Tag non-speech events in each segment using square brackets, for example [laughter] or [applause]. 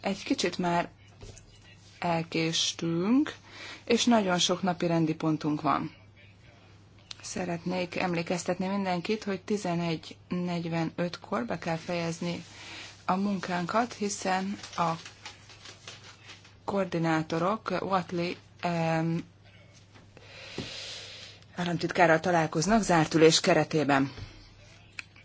egy kicsit már elkéstünk, és nagyon sok napi rendi pontunk van. Szeretnék emlékeztetni mindenkit, hogy 11.45-kor be kell fejezni a munkánkat, hiszen a koordinátorok Watley um, államtitkára találkoznak zárt ülés keretében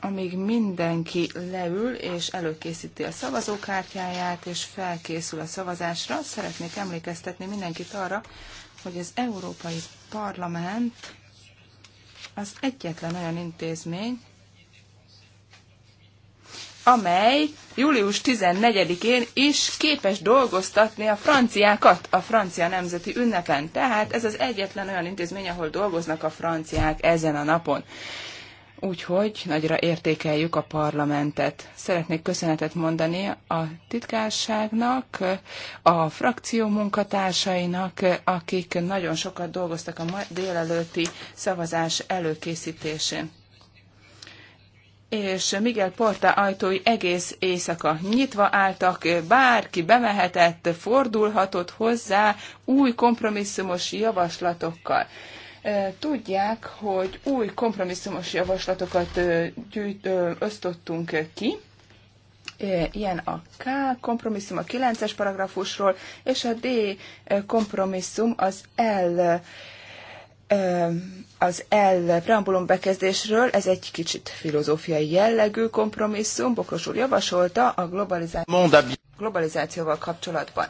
amíg mindenki leül és előkészíti a szavazókártyáját és felkészül a szavazásra, szeretnék emlékeztetni mindenkit arra, hogy az Európai Parlament az egyetlen olyan intézmény, amely július 14-én is képes dolgoztatni a franciákat a francia nemzeti ünnepen. Tehát ez az egyetlen olyan intézmény, ahol dolgoznak a franciák ezen a napon úgyhogy nagyra értékeljük a parlamentet. Szeretnék köszönetet mondani a titkárságnak, a frakció munkatársainak, akik nagyon sokat dolgoztak a ma délelőtti szavazás előkészítésén és Miguel Porta ajtói egész éjszaka nyitva álltak, bárki bemehetett, fordulhatott hozzá új kompromisszumos javaslatokkal. Tudják, hogy új kompromisszumos javaslatokat gyűjt, ösztöttünk ki, ilyen a K kompromisszum a 9-es paragrafusról, és a D kompromisszum az L az L preambulum bekezdésről, ez egy kicsit filozófiai jellegű kompromisszum, Bokros úr javasolta a globalizáció, globalizációval kapcsolatban.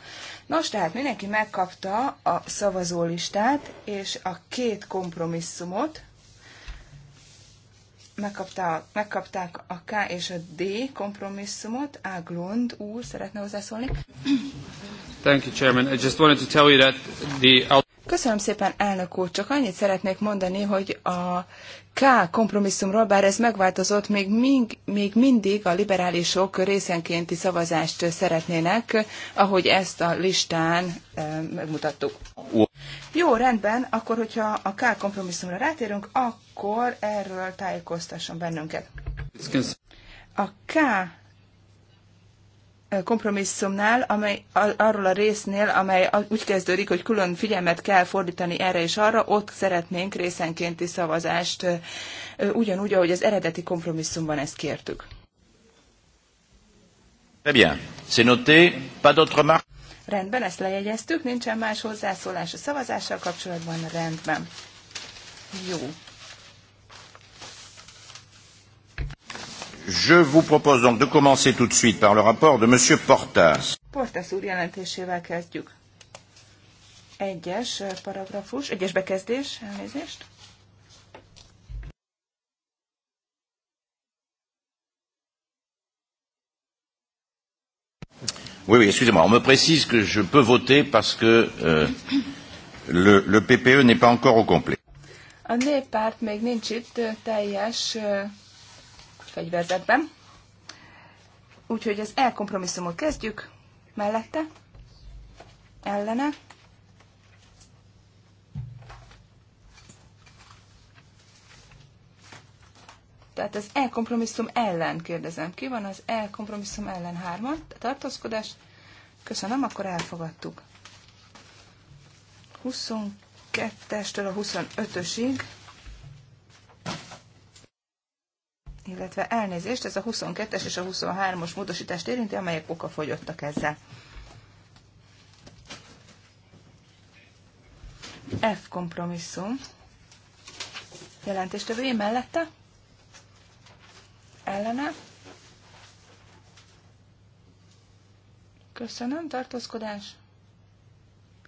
Nos, tehát mindenki megkapta a szavazólistát és a két kompromisszumot. Megkapta, megkapták a K és a D kompromisszumot. Áglund úr szeretne hozzászólni. Thank you, Chairman. I just wanted to tell you that the... Köszönöm szépen, elnök úr. Csak annyit szeretnék mondani, hogy a K kompromisszumról, bár ez megváltozott, még, még, még mindig a liberálisok részenkénti szavazást szeretnének, ahogy ezt a listán megmutattuk. Jó, rendben, akkor hogyha a K kompromisszumra rátérünk, akkor erről tájékoztasson bennünket. A K kompromisszumnál, amely arról a résznél, amely úgy kezdődik, hogy külön figyelmet kell fordítani erre és arra, ott szeretnénk részenkénti szavazást, ugyanúgy, ahogy az eredeti kompromisszumban ezt kértük. Très bien. C'est noté. Pas d'autres marques. Rendben, ezt lejegyeztük, nincsen más hozzászólás a szavazással kapcsolatban, rendben. Jó. Je vous propose donc de commencer tout de suite par le rapport de Monsieur Portas. Portas úr jelentésével kezdjük. Egyes paragrafus, egyes bekezdés, elnézést. Oui, oui, excusez-moi. On me précise que je peux voter parce que euh, le, le PPE n'est pas encore au complet. A néppárt még nincs itt teljes euh, fegyverzetben. Úgyhogy az elkompromisszumot kezdjük. Mellette. Ellene. Tehát az elkompromisszum ellen kérdezem. Ki van az elkompromisszum ellen hárman? Tartózkodás. Köszönöm, akkor elfogadtuk. 22-estől a 25-ösig illetve elnézést, ez a 22-es és a 23-os módosítást érinti, amelyek okafogyottak ezzel. F kompromisszum. én mellette? Ellene? Köszönöm, tartózkodás.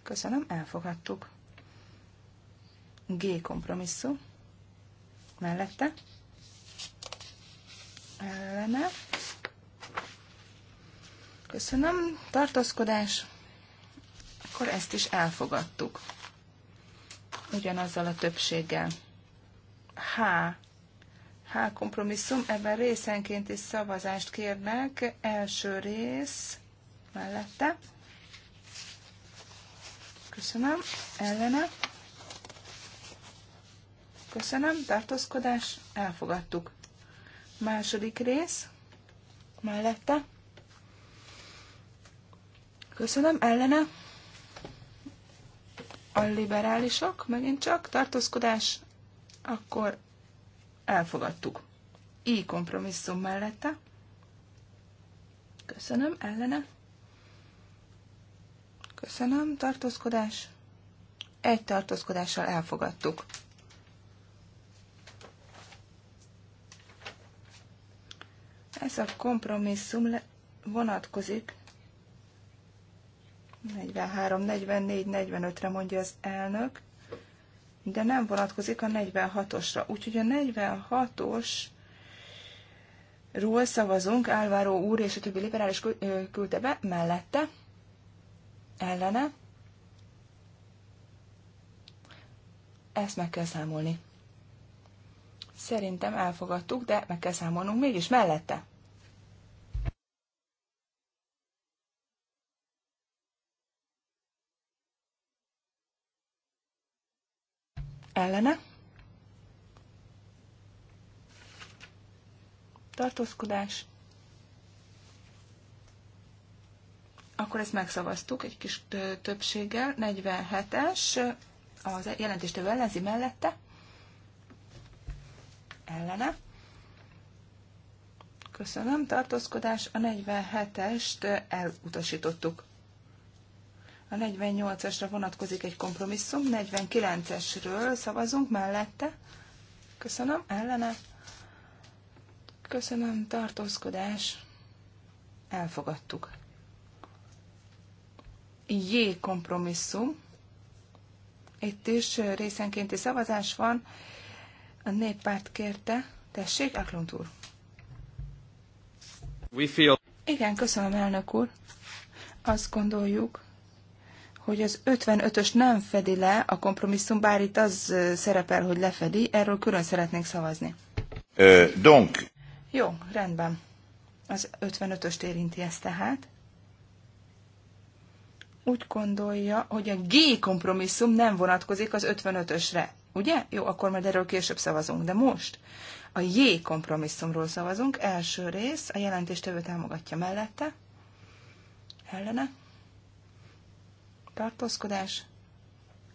Köszönöm, elfogadtuk. G kompromisszum. Mellette? ellene. Köszönöm. Tartózkodás. Akkor ezt is elfogadtuk. Ugyanazzal a többséggel. H. H kompromisszum. Ebben részenként is szavazást kérnek. Első rész mellette. Köszönöm. Ellene. Köszönöm. Tartózkodás. Elfogadtuk. Második rész. Mellette. Köszönöm. Ellene. A liberálisok, megint csak, tartózkodás, akkor elfogadtuk. I kompromisszum mellette. Köszönöm. Ellene. Köszönöm. Tartózkodás. Egy tartózkodással elfogadtuk. Ez a kompromisszum vonatkozik 43, 44, 45-re mondja az elnök, de nem vonatkozik a 46-osra. Úgyhogy a 46-os ról szavazunk, Álváró úr és a többi liberális küldte be, mellette, ellene. Ezt meg kell számolni. Szerintem elfogadtuk, de meg kell számolnunk mégis mellette. ellene, tartózkodás, akkor ezt megszavaztuk egy kis többséggel, 47-es, az jelentéstevő ellenzi mellette, ellene. Köszönöm, tartózkodás, a 47-est elutasítottuk. A 48-asra vonatkozik egy kompromisszum, 49-esről szavazunk mellette. Köszönöm, ellene. Köszönöm, tartózkodás. Elfogadtuk. J kompromisszum. Itt is részenkénti szavazás van. A néppárt kérte. Tessék, Aklont úr. We feel... Igen, köszönöm, elnök úr. Azt gondoljuk, hogy az 55-ös nem fedi le a kompromisszum, bár itt az szerepel, hogy lefedi, erről külön szeretnénk szavazni. Ö, donk. Jó, rendben. Az 55-öst érinti ezt tehát. Úgy gondolja, hogy a G kompromisszum nem vonatkozik az 55-ösre. Ugye? Jó, akkor majd erről később szavazunk. De most a J kompromisszumról szavazunk. Első rész, a jelentéstevő támogatja mellette. Ellene? tartózkodás.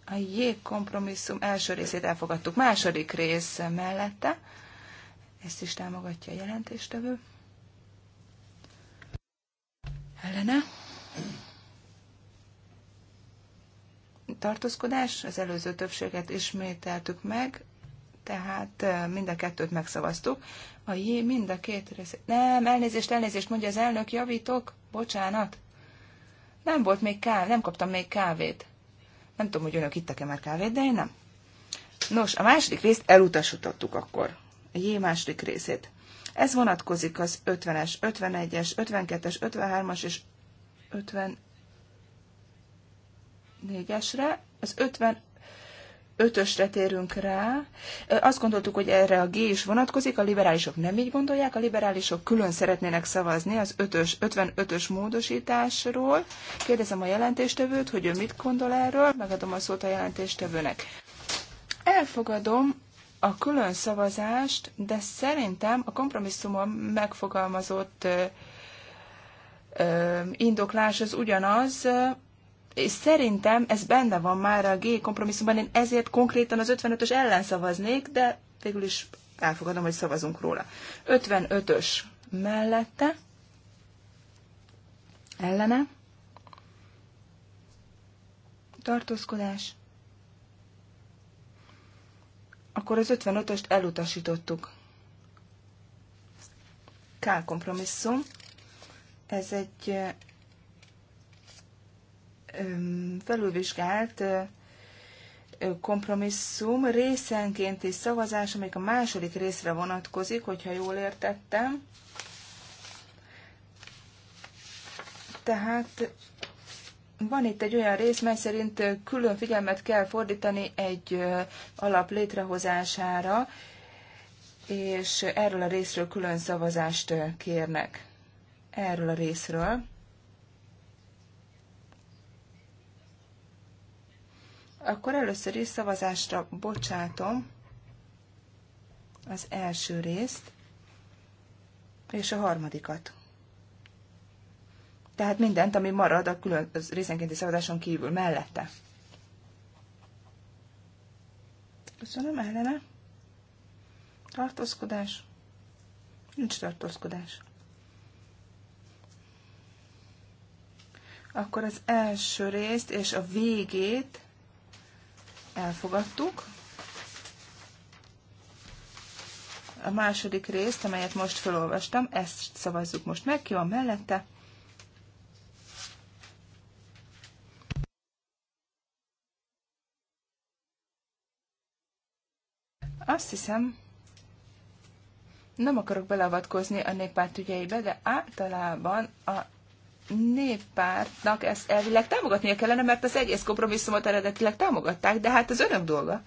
A J kompromisszum első részét elfogadtuk. Második rész mellette. Ezt is támogatja a jelentéstevő. Ellene. Tartózkodás. Az előző többséget ismételtük meg, tehát mind a kettőt megszavaztuk. A jé mind a két részét. Nem, elnézést, elnézést, mondja az elnök, javítok. Bocsánat. Nem volt még kávé, nem kaptam még kávét. Nem tudom, hogy önök ittak-e már kávét, de én nem. Nos, a második részt elutasítottuk akkor. A J második részét. Ez vonatkozik az 50-es, 51-es, 52-es, 53-as és 54-esre. Az 50 ötösre térünk rá. Azt gondoltuk, hogy erre a G is vonatkozik, a liberálisok nem így gondolják, a liberálisok külön szeretnének szavazni az ötös ös 55-ös módosításról. Kérdezem a jelentéstevőt, hogy ő mit gondol erről, megadom a szót a jelentéstevőnek. Elfogadom a külön szavazást, de szerintem a kompromisszumon megfogalmazott ö, ö, indoklás az ugyanaz, és szerintem ez benne van már a G kompromisszumban, én ezért konkrétan az 55-ös ellen szavaznék, de végül is elfogadom, hogy szavazunk róla. 55-ös mellette, ellene, tartózkodás, akkor az 55-öst elutasítottuk. K kompromisszum. Ez egy felülvizsgált kompromisszum részenkénti szavazás, amelyik a második részre vonatkozik, hogyha jól értettem. Tehát van itt egy olyan rész, mely szerint külön figyelmet kell fordítani egy alap létrehozására, és erről a részről külön szavazást kérnek. Erről a részről. Akkor először is szavazásra bocsátom az első részt és a harmadikat. Tehát mindent, ami marad a külön az részenkénti szavazáson kívül mellette. Köszönöm, ellene. Tartózkodás. Nincs tartózkodás. Akkor az első részt és a végét elfogadtuk. A második részt, amelyet most felolvastam, ezt szavazzuk most meg, ki van mellette. Azt hiszem, nem akarok beleavatkozni a néppárt ügyeibe, de általában a néppártnak ezt elvileg támogatnia kellene, mert az egész kompromisszumot eredetileg támogatták, de hát ez önök dolga.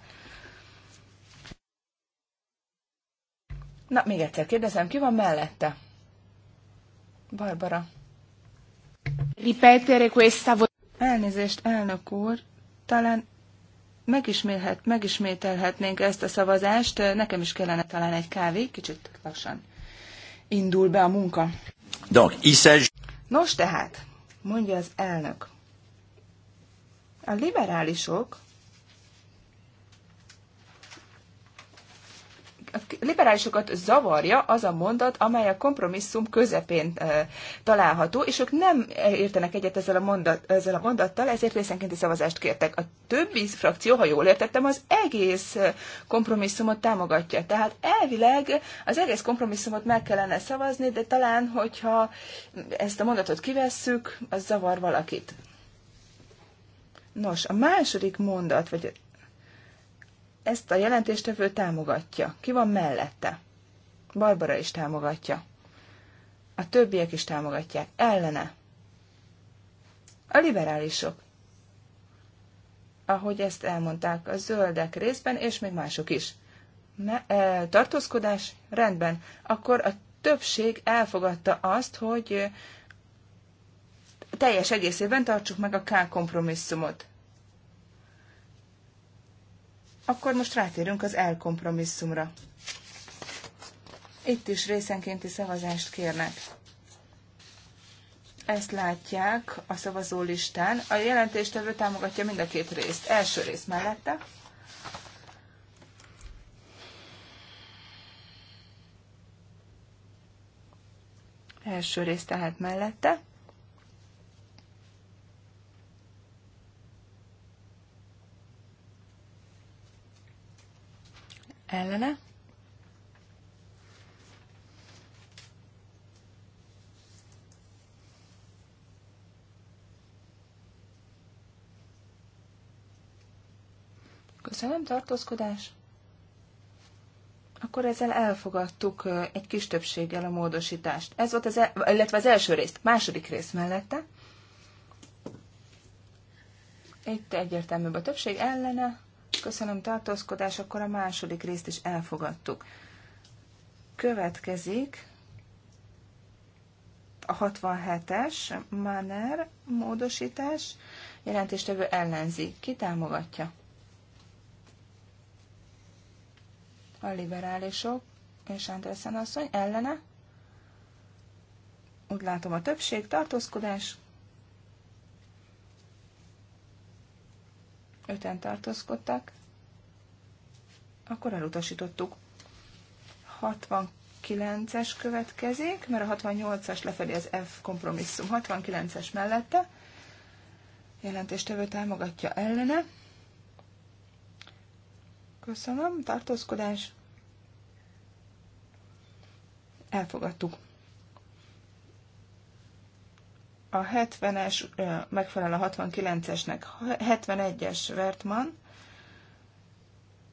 Na, még egyszer kérdezem, ki van mellette? Barbara. Ripetere questa Elnézést, elnök úr, talán megismélhet, megismételhetnénk ezt a szavazást. Nekem is kellene talán egy kávé, kicsit lassan indul be a munka. Donc, il Nos tehát, mondja az elnök, a liberálisok liberálisokat zavarja az a mondat, amely a kompromisszum közepén található, és ők nem értenek egyet ezzel a, mondat, ezzel a mondattal, ezért részenkénti szavazást kértek. A többi frakció, ha jól értettem, az egész kompromisszumot támogatja. Tehát elvileg az egész kompromisszumot meg kellene szavazni, de talán, hogyha ezt a mondatot kivesszük, az zavar valakit. Nos, a második mondat, vagy ezt a jelentéstevő támogatja. Ki van mellette? Barbara is támogatja. A többiek is támogatják. Ellene. A liberálisok. Ahogy ezt elmondták a zöldek részben, és még mások is. Me- e- tartózkodás? Rendben. Akkor a többség elfogadta azt, hogy teljes egészében tartsuk meg a K kompromisszumot. Akkor most rátérünk az elkompromisszumra. Itt is részenkénti szavazást kérnek. Ezt látják a szavazólistán. A jelentéstevő támogatja mind a két részt. Első rész mellette. Első rész tehát mellette. ellene. Köszönöm, tartózkodás. Akkor ezzel elfogadtuk egy kis többséggel a módosítást. Ez volt az, el, illetve az első részt, második rész mellette. Itt egyértelműbb a többség ellene köszönöm tartózkodás, akkor a második részt is elfogadtuk. Következik a 67-es Manner módosítás, jelentéstevő ellenzi. Ki támogatja? A liberálisok és Andresen asszony ellene. Úgy látom a többség, tartózkodás, öten tartózkodtak, akkor elutasítottuk. 69-es következik, mert a 68-as lefelé az F kompromisszum. 69-es mellette jelentéstevő támogatja ellene. Köszönöm, tartózkodás. Elfogadtuk. A 70-es megfelel a 69-esnek. 71-es Wertmann,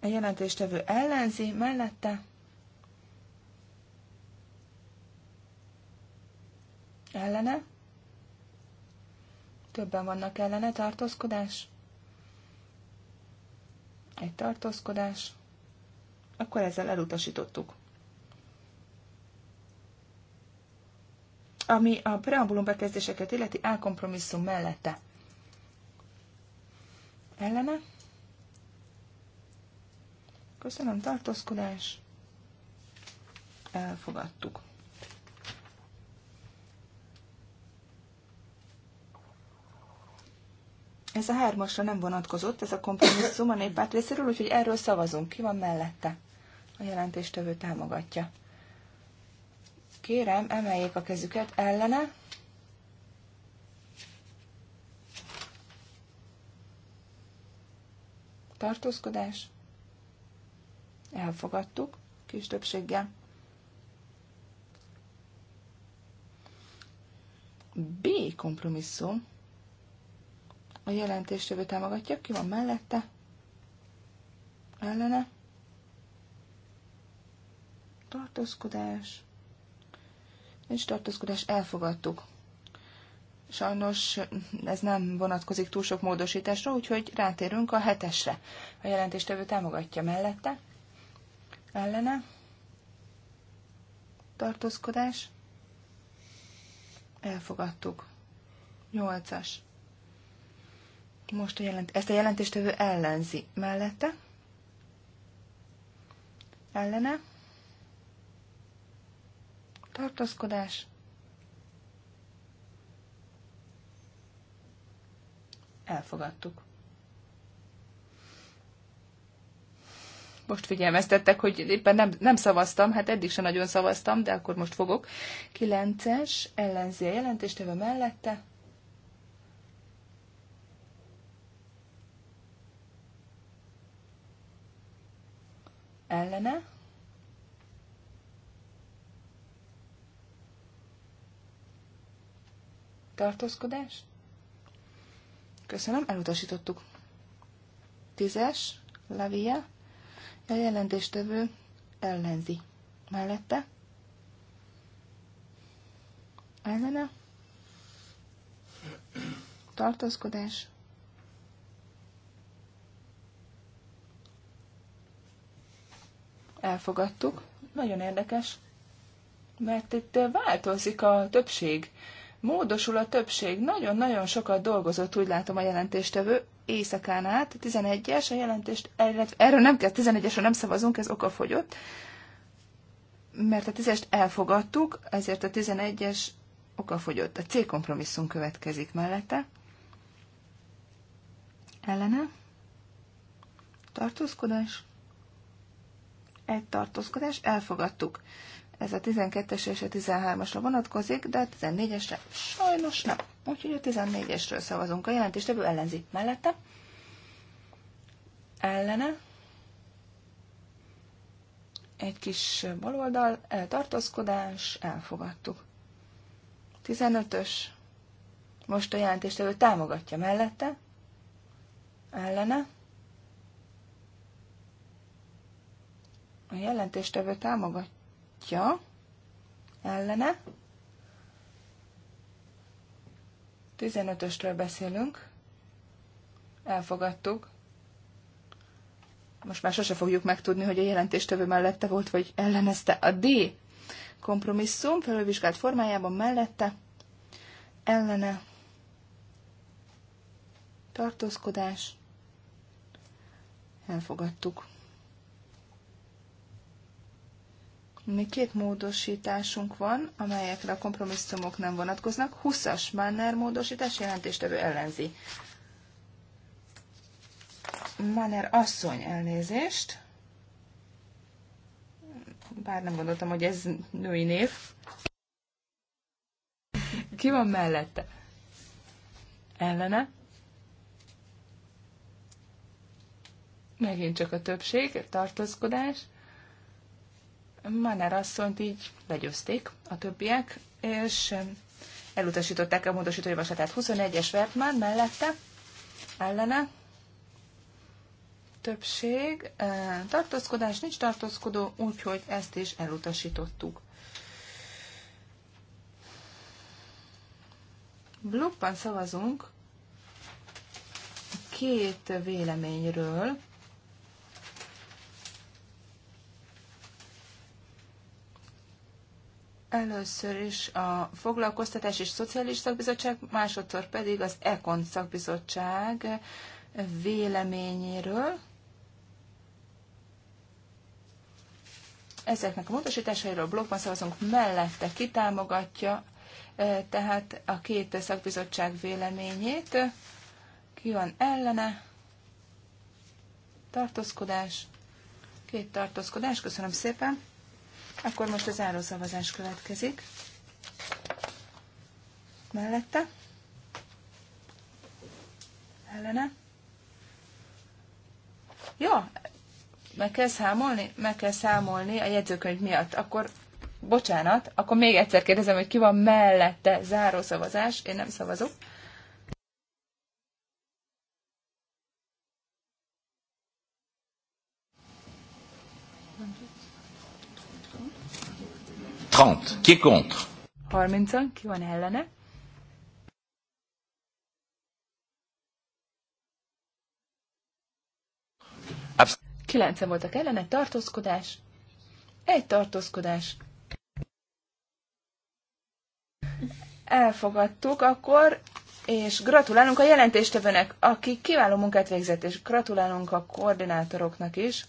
A jelentéstevő ellenzi, mellette ellene. Többen vannak ellene, tartózkodás. Egy tartózkodás. Akkor ezzel elutasítottuk. Ami a preambulum bekezdéseket illeti elkompromisszum mellette. Ellene? Köszönöm, tartózkodás. Elfogadtuk. Ez a hármasra nem vonatkozott, ez a kompromisszum a néppárt részéről, úgyhogy erről szavazunk. Ki van mellette? A jelentéstevő támogatja kérem, emeljék a kezüket ellene. Tartózkodás. Elfogadtuk kis többséggel. B kompromisszum. A jelentéstevő támogatja, ki van mellette, ellene, tartózkodás, nincs tartózkodás elfogadtuk. Sajnos ez nem vonatkozik túl sok módosításra, úgyhogy rátérünk a hetesre. A jelentéstevő támogatja mellette, ellene, tartózkodás, elfogadtuk. Nyolcas. Most a jelent, ezt a jelentéstevő ellenzi mellette, ellene, tartózkodás, elfogadtuk. Most figyelmeztettek, hogy éppen nem, nem szavaztam, hát eddig sem nagyon szavaztam, de akkor most fogok. Kilences, ellenzi a jelentéstevő mellette. Ellene. tartózkodás. Köszönöm, elutasítottuk. Tízes, Lavia, a jelentéstevő ellenzi. Mellette, ellene, tartózkodás, elfogadtuk. Nagyon érdekes, mert itt eh, változik a többség módosul a többség. Nagyon-nagyon sokat dolgozott, úgy látom a jelentéstevő, éjszakán át, 11-es, a jelentést, erről nem kell, 11 esre nem szavazunk, ez okafogyott, mert a 10-est elfogadtuk, ezért a 11-es okafogyott. A C kompromisszum következik mellette. Ellene. Tartózkodás. Egy tartózkodás, elfogadtuk. Ez a 12-es és a 13-asra vonatkozik, de a 14-esre sajnos nem. Úgyhogy a 14-esről szavazunk. A jelentést, ebből ellenzi mellette. Ellene. Egy kis baloldal, eltartózkodás, elfogadtuk. 15-ös. Most a jelentést jelentéstevő támogatja mellette. Ellene. A jelentést jelentéstevő támogatja támogatja, ellene. 15-ösről beszélünk. Elfogadtuk. Most már sose fogjuk megtudni, hogy a jelentéstevő mellette volt, vagy ellenezte a D kompromisszum felülvizsgált formájában mellette, ellene tartózkodás, elfogadtuk. Még két módosításunk van, amelyekre a kompromisszumok nem vonatkoznak. 20-as Manner módosítás jelentéstevő ellenzi. Manner asszony elnézést. Bár nem gondoltam, hogy ez női név. Ki van mellette? Ellene? Megint csak a többség, tartózkodás. Manner asszonyt így legyőzték a többiek, és elutasították a módosító javaslatát. 21-es Vertman mellette, ellene, többség, tartózkodás, nincs tartózkodó, úgyhogy ezt is elutasítottuk. Blokkban szavazunk két véleményről Először is a Foglalkoztatás és Szociális Szakbizottság, másodszor pedig az Ekon Szakbizottság véleményéről. Ezeknek a módosításairól blogban szavazunk mellette, kitámogatja e, tehát a két szakbizottság véleményét. Ki van ellene? Tartózkodás. Két tartózkodás. Köszönöm szépen. Akkor most az szavazás következik. Mellette. Ellene. Ja, meg kell számolni? Meg kell számolni a jegyzőkönyv miatt. Akkor, bocsánat, akkor még egyszer kérdezem, hogy ki van mellette zárószavazás. Én nem szavazok. 30. Ki est contre? 30 ki est ellene? Abs- 9 voltak ellene, tartózkodás. Egy tartózkodás. Elfogadtuk akkor, és gratulálunk a jelentéstevőnek, aki kiváló munkát végzett, és gratulálunk a koordinátoroknak is,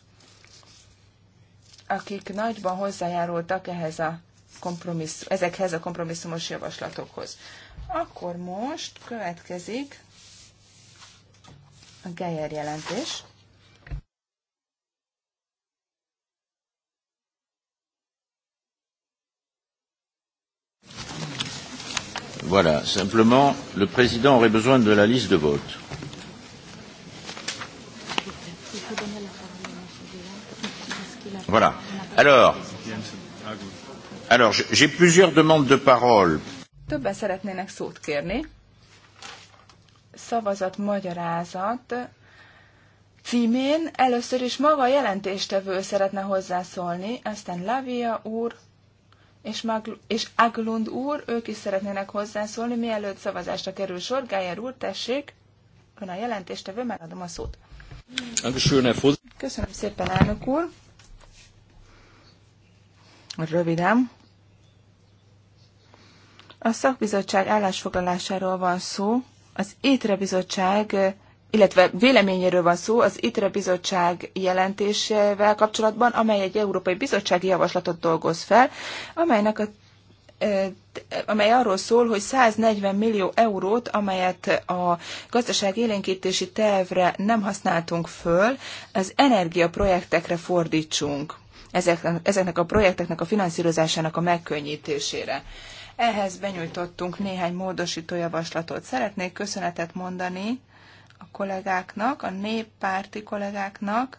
akik nagyban hozzájárultak ehhez a kompromisszum, ezekhez a kompromisszumos javaslatokhoz. Akkor most következik a Geyer jelentés. Voilà, simplement, le président aurait besoin de la liste de vote. Voilà. Alors, Alors, j'ai plusieurs demandes de parole. Többen szeretnének szót kérni. Szavazat magyarázat címén először is maga a jelentéstevő szeretne hozzászólni, aztán Lavia úr és, Magl- és Aglund úr, ők is szeretnének hozzászólni, mielőtt szavazásra kerül sor. Gájer úr, tessék, ön a jelentéstevő, megadom a szót. Köszönöm szépen, elnök úr. Röviden. A szakbizottság állásfoglalásáról van szó, az Étre Bizottság, illetve véleményéről van szó az Étre Bizottság jelentésével kapcsolatban, amely egy Európai Bizottsági Javaslatot dolgoz fel, amelynek a e, amely arról szól, hogy 140 millió eurót, amelyet a gazdaság élénkítési tervre nem használtunk föl, az energiaprojektekre fordítsunk, ezeknek a projekteknek a finanszírozásának a megkönnyítésére. Ehhez benyújtottunk néhány módosító javaslatot. Szeretnék köszönetet mondani a kollégáknak, a néppárti kollégáknak,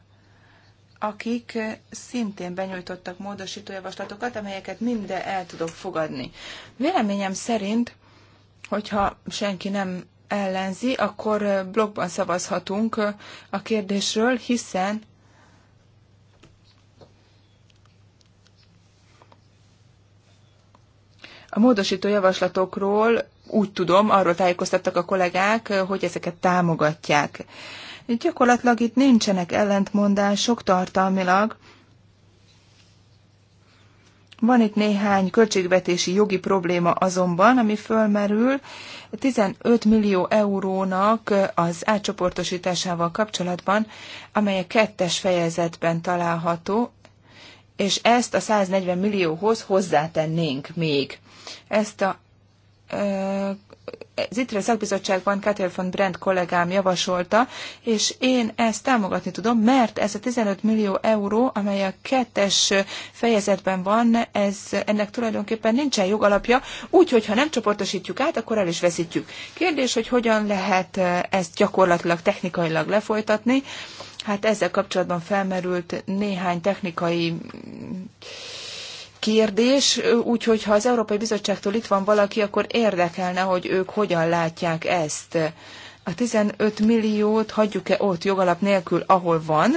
akik szintén benyújtottak módosító javaslatokat, amelyeket minden el tudok fogadni. Véleményem szerint, hogyha senki nem ellenzi, akkor blogban szavazhatunk a kérdésről, hiszen A módosító javaslatokról úgy tudom, arról tájékoztattak a kollégák, hogy ezeket támogatják. Gyakorlatilag itt nincsenek ellentmondások tartalmilag. Van itt néhány költségvetési jogi probléma azonban, ami fölmerül. 15 millió eurónak az átcsoportosításával kapcsolatban, amely a kettes fejezetben található, és ezt a 140 millióhoz hozzátennénk még. Ezt a az ITRE szakbizottságban Kater von Brent kollégám javasolta, és én ezt támogatni tudom, mert ez a 15 millió euró, amely a kettes fejezetben van, ez, ennek tulajdonképpen nincsen jogalapja, úgyhogy ha nem csoportosítjuk át, akkor el is veszítjük. Kérdés, hogy hogyan lehet ezt gyakorlatilag technikailag lefolytatni. Hát ezzel kapcsolatban felmerült néhány technikai kérdés, úgyhogy ha az Európai Bizottságtól itt van valaki, akkor érdekelne, hogy ők hogyan látják ezt. A 15 milliót hagyjuk-e ott jogalap nélkül, ahol van,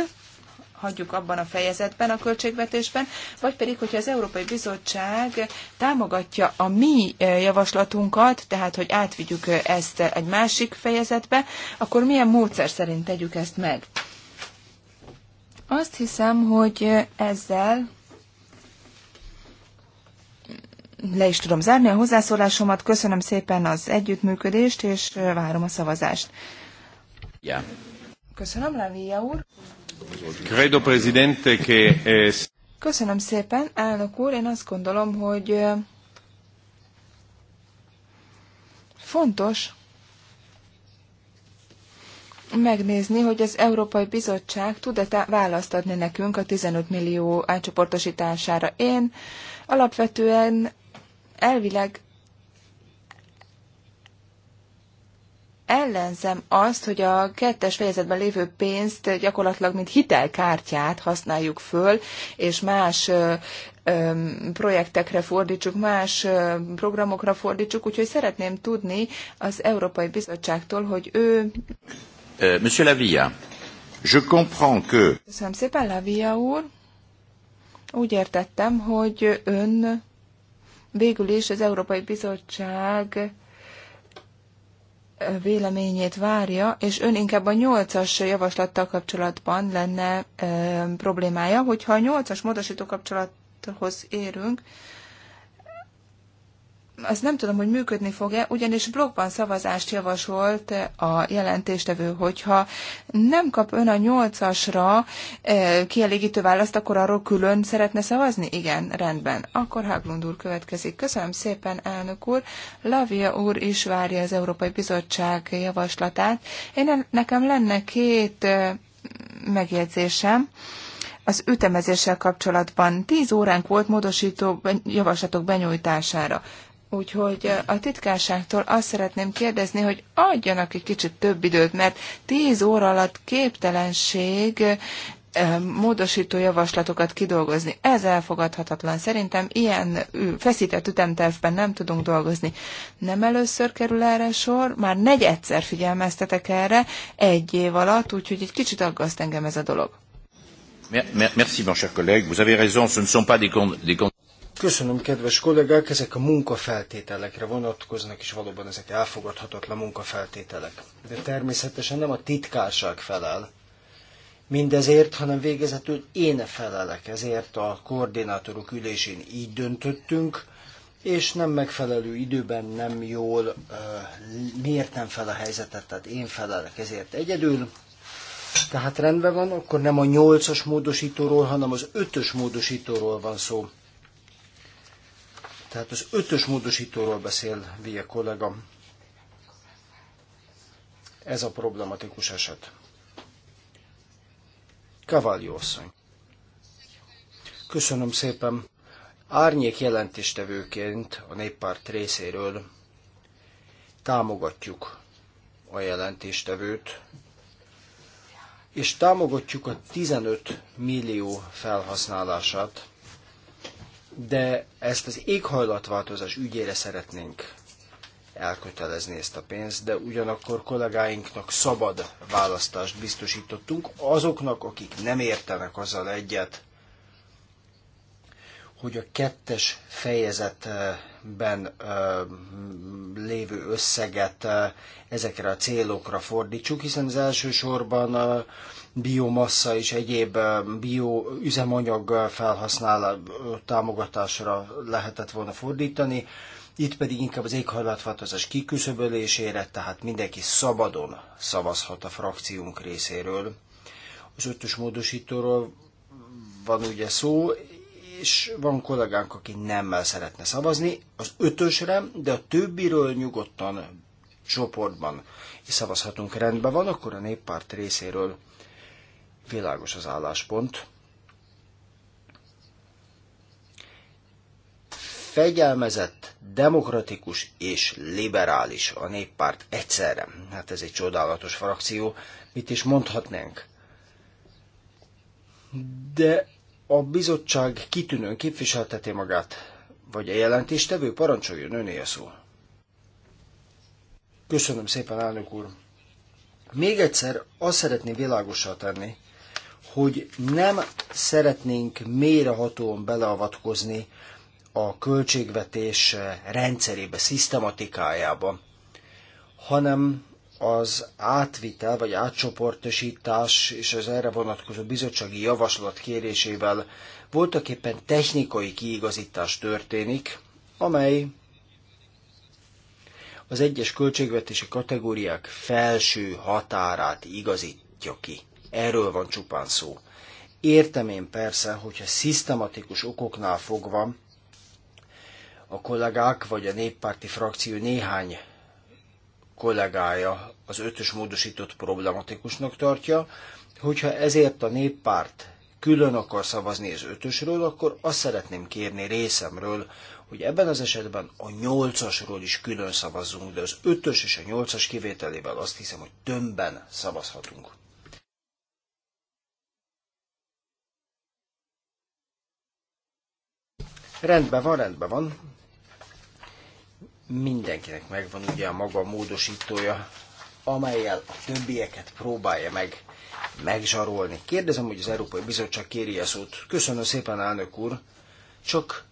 hagyjuk abban a fejezetben, a költségvetésben, vagy pedig, hogyha az Európai Bizottság támogatja a mi eh, javaslatunkat, tehát, hogy átvigyük eh, ezt egy másik fejezetbe, akkor milyen módszer szerint tegyük ezt meg? Azt hiszem, hogy eh, ezzel le is tudom zárni a hozzászólásomat. Köszönöm szépen az együttműködést, és várom a szavazást. Yeah. Köszönöm, Lavia úr. Credo, presidente, que Es... Eh, Köszönöm szépen, elnök úr. Én azt gondolom, hogy fontos megnézni, hogy az Európai Bizottság tud-e választ adni nekünk a 15 millió átcsoportosítására. Én alapvetően elvileg ellenzem azt, hogy a kettes fejezetben lévő pénzt gyakorlatilag mint hitelkártyát használjuk föl, és más projektekre fordítsuk, más programokra fordítsuk, úgyhogy szeretném tudni az Európai Bizottságtól, hogy ő... Eh, Monsieur Lavia, je comprends que... Köszönöm szépen, Lavia úr. Úgy értettem, hogy ön végül is az Európai Bizottság véleményét várja, és ön inkább a nyolcas javaslattal kapcsolatban lenne e, problémája, hogyha a nyolcas módosító kapcsolathoz érünk, azt nem tudom, hogy működni fog-e, ugyanis blogban szavazást javasolt a jelentéstevő, hogyha nem kap ön a nyolcasra e, kielégítő választ, akkor arról külön szeretne szavazni? Igen, rendben. Akkor Haglund úr következik. Köszönöm szépen, elnök úr. Lavia úr is várja az Európai Bizottság javaslatát. Én nekem lenne két e, megjegyzésem az ütemezéssel kapcsolatban 10 óránk volt módosító javaslatok benyújtására. Úgyhogy a titkárságtól azt szeretném kérdezni, hogy adjanak egy kicsit több időt, mert tíz óra alatt képtelenség módosító javaslatokat kidolgozni. Ez elfogadhatatlan. Szerintem ilyen feszített ütemtervben nem tudunk dolgozni. Nem először kerül erre sor, már negyedszer figyelmeztetek erre egy év alatt, úgyhogy egy kicsit aggaszt engem ez a dolog. Merci, mon cher collègue. Vous avez raison, ce ne sont pas des, con des Köszönöm, kedves kollégák, ezek a munkafeltételekre vonatkoznak, és valóban ezek elfogadhatatlan munkafeltételek. De természetesen nem a titkárság felel mindezért, hanem végezetül én felelek. Ezért a koordinátorok ülésén így döntöttünk, és nem megfelelő időben nem jól mértem fel a helyzetet, tehát én felelek ezért egyedül. Tehát rendben van, akkor nem a nyolcas módosítóról, hanem az ötös módosítóról van szó tehát az ötös módosítóról beszél Vie kollega. Ez a problematikus eset. Kavalli asszony. Köszönöm szépen. Árnyék jelentéstevőként a néppárt részéről támogatjuk a jelentéstevőt, és támogatjuk a 15 millió felhasználását de ezt az éghajlatváltozás ügyére szeretnénk elkötelezni ezt a pénzt, de ugyanakkor kollégáinknak szabad választást biztosítottunk azoknak, akik nem értenek azzal egyet, hogy a kettes fejezetben lévő összeget ezekre a célokra fordítsuk, hiszen az elsősorban biomassa és egyéb bioüzemanyag felhasználás támogatásra lehetett volna fordítani. Itt pedig inkább az éghajlatváltozás kiküszöbölésére, tehát mindenki szabadon szavazhat a frakciónk részéről. Az ötös módosítóról van ugye szó, és van kollégánk, aki nemmel szeretne szavazni az ötösre, de a többiről nyugodtan csoportban és szavazhatunk. Rendben van, akkor a néppárt részéről Világos az álláspont. Fegyelmezett, demokratikus és liberális a néppárt egyszerre. Hát ez egy csodálatos frakció, mit is mondhatnánk. De a bizottság kitűnően képviselteti magát, vagy a jelentéstevő parancsoljon öné a szó. Köszönöm szépen, elnök úr. Még egyszer azt szeretném világosá tenni, hogy nem szeretnénk mélyrehatóan beleavatkozni a költségvetés rendszerébe, szisztematikájába, hanem az átvitel vagy átcsoportosítás és az erre vonatkozó bizottsági javaslat kérésével voltak éppen technikai kiigazítás történik, amely az egyes költségvetési kategóriák felső határát igazítja ki. Erről van csupán szó. Értem én persze, hogyha szisztematikus okoknál fogva a kollégák vagy a néppárti frakció néhány kollégája az ötös módosított problematikusnak tartja, hogyha ezért a néppárt külön akar szavazni az ötösről, akkor azt szeretném kérni részemről, hogy ebben az esetben a nyolcasról is külön szavazzunk, de az ötös és a nyolcas kivételével azt hiszem, hogy tömbben szavazhatunk. Rendben van, rendben van. Mindenkinek megvan ugye a maga módosítója, amelyel a többieket próbálja meg megzsarolni. Kérdezem, hogy az Európai Bizottság kéri a szót. Köszönöm szépen, elnök úr. Csak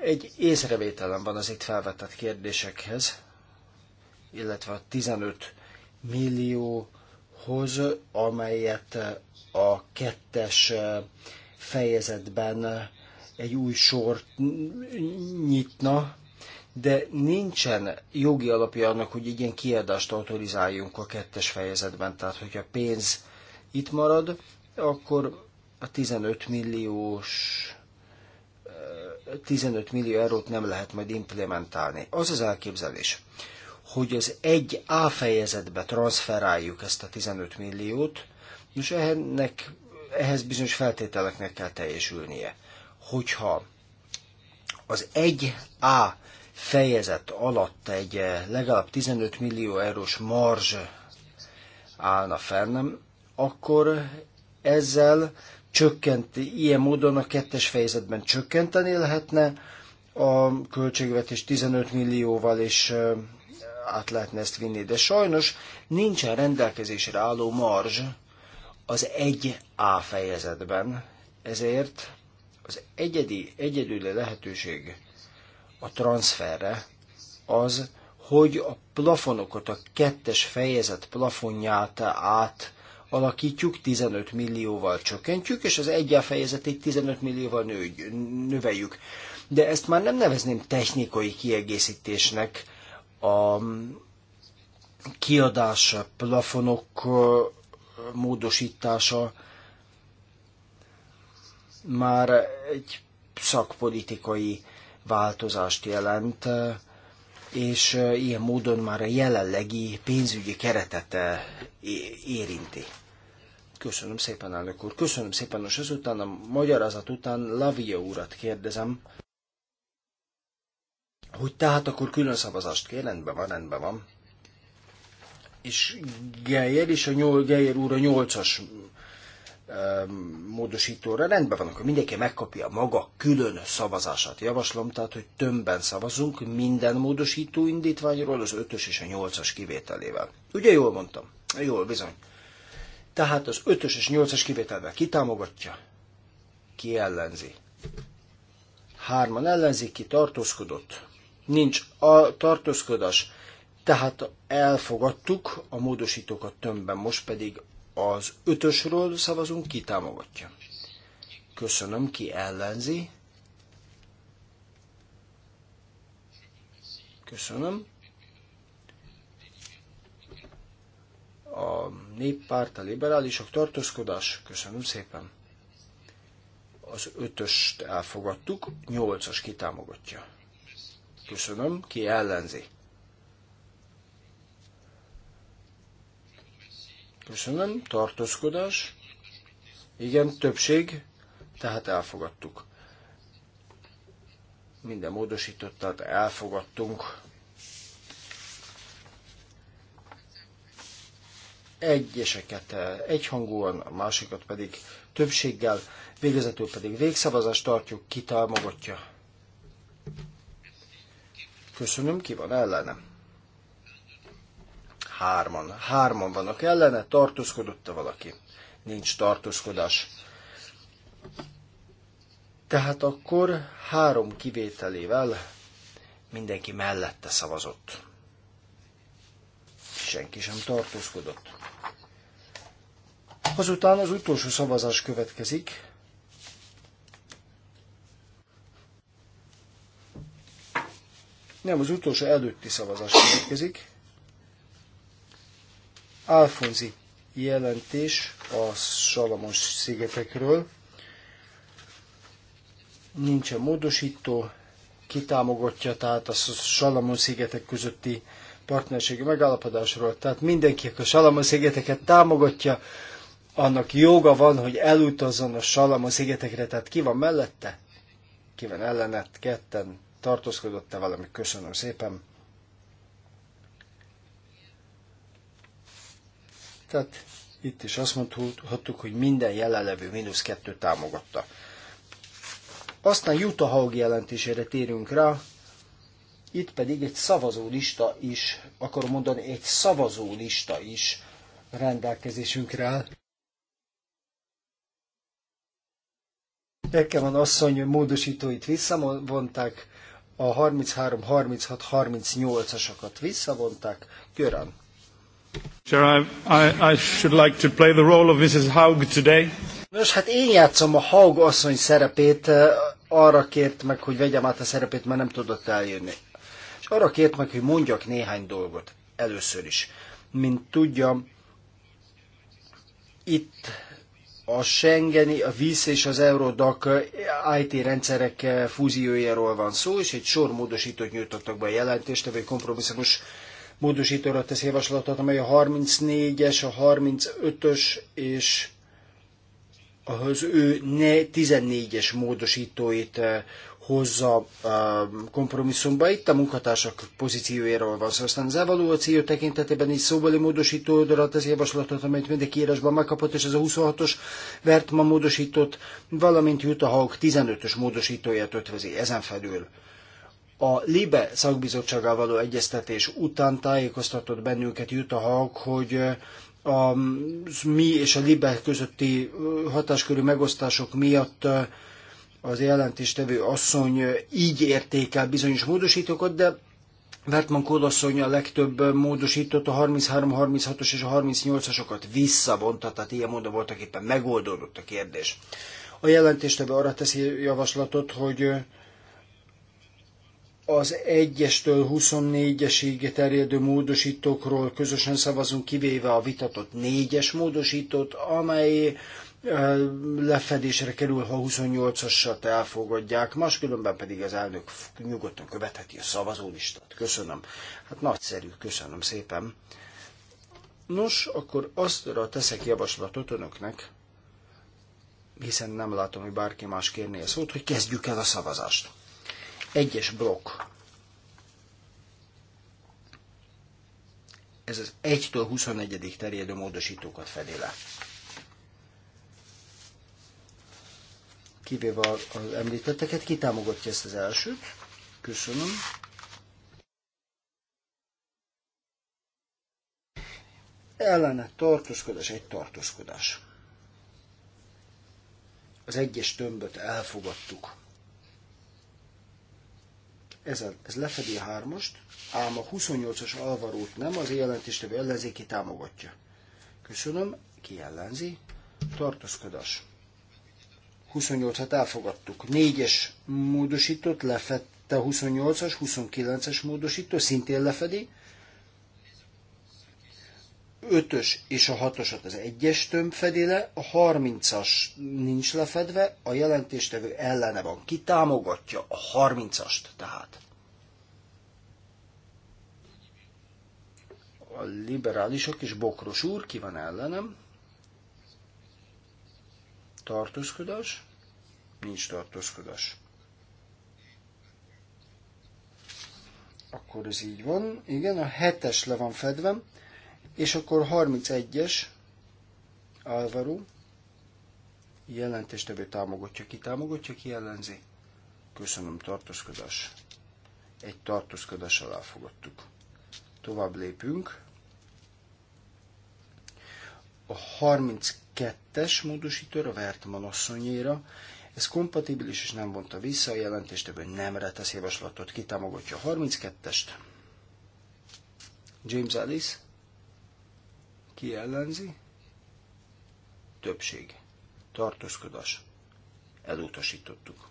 egy észrevételem van az itt felvetett kérdésekhez, illetve a 15 millióhoz, amelyet a kettes fejezetben egy új sort nyitna, de nincsen jogi alapja annak, hogy ilyen kiadást autorizáljunk a kettes fejezetben. Tehát, hogyha pénz itt marad, akkor a 15 milliós 15 eh, millió eurót nem lehet majd implementálni. Az az elképzelés, hogy az egy A fejezetbe transferáljuk ezt a 15 milliót, és ennek, ehhez bizonyos feltételeknek kell teljesülnie hogyha az 1A fejezet alatt egy eh, legalább 15 millió eurós marzs állna fenn, akkor ezzel csökkenti, ilyen módon a kettes fejezetben csökkenteni lehetne a költségvetés 15 millióval, és eh, át lehetne ezt vinni. De sajnos nincsen rendelkezésre álló marzs az 1A fejezetben, ezért az egyedi, egyedüli lehetőség a transferre az, hogy a plafonokat, a kettes fejezet plafonját át alakítjuk, 15 millióval csökkentjük, és az egyel fejezetét 15 millióval nő, növeljük. De ezt már nem nevezném technikai kiegészítésnek a kiadás plafonok módosítása, már egy szakpolitikai változást jelent, és ilyen módon már a jelenlegi pénzügyi keretet érinti. Köszönöm szépen, elnök úr. Köszönöm szépen, és ezután a magyarázat után Lavia úrat kérdezem, hogy tehát akkor külön szavazást kér, rendben van, rendben van. És Geyer, és a nyol, Geyer úr a nyolcas módosítóra, rendben van, akkor mindenki megkapja maga külön szavazását. Javaslom tehát, hogy tömbben szavazunk minden módosító indítványról, az 5-ös és a 8-as kivételével. Ugye jól mondtam? Jól, bizony. Tehát az 5-ös és 8-as kivételvel ki támogatja, ki ellenzi. Hárman ellenzik, ki tartózkodott. Nincs a tartózkodás. Tehát elfogadtuk a módosítókat tömbben, most pedig az ötösről szavazunk, ki támogatja. Köszönöm, ki ellenzi. Köszönöm. A néppárt, a liberálisok tartózkodás. Köszönöm szépen. Az ötöst elfogadtuk, nyolcas kitámogatja. Köszönöm, ki ellenzi. Köszönöm. Tartózkodás. Igen, többség, tehát elfogadtuk. Minden módosítottat elfogadtunk. Egyeseket egyhangúan, a másikat pedig többséggel, végezetül pedig végszavazást tartjuk, ki támogatja. Köszönöm, ki van ellenem. Hárman. Hárman vannak ellene, tartózkodott-e valaki? Nincs tartózkodás. Tehát akkor három kivételével mindenki mellette szavazott. Senki sem tartózkodott. Azután az utolsó szavazás következik. Nem, az utolsó előtti szavazás következik. Alfonzi jelentés a Salamos szigetekről. Nincsen módosító, kitámogatja tehát a Salamon szigetek közötti partnerségi megállapodásról. Tehát mindenki, aki a Salamon szigeteket támogatja, annak joga van, hogy elutazzon a Salamon szigetekre. Tehát ki van mellette? Ki van ellenet? Ketten tartózkodott-e valami? Köszönöm szépen. Tehát itt is azt mondhattuk, hogy minden jelenlevő mínusz kettő támogatta. Aztán Utah Haug jelentésére térünk rá, itt pedig egy szavazólista is, akarom mondani, egy szavazólista is rendelkezésünkre áll. van asszony módosítóit visszavonták, a 33, 36, 38 asokat visszavonták. körön. Sure, I, I, I should like to play the role of Mrs. Haug today. Nos, hát én játszom a Haug asszony szerepét, arra kért meg, hogy vegyem át a szerepét, mert nem tudott eljönni. És arra kért meg, hogy mondjak néhány dolgot. Először is. Mint tudja, itt a Schengeni, a VISZ és az Eurodac IT rendszerek fúziójáról van szó, és egy sor módosítót nyújtottak be a jelentést, vagy kompromisszumos módosítóra tesz javaslatot, amely a 34-es, a 35-ös és az ő 14-es módosítóit eh, hozza eh, kompromisszumba. Itt a munkatársak pozíciójáról van szó. Aztán az evaluáció tekintetében is szóbeli módosítóra tesz javaslatot, amelyet mindenki írásban megkapott, és ez a 26-os Vertma módosított, valamint Jutta Haug 15-ös módosítóját ötvezi ezen felül a LIBE szakbizottsággal való egyeztetés után tájékoztatott bennünket jut a hang, hogy a mi és a LIBE közötti hatáskörű megosztások miatt az jelentéstevő asszony így értékel bizonyos módosítókat, de Vertman Kodasszony a legtöbb módosított, a 33, 36-os és a 38-asokat visszavonta, tehát ilyen módon voltak éppen megoldódott a kérdés. A jelentéstevő arra teszi javaslatot, hogy az 1-estől 24-esig terjedő módosítókról közösen szavazunk, kivéve a vitatott 4-es módosítót, amely lefedésre kerül, ha 28-asat elfogadják, máskülönben pedig az elnök nyugodtan követheti a szavazólistát. Köszönöm. Hát nagyszerű, köszönöm szépen. Nos, akkor aztra teszek javaslatot önöknek, hiszen nem látom, hogy bárki más kérné a szót, hogy kezdjük el a szavazást. Egyes blokk. Ez az 1-től 21. terjedő módosítókat fedi le. Kivéve az említetteket, ki támogatja ezt az elsőt? Köszönöm. ellene tartózkodás egy tartózkodás. Az egyes tömböt elfogadtuk ez, a, ez lefedi a hármast, ám a 28-as Alvarót nem, az jelentéstevő ellenzéki támogatja. Köszönöm, ki ellenzi? Tartozkodás. 28-at hát elfogadtuk. 4-es módosított lefette a 28-as, 29-es módosító szintén lefedi, 5-ös és a 6-osat az 1-es tömb fedi le, a 30-as nincs lefedve, a jelentéstevő ellene van. Ki támogatja a 30-ast tehát? A liberálisok és Bokros úr, ki van ellenem? Tartózkodás? Nincs tartózkodás. Akkor ez így van. Igen, a hetes le van fedve. És akkor 31-es Álvaro jelentéstevő támogatja ki, támogatja ki ellenzi. Köszönöm, tartózkodás. Egy alá fogadtuk. Tovább lépünk. A 32-es módosítóra, Vertman asszonyéra, ez kompatibilis és nem vonta vissza, a hogy nem retesz javaslatot, kitámogatja a 32-est. James Ellis ki ellenzi? Többség. Tartózkodás. Elutasítottuk.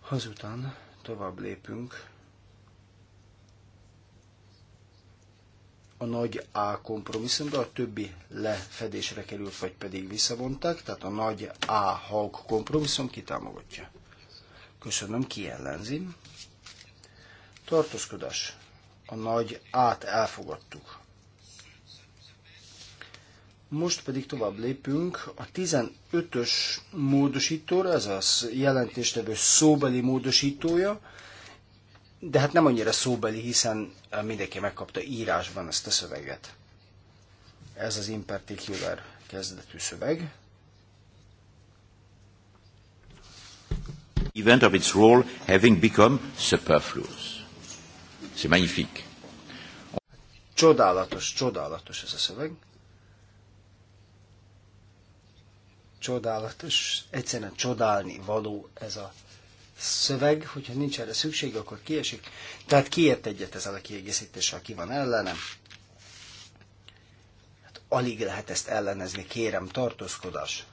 Hazután tovább lépünk a nagy A de a többi lefedésre került, vagy pedig visszavonták, tehát a nagy A hang kompromisszum kitámogatja. Köszönöm, ki ellenzi. Tartózkodás. A nagy át elfogadtuk. Most pedig tovább lépünk a 15-ös módosítóra, ez az jelentéstevő szóbeli módosítója, de hát nem annyira szóbeli, hiszen mindenki megkapta írásban ezt a szöveget. Ez az imperticular kezdetű szöveg. Event of its role having become superfluous. C'est magnifique. Csodálatos, csodálatos ez a szöveg. csodálatos, egyszerűen csodálni való ez a szöveg, hogyha nincs erre szükség, akkor kiesik. Tehát kiért egyet ezzel a kiegészítéssel, ki van ellenem? Hát alig lehet ezt ellenezni, kérem, tartózkodás.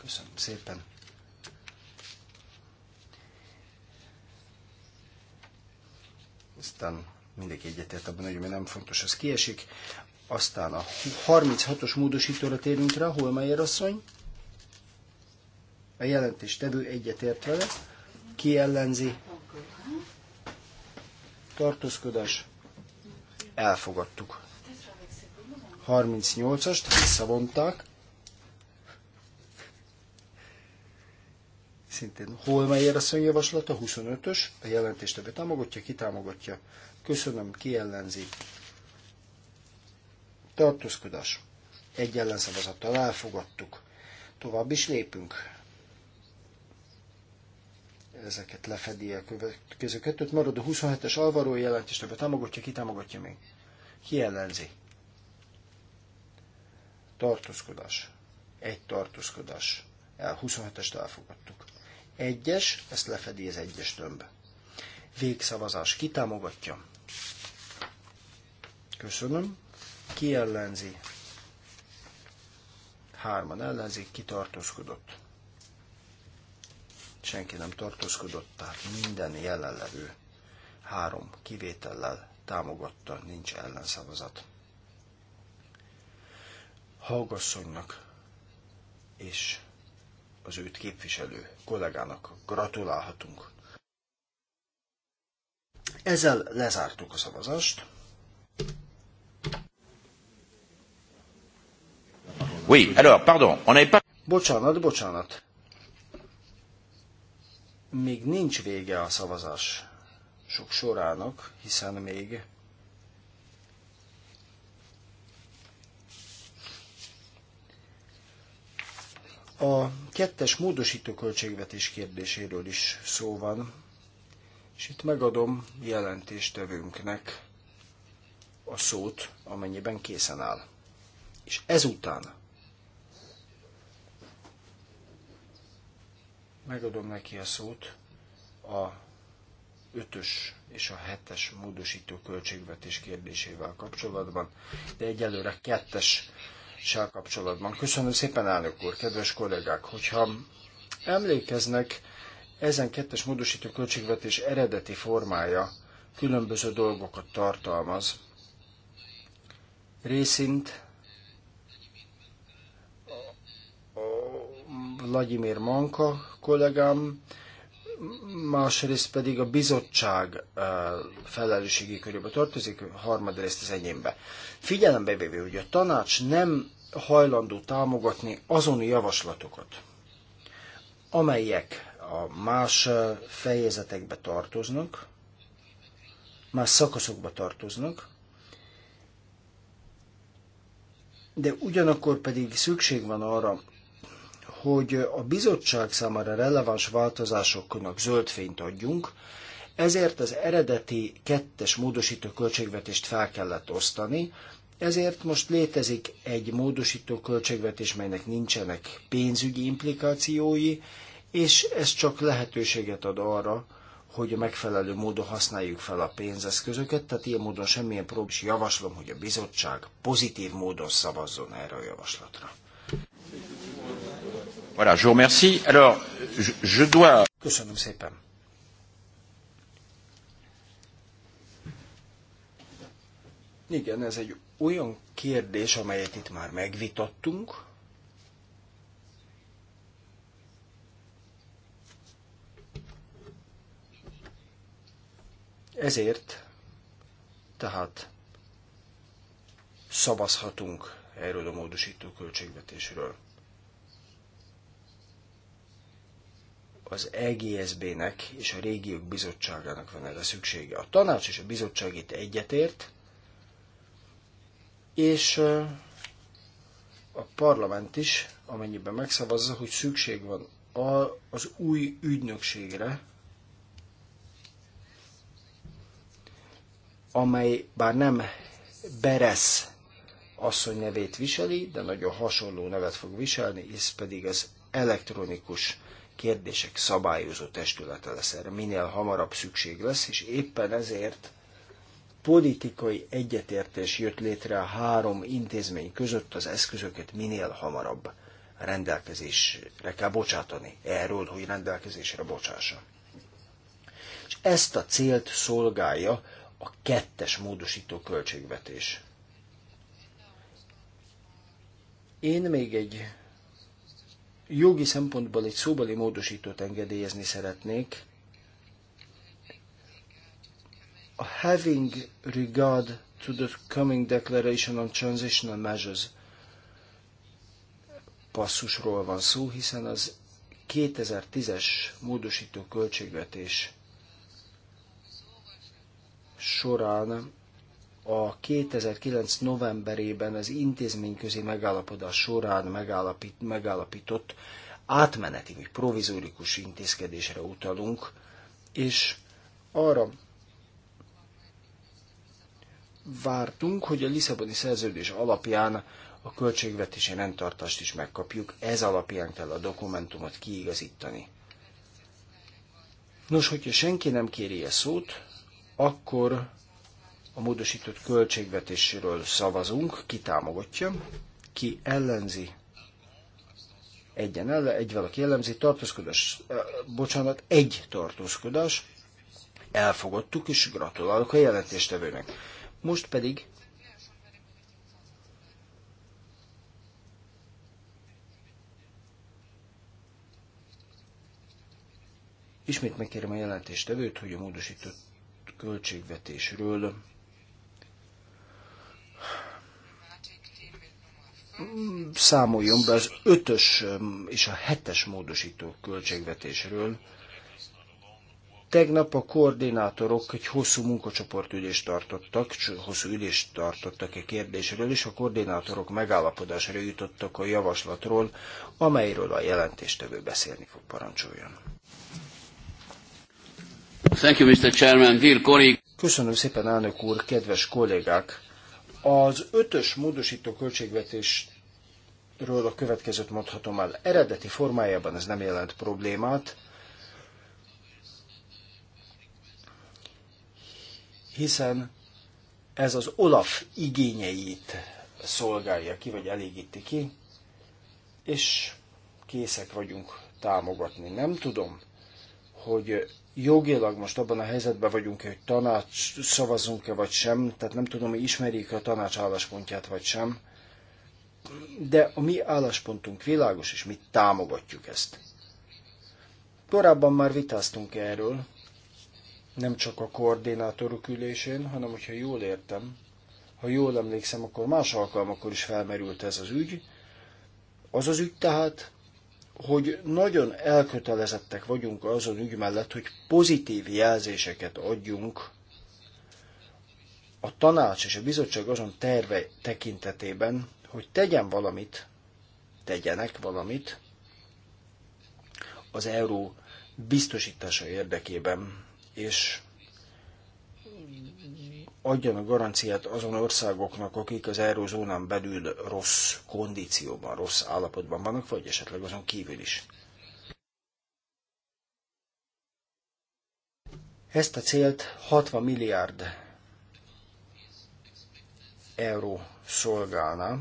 Köszönöm szépen. Aztán mindenki egyetért abban, hogy mi nem fontos, az kiesik. Aztán a 36-os módosítóra térünk rá, Holmeier asszony. A jelentés tevő egyetért vele. Ki ellenzi? Tartózkodás. Elfogadtuk. 38-ast visszavonták. Szintén Holmeier asszony javaslata, 25-ös, a tevő támogatja, ki támogatja. Köszönöm, ki ellenzi. Tartózkodás. Egy ellenszavazattal elfogadtuk. Tovább is lépünk ezeket lefedi a következő kettőt. Marad a 27-es alvaró jelentést, többet támogatja, ki támogatja még? Ki ellenzi? Tartózkodás. Egy tartózkodás. El 27-est elfogadtuk. Egyes, ezt lefedi az egyes tömb. Végszavazás. Ki támogatja? Köszönöm. Ki ellenzi? Hárman ellenzi, ki tartózkodott senki nem tartózkodott, tehát minden jelenlevő három kivétellel támogatta, nincs ellenszavazat. Hallgasszonynak és az őt képviselő kollégának gratulálhatunk. Ezzel lezártuk a szavazást. Oui, alors, pardon, on n'avait pas... Bocsánat, bocsánat még nincs vége a szavazás sok sorának, hiszen még a kettes módosító költségvetés kérdéséről is szó van, és itt megadom jelentéstevőnknek a szót, amennyiben készen áll. És ezután Megadom neki a szót a 5-ös és a 7-es módosító költségvetés kérdésével kapcsolatban, de egyelőre 2 sel kapcsolatban. Köszönöm szépen, elnök úr, kedves kollégák, hogyha emlékeznek, ezen kettes módosító költségvetés eredeti formája különböző dolgokat tartalmaz. Részint Vladimir Manka kollégám, másrészt pedig a bizottság eh, felelősségi körébe tartozik, harmadrészt az enyémbe. Figyelembe véve, hogy a tanács nem hajlandó támogatni azon javaslatokat, amelyek a más eh, fejezetekbe tartoznak, más szakaszokba tartoznak, de ugyanakkor pedig szükség van arra, hogy a bizottság számára releváns változásoknak zöld fényt adjunk, ezért az eredeti kettes módosító költségvetést fel kellett osztani, ezért most létezik egy módosító költségvetés, melynek nincsenek pénzügyi implikációi, és ez csak lehetőséget ad arra, hogy a megfelelő módon használjuk fel a pénzeszközöket, tehát ilyen módon semmilyen prób, és javaslom, hogy a bizottság pozitív módon szavazzon erre a javaslatra. Voilà, je vous remercie. Alors, je, je dois... Köszönöm szépen. Igen, ez egy olyan kérdés, amelyet itt már megvitattunk. Ezért tehát szavazhatunk erről a módosító költségvetésről. az EGSB-nek és a régiók bizottságának van erre szüksége. A tanács és a bizottság itt egyetért, és a parlament is, amennyiben megszavazza, hogy szükség van az új ügynökségre, amely bár nem Beresz asszony nevét viseli, de nagyon hasonló nevet fog viselni, ez pedig az elektronikus kérdések szabályozó testülete lesz erre, minél hamarabb szükség lesz, és éppen ezért politikai egyetértés jött létre a három intézmény között az eszközöket minél hamarabb rendelkezésre kell bocsátani, erről, hogy rendelkezésre bocsássa. És ezt a célt szolgálja a kettes módosító költségvetés. Én még egy jogi szempontból egy szóbeli módosítót engedélyezni szeretnék. A having regard to the coming declaration on transitional measures passzusról van szó, hiszen az 2010-es módosító költségvetés során a 2009. novemberében az intézményközi megállapodás során megállapít, megállapított átmeneti, vagy provizórikus intézkedésre utalunk, és arra vártunk, hogy a Lisszaboni szerződés alapján a költségvetési rendtartást is megkapjuk, ez alapján kell a dokumentumot kiigazítani. Nos, hogyha senki nem kéri a szót, akkor a módosított költségvetésről szavazunk, ki támogatja, ki ellenzi, egyen ellen, egy valaki ellenzi, tartózkodás, eh, bocsánat, egy tartózkodás, elfogadtuk, és gratulálok a jelentéstevőnek. Most pedig Ismét megkérem a jelentéstevőt, hogy a módosított költségvetésről számoljon be az ötös és a hetes módosító költségvetésről. Tegnap a koordinátorok egy hosszú munkacsoportülést tartottak, hosszú ülést tartottak egy kérdésről, és a koordinátorok megállapodásra jutottak a javaslatról, amelyről a jelentéstevő beszélni fog parancsoljon. Thank you, Mr. Chairman. Dear Köszönöm szépen, elnök úr, kedves kollégák! Az ötös módosító költségvetésről a következőt mondhatom el. Eredeti formájában ez nem jelent problémát, hiszen ez az Olaf igényeit szolgálja ki, vagy elégíti ki, és készek vagyunk támogatni. Nem tudom, hogy jogilag most abban a helyzetben vagyunk, hogy tanács szavazunk-e vagy sem, tehát nem tudom, hogy ismerik a tanács álláspontját vagy sem, de a mi álláspontunk világos, és mi támogatjuk ezt. Korábban már vitáztunk erről, nem csak a koordinátorok ülésén, hanem hogyha jól értem, ha jól emlékszem, akkor más alkalmakkor is felmerült ez az ügy. Az az ügy tehát, hogy nagyon elkötelezettek vagyunk azon ügy mellett, hogy pozitív jelzéseket adjunk a tanács és a bizottság azon terve tekintetében, hogy tegyen valamit, tegyenek valamit az euró biztosítása érdekében, és adjanak garanciát azon országoknak, akik az eurozónán belül rossz kondícióban, rossz állapotban vannak, vagy esetleg azon kívül is. Ezt a célt 60 milliárd euró szolgálná.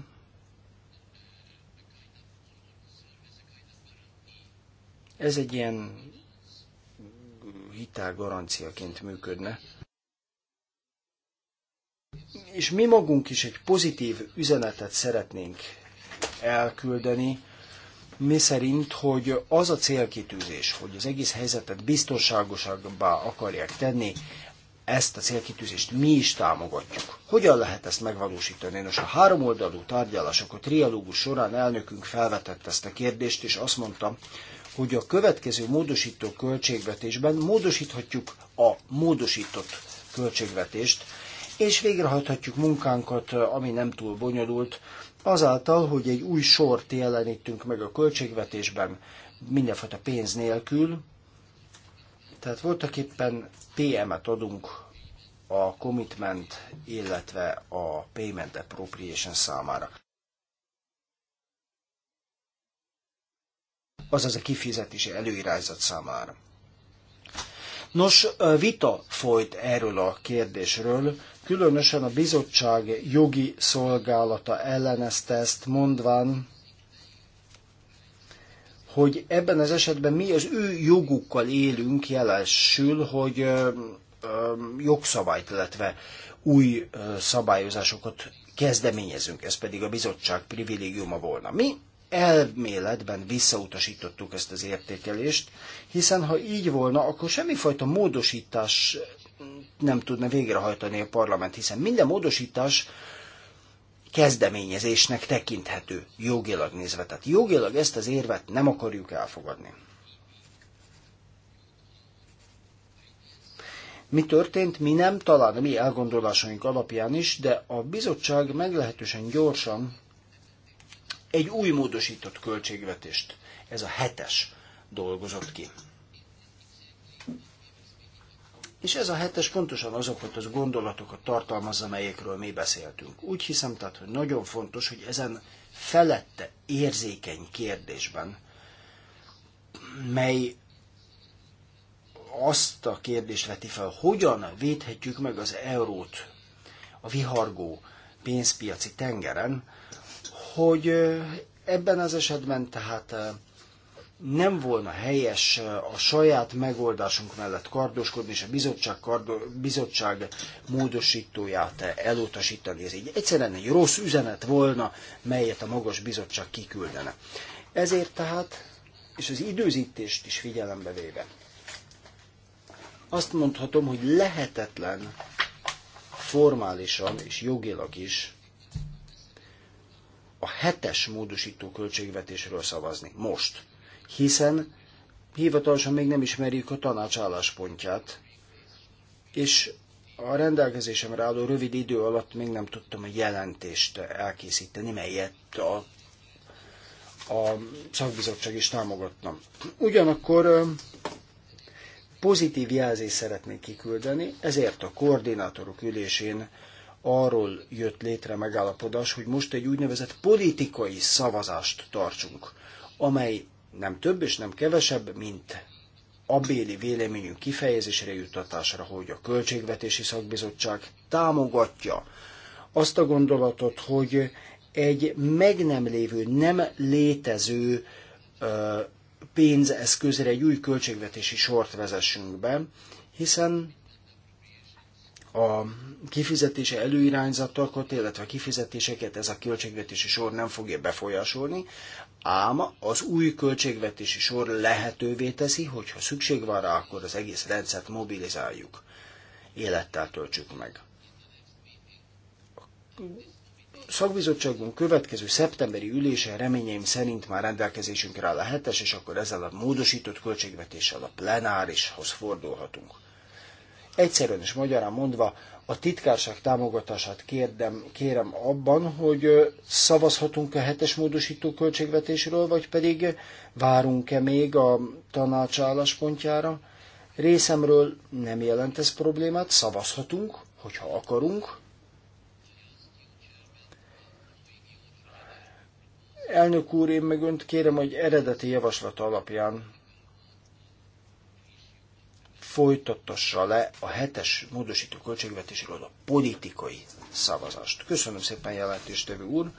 Ez egy ilyen hitelgaranciaként működne és mi magunk is egy pozitív üzenetet szeretnénk elküldeni, mi szerint, hogy az a célkitűzés, hogy az egész helyzetet biztonságosabbá akarják tenni, ezt a célkitűzést mi is támogatjuk. Hogyan lehet ezt megvalósítani? Nos, a háromoldalú tárgyalások a trialógus során elnökünk felvetett ezt a kérdést, és azt mondta, hogy a következő módosító költségvetésben módosíthatjuk a módosított költségvetést, és végrehajthatjuk munkánkat, ami nem túl bonyolult, azáltal, hogy egy új sort jelenítünk meg a költségvetésben, mindenfajta pénz nélkül, tehát voltak éppen PM-et adunk a commitment, illetve a payment appropriation számára. Azaz a kifizetési előirányzat számára. Nos, vita folyt erről a kérdésről, Különösen a bizottság jogi szolgálata ellenezte ezt, mondván, hogy ebben az esetben mi az ő jogukkal élünk jelesül, hogy ö, ö, jogszabályt, illetve új ö, szabályozásokat kezdeményezünk, ez pedig a bizottság privilégiuma volna. Mi elméletben visszautasítottuk ezt az értékelést, hiszen ha így volna, akkor semmifajta módosítás nem tudna végrehajtani a parlament, hiszen minden módosítás kezdeményezésnek tekinthető jogilag nézve. Tehát jogilag ezt az érvet nem akarjuk elfogadni. Mi történt, mi nem, talán a mi elgondolásaink alapján is, de a bizottság meglehetősen gyorsan egy új módosított költségvetést, ez a hetes, dolgozott ki. És ez a hetes pontosan azokat az gondolatokat tartalmazza, amelyekről mi beszéltünk. Úgy hiszem tehát, hogy nagyon fontos, hogy ezen felette érzékeny kérdésben, mely azt a kérdést veti fel, hogyan védhetjük meg az eurót a vihargó pénzpiaci tengeren, hogy ebben az esetben tehát nem volna helyes a saját megoldásunk mellett kardoskodni, és a bizottság, kardo, bizottság módosítóját elutasítani. Ez így egyszerűen egy rossz üzenet volna, melyet a magas bizottság kiküldene. Ezért tehát, és az időzítést is figyelembe véve, azt mondhatom, hogy lehetetlen formálisan és jogilag is a hetes módosító költségvetésről szavazni. Most hiszen hivatalosan még nem ismerjük a tanács álláspontját, és a rendelkezésemre álló rövid idő alatt még nem tudtam a jelentést elkészíteni, melyet a, a szakbizottság is támogattam. Ugyanakkor pozitív jelzést szeretnék kiküldeni, ezért a koordinátorok ülésén arról jött létre megállapodás, hogy most egy úgynevezett politikai szavazást tartsunk, amely nem több és nem kevesebb, mint a béli véleményünk kifejezésre juttatásra, hogy a Költségvetési Szakbizottság támogatja azt a gondolatot, hogy egy meg nem lévő, nem létező ö, pénzeszközre egy új költségvetési sort vezessünk be, hiszen a kifizetése előirányzatokat, illetve a kifizetéseket ez a költségvetési sor nem fogja befolyásolni, ám az új költségvetési sor lehetővé teszi, hogy ha szükség van rá, akkor az egész rendszert mobilizáljuk, élettel töltsük meg. A szakbizottságunk következő szeptemberi ülése reményeim szerint már rendelkezésünkre áll a hetes, és akkor ezzel a módosított költségvetéssel a plenárishoz fordulhatunk. Egyszerűen és magyarán mondva, a titkárság támogatását kérdem, kérem abban, hogy szavazhatunk a hetes módosító költségvetésről, vagy pedig várunk-e még a tanács álláspontjára. Részemről nem jelent ez problémát, szavazhatunk, hogyha akarunk, Elnök úr, én meg önt kérem, hogy eredeti javaslat alapján folytatassa le a hetes módosító költségvetésről a politikai szavazást. Köszönöm szépen jelentéstevő úr,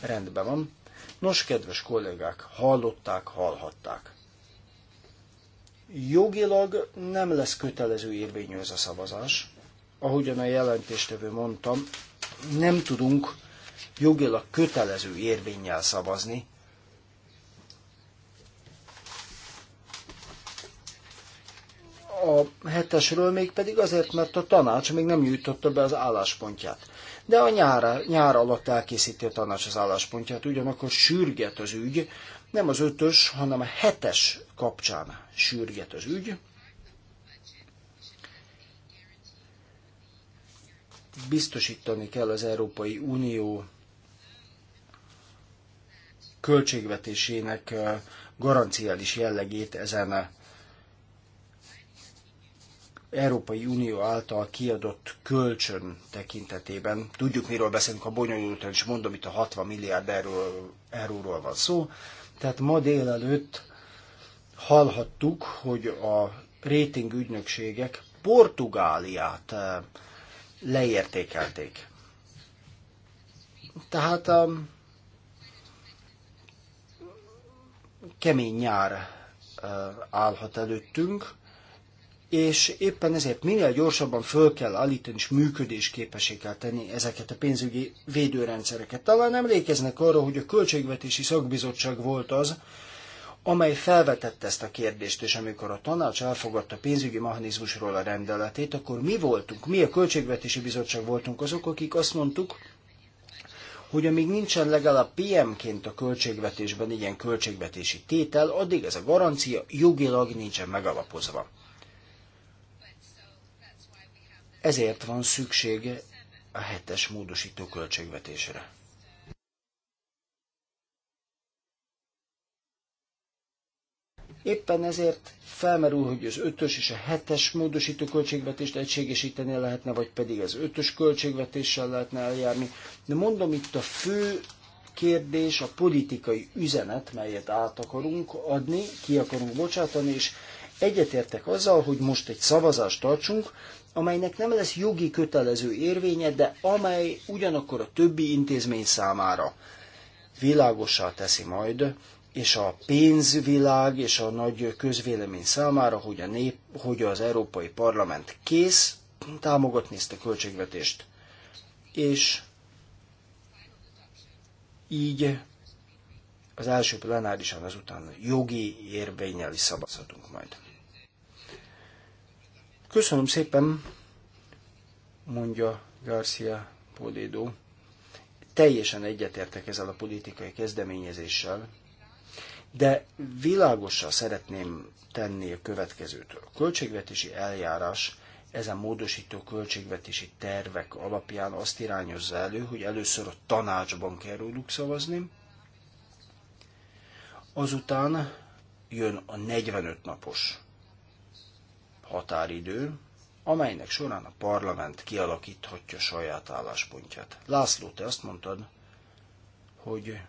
rendben van. Nos, kedves kollégák, hallották, hallhatták. Jogilag nem lesz kötelező érvényű ez a szavazás. Ahogyan a jelentéstevő mondtam, nem tudunk jogilag kötelező érvényel szavazni, a hetesről, még pedig azért, mert a tanács még nem nyújtotta be az álláspontját. De a nyár, nyár alatt elkészíti a tanács az álláspontját, ugyanakkor sürget az ügy, nem az ötös, hanem a hetes kapcsán sürget az ügy. Biztosítani kell az Európai Unió költségvetésének eh, garanciális jellegét ezen a Európai Unió által kiadott kölcsön tekintetében. Tudjuk, miről beszélünk a bonyolultan, és mondom, itt a 60 milliárd euró, euróról van szó. Tehát ma délelőtt hallhattuk, hogy a rating ügynökségek Portugáliát eh, leértékelték. Tehát a eh, kemény nyár eh, állhat előttünk, és éppen ezért minél gyorsabban föl kell állítani és működésképesé kell tenni ezeket a pénzügyi védőrendszereket. Talán emlékeznek arra, hogy a Költségvetési Szakbizottság volt az, amely felvetette ezt a kérdést, és amikor a tanács elfogadta a pénzügyi mechanizmusról a rendeletét, akkor mi voltunk, mi a Költségvetési Bizottság voltunk azok, akik azt mondtuk, hogy amíg nincsen legalább PM-ként a költségvetésben ilyen költségvetési tétel, addig ez a garancia jogilag nincsen megalapozva. Ezért van szüksége a hetes módosító költségvetésre. Éppen ezért felmerül, hogy az ötös és a hetes módosító költségvetést egységesíteni lehetne, vagy pedig az ötös költségvetéssel lehetne eljárni. De mondom, itt a fő kérdés, a politikai üzenet, melyet át akarunk adni, ki akarunk bocsátani, és egyetértek azzal, hogy most egy szavazást tartsunk, amelynek nem lesz jogi kötelező érvénye, de amely ugyanakkor a többi intézmény számára világossá teszi majd, és a pénzvilág és a nagy közvélemény számára, hogy, a nép, hogy az Európai Parlament kész támogatni ezt a költségvetést. És így az első plenárisan azután jogi érvényel is szabadhatunk majd. Köszönöm szépen, mondja Garcia Polédó. Teljesen egyetértek ezzel a politikai kezdeményezéssel, de világosra szeretném tenni a következőt. A költségvetési eljárás ezen módosító költségvetési tervek alapján azt irányozza elő, hogy először a tanácsban kell róluk szavazni, azután jön a 45 napos határidő, amelynek során a parlament kialakíthatja saját álláspontját. László, te azt mondtad, hogy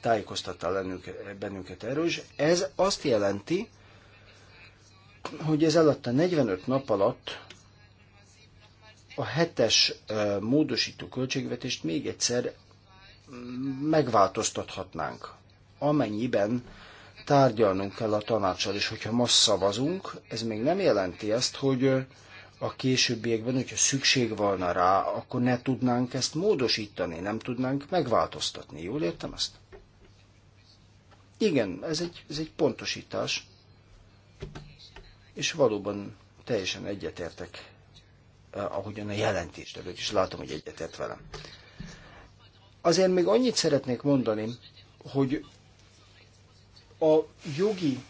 tájékoztattál bennünket erről, és ez azt jelenti, hogy ez alatt a 45 nap alatt a hetes módosító költségvetést még egyszer mm, megváltoztathatnánk, amennyiben tárgyalnunk kell a tanácsal, és hogyha most szavazunk, ez még nem jelenti azt, hogy a későbbiekben, hogyha szükség volna rá, akkor ne tudnánk ezt módosítani, nem tudnánk megváltoztatni. Jól értem ezt? Igen, ez egy, ez egy pontosítás, és valóban teljesen egyetértek, ahogyan a jelentéstevők is látom, hogy egyetért velem. Azért még annyit szeretnék mondani, hogy a jogi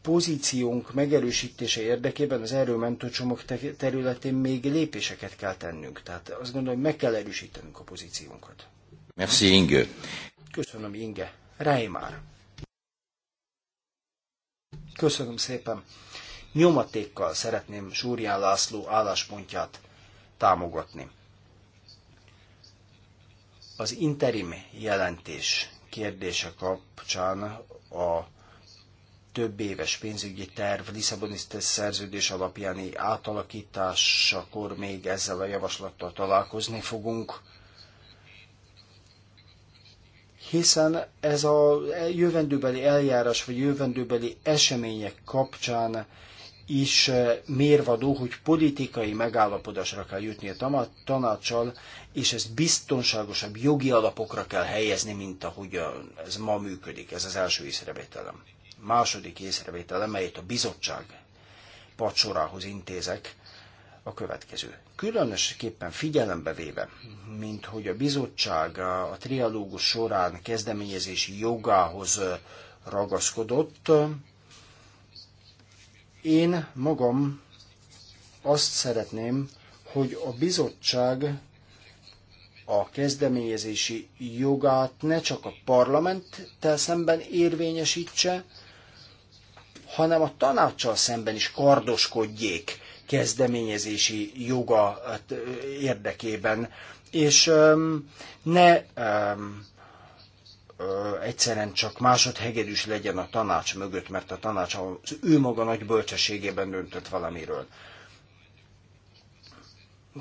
pozíciónk megerősítése érdekében az erőmentő csomag területén még lépéseket kell tennünk. Tehát azt gondolom, hogy meg kell erősítenünk a pozíciónkat. Merci Inge. Köszönöm Inge. Reimár. Köszönöm szépen. Nyomatékkal szeretném Súrján László álláspontját támogatni. Az interim jelentés kérdése kapcsán a több éves pénzügyi terv Lisszaboni szerződés alapjáni átalakításakor még ezzel a javaslattal találkozni fogunk, hiszen ez a jövendőbeli eljárás vagy jövendőbeli események kapcsán is eh, mérvadó, hogy politikai megállapodásra kell jutni a tanácssal, és ezt biztonságosabb jogi alapokra kell helyezni, mint ahogy ez ma működik. Ez az első észrevételem. Második észrevételem, melyet a bizottság pacsorához intézek, a következő. Különösképpen figyelembe véve, mint hogy a bizottság a trialógus során kezdeményezési jogához eh, ragaszkodott, én magam azt szeretném, hogy a bizottság a kezdeményezési jogát ne csak a parlamenttel szemben érvényesítse, hanem a tanácssal szemben is kardoskodjék kezdeményezési joga hát, érdekében, és ne egyszerűen csak másodhegedűs legyen a tanács mögött, mert a tanács az ő maga nagy bölcsességében döntött valamiről.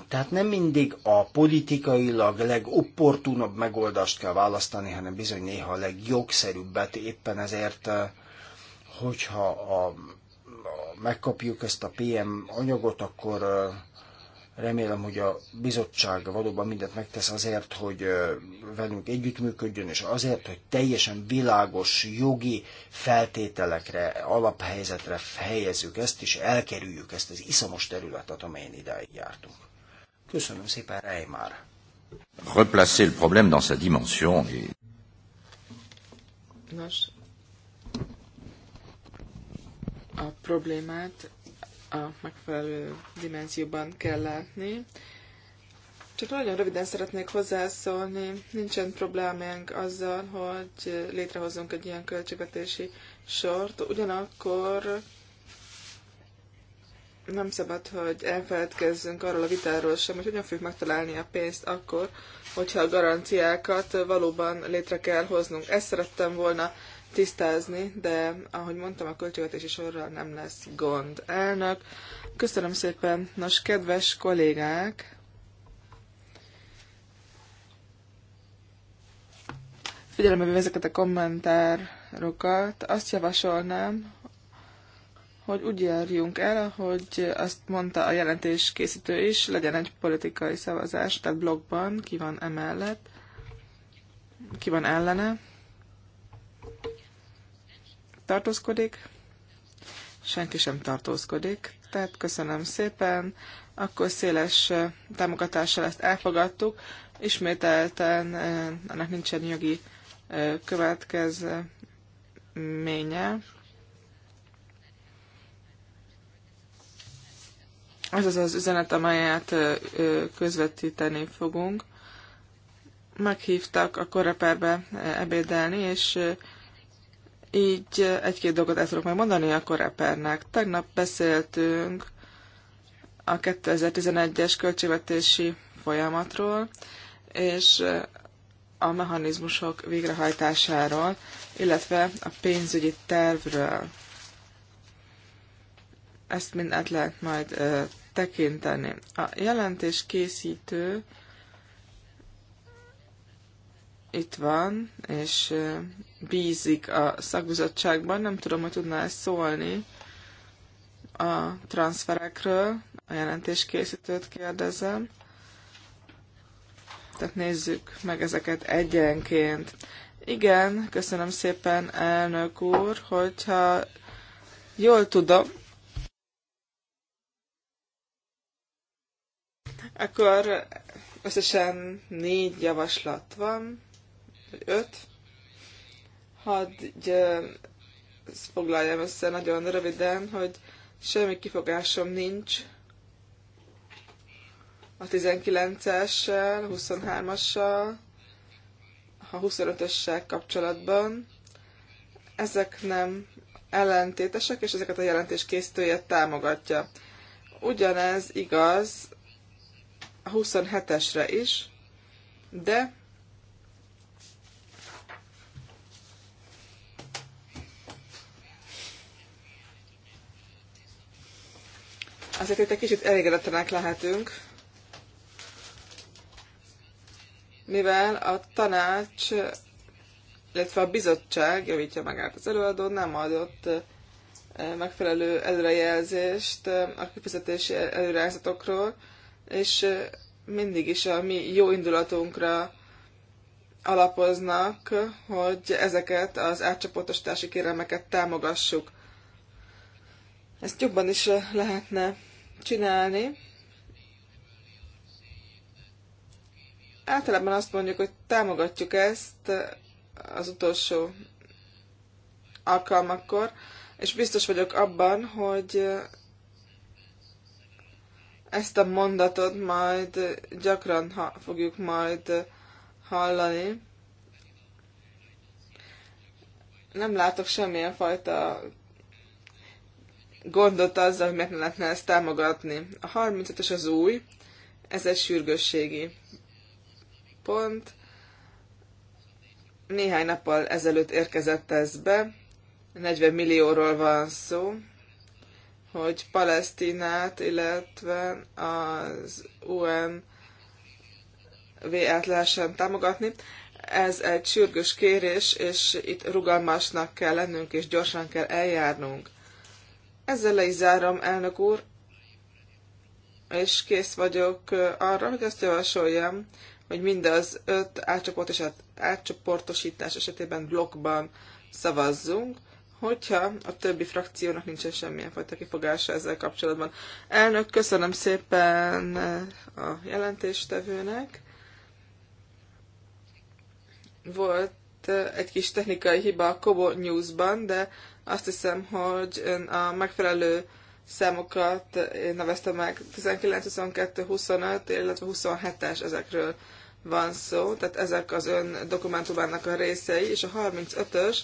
Tehát nem mindig a politikailag legopportunabb megoldást kell választani, hanem bizony néha a legjogszerűbbet. Éppen ezért, hogyha a, a, megkapjuk ezt a PM anyagot, akkor Remélem, hogy a bizottság valóban mindent megtesz azért, hogy velünk együttműködjön, és azért, hogy teljesen világos jogi feltételekre, alaphelyzetre helyezzük ezt, és elkerüljük ezt az iszamos területet, amelyen ideig jártunk. Köszönöm szépen, Reimár! Replacer le problème dans sa dimension et... Nos, a problémát a megfelelő dimenzióban kell látni. Csak nagyon röviden szeretnék hozzászólni, nincsen problémánk azzal, hogy létrehozunk egy ilyen költségvetési sort, ugyanakkor nem szabad, hogy elfeledkezzünk arról a vitáról sem, hogy hogyan fogjuk megtalálni a pénzt akkor, hogyha a garanciákat valóban létre kell hoznunk. Ezt szerettem volna tisztázni, de ahogy mondtam, a költségvetési sorral nem lesz gond. Elnök, köszönöm szépen. Nos, kedves kollégák, figyelembe ezeket a kommentárokat, azt javasolnám, hogy úgy járjunk el, hogy azt mondta a jelentés készítő is, legyen egy politikai szavazás, tehát blogban ki van emellett, ki van ellene tartózkodik? Senki sem tartózkodik. Tehát köszönöm szépen. Akkor széles támogatással ezt elfogadtuk. Ismételten annak nincsen jogi következménye. Ez az az üzenet, amelyet közvetíteni fogunk. Meghívtak a korreperbe ebédelni, és így egy-két dolgot el tudok megmondani a korepernek. Tegnap beszéltünk a 2011-es költségvetési folyamatról, és a mechanizmusok végrehajtásáról, illetve a pénzügyi tervről. Ezt mind lehet majd ö, tekinteni. A jelentés készítő itt van, és bízik a szakbizottságban. Nem tudom, hogy tudná ezt szólni a transferekről. A jelentéskészítőt kérdezem. Tehát nézzük meg ezeket egyenként. Igen, köszönöm szépen, elnök úr, hogyha jól tudom, akkor összesen négy javaslat van öt. Hadd ezt foglaljam össze nagyon röviden, hogy semmi kifogásom nincs a 19-essel, 23-assal, a 25-össel kapcsolatban. Ezek nem ellentétesek, és ezeket a jelentés készítője támogatja. Ugyanez igaz a 27-esre is, de Azért itt egy kicsit elégedetlenek lehetünk, mivel a tanács, illetve a bizottság, javítja magát az előadó, nem adott eh, megfelelő előrejelzést eh, a kifizetési előrejelzetokról, és eh, mindig is a mi jó indulatunkra alapoznak, hogy ezeket az átcsoportosítási kérelmeket támogassuk. Ezt jobban is lehetne csinálni. Általában azt mondjuk, hogy támogatjuk ezt az utolsó alkalmakkor, és biztos vagyok abban, hogy ezt a mondatot majd gyakran ha- fogjuk majd hallani. Nem látok semmilyen fajta gondot azzal, hogy miért ne lehetne ezt támogatni. A 35-ös az új, ez egy sürgősségi pont. Néhány nappal ezelőtt érkezett ez be, 40 millióról van szó, hogy Palesztinát, illetve az UN VL-t lehessen támogatni. Ez egy sürgős kérés, és itt rugalmasnak kell lennünk, és gyorsan kell eljárnunk. Ezzel le is zárom, elnök úr, és kész vagyok arra, hogy azt javasoljam, hogy mindaz öt átcsoportosítás esetében blokkban szavazzunk, hogyha a többi frakciónak nincsen semmilyen fajta kifogása ezzel kapcsolatban. Elnök, köszönöm szépen a jelentéstevőnek. Volt egy kis technikai hiba a Kobo News-ban, de azt hiszem, hogy ön a megfelelő számokat én neveztem meg 19, 22, 25, illetve 27-es ezekről van szó, tehát ezek az ön dokumentumának a részei, és a 35-ös,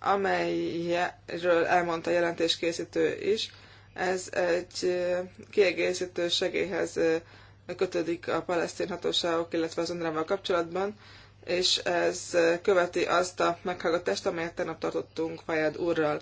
amelyről elmondta a jelentéskészítő is, ez egy kiegészítő segélyhez kötődik a palesztin hatóságok, illetve az unrwa kapcsolatban, és ez követi azt a meghallgatást, amelyet tegnap tartottunk Fajad úrral.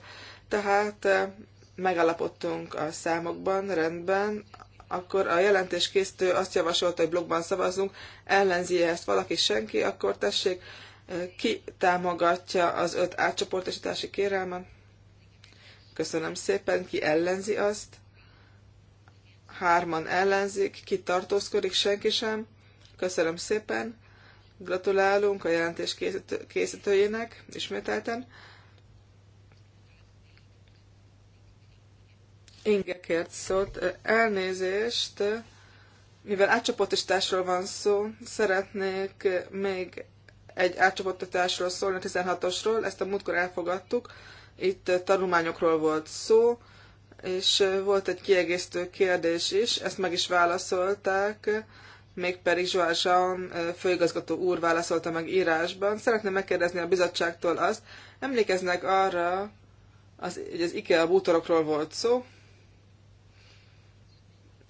Tehát eh, megállapodtunk a számokban, rendben, akkor a jelentés készítő azt javasolta, hogy blogban szavazzunk, ellenzi ezt valaki senki, akkor tessék, eh, ki támogatja az öt átcsoportosítási kérelmet? Köszönöm szépen, ki ellenzi azt? Hárman ellenzik, ki tartózkodik, senki sem. Köszönöm szépen. Gratulálunk a jelentés készítőjének, ismételten. Inge kért szót. Elnézést, mivel átcsoportosításról van szó, szeretnék még egy átcsoportosításról szólni, 16-osról, ezt a múltkor elfogadtuk, itt tanulmányokról volt szó, és volt egy kiegészítő kérdés is, ezt meg is válaszolták, mégpedig Zsoázsan főigazgató úr válaszolta meg írásban. Szeretném megkérdezni a bizottságtól azt, emlékeznek arra, az, hogy az IKEA bútorokról volt szó,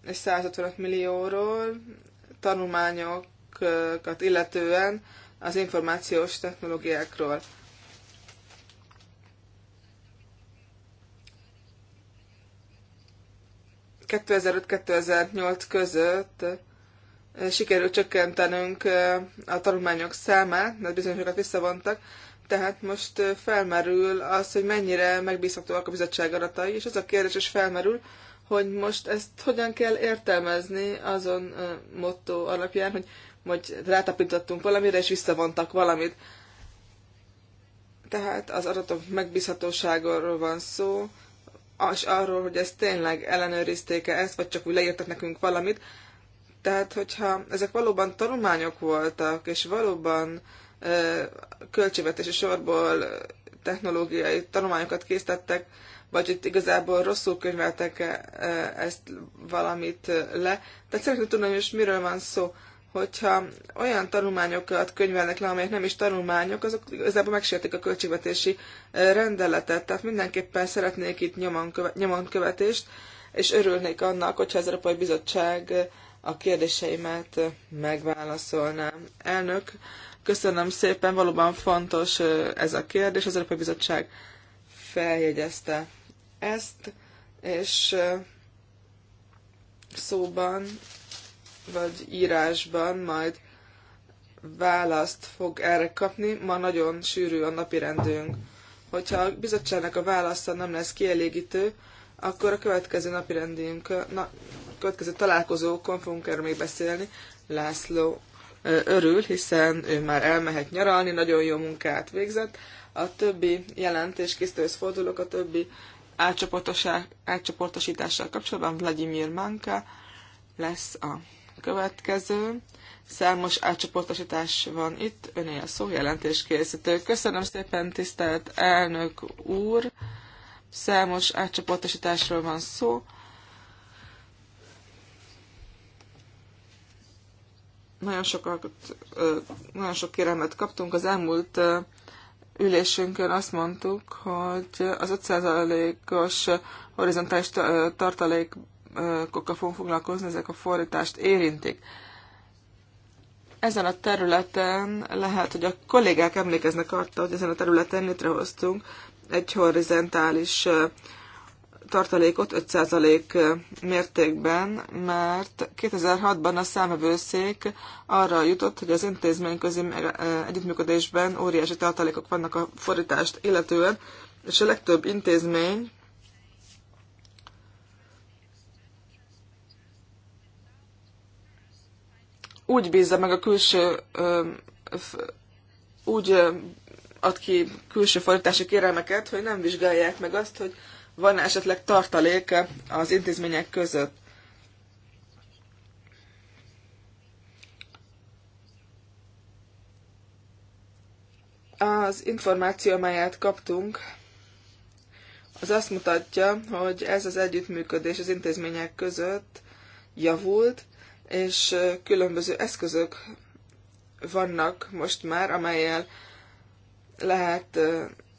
és 155 millióról, tanulmányokat illetően az információs technológiákról. ...2005-2008 között sikerült csökkentenünk a tanulmányok számát, mert bizonyosokat visszavontak, tehát most felmerül az, hogy mennyire megbízhatóak a bizottság adatai, és az a kérdés is felmerül, hogy most ezt hogyan kell értelmezni azon motto alapján, hogy hogy rátapintottunk valamire, és visszavontak valamit. Tehát az adatok megbízhatóságról van szó, és arról, hogy ezt tényleg ellenőrizték-e ezt, vagy csak úgy leírtak nekünk valamit, tehát, hogyha ezek valóban tanulmányok voltak, és valóban költségvetési sorból technológiai tanulmányokat készítettek, vagy itt igazából rosszul könyveltek ezt valamit le. Tehát szeretném tudni, hogy most miről van szó, hogyha olyan tanulmányokat könyvelnek le, amelyek nem is tanulmányok, azok igazából megsértik a költségvetési rendeletet. Tehát mindenképpen szeretnék itt nyomon, nyomon követést, és örülnék annak, hogyha az Európai Bizottság a kérdéseimet megválaszolnám. Elnök, köszönöm szépen, valóban fontos ez a kérdés. Az Európai Bizottság feljegyezte ezt, és szóban vagy írásban majd választ fog erre kapni. Ma nagyon sűrű a napirendünk. Hogyha a bizottságnak a válasza nem lesz kielégítő, akkor a következő napirendünk, na, következő találkozókon fogunk erről még beszélni. László örül, hiszen ő már elmehet nyaralni, nagyon jó munkát végzett. A többi jelentés készítőhöz fordulok, a többi átcsoportosítással kapcsolatban Vladimir Manka lesz a következő. Számos átcsoportosítás van itt, öné a szó jelentéskészítő. Köszönöm szépen, tisztelt elnök úr! Számos átcsoportosításról van szó. Nagyon, sokat, nagyon sok kérelmet kaptunk. Az elmúlt ülésünkön azt mondtuk, hogy az 5%-os horizontális tartalékokkal fogunk foglalkozni, ezek a fordítást érintik. Ezen a területen lehet, hogy a kollégák emlékeznek arra, hogy ezen a területen létrehoztunk egy horizontális tartalékot 5% mértékben, mert 2006-ban a számvevőszék arra jutott, hogy az intézményközi együttműködésben óriási tartalékok vannak a fordítást illetően, és a legtöbb intézmény úgy bízza meg a külső, úgy ad ki külső fordítási kérelmeket, hogy nem vizsgálják meg azt, hogy van esetleg tartalék az intézmények között? Az információ, amelyet kaptunk, az azt mutatja, hogy ez az együttműködés az intézmények között javult, és különböző eszközök vannak most már, amelyel lehet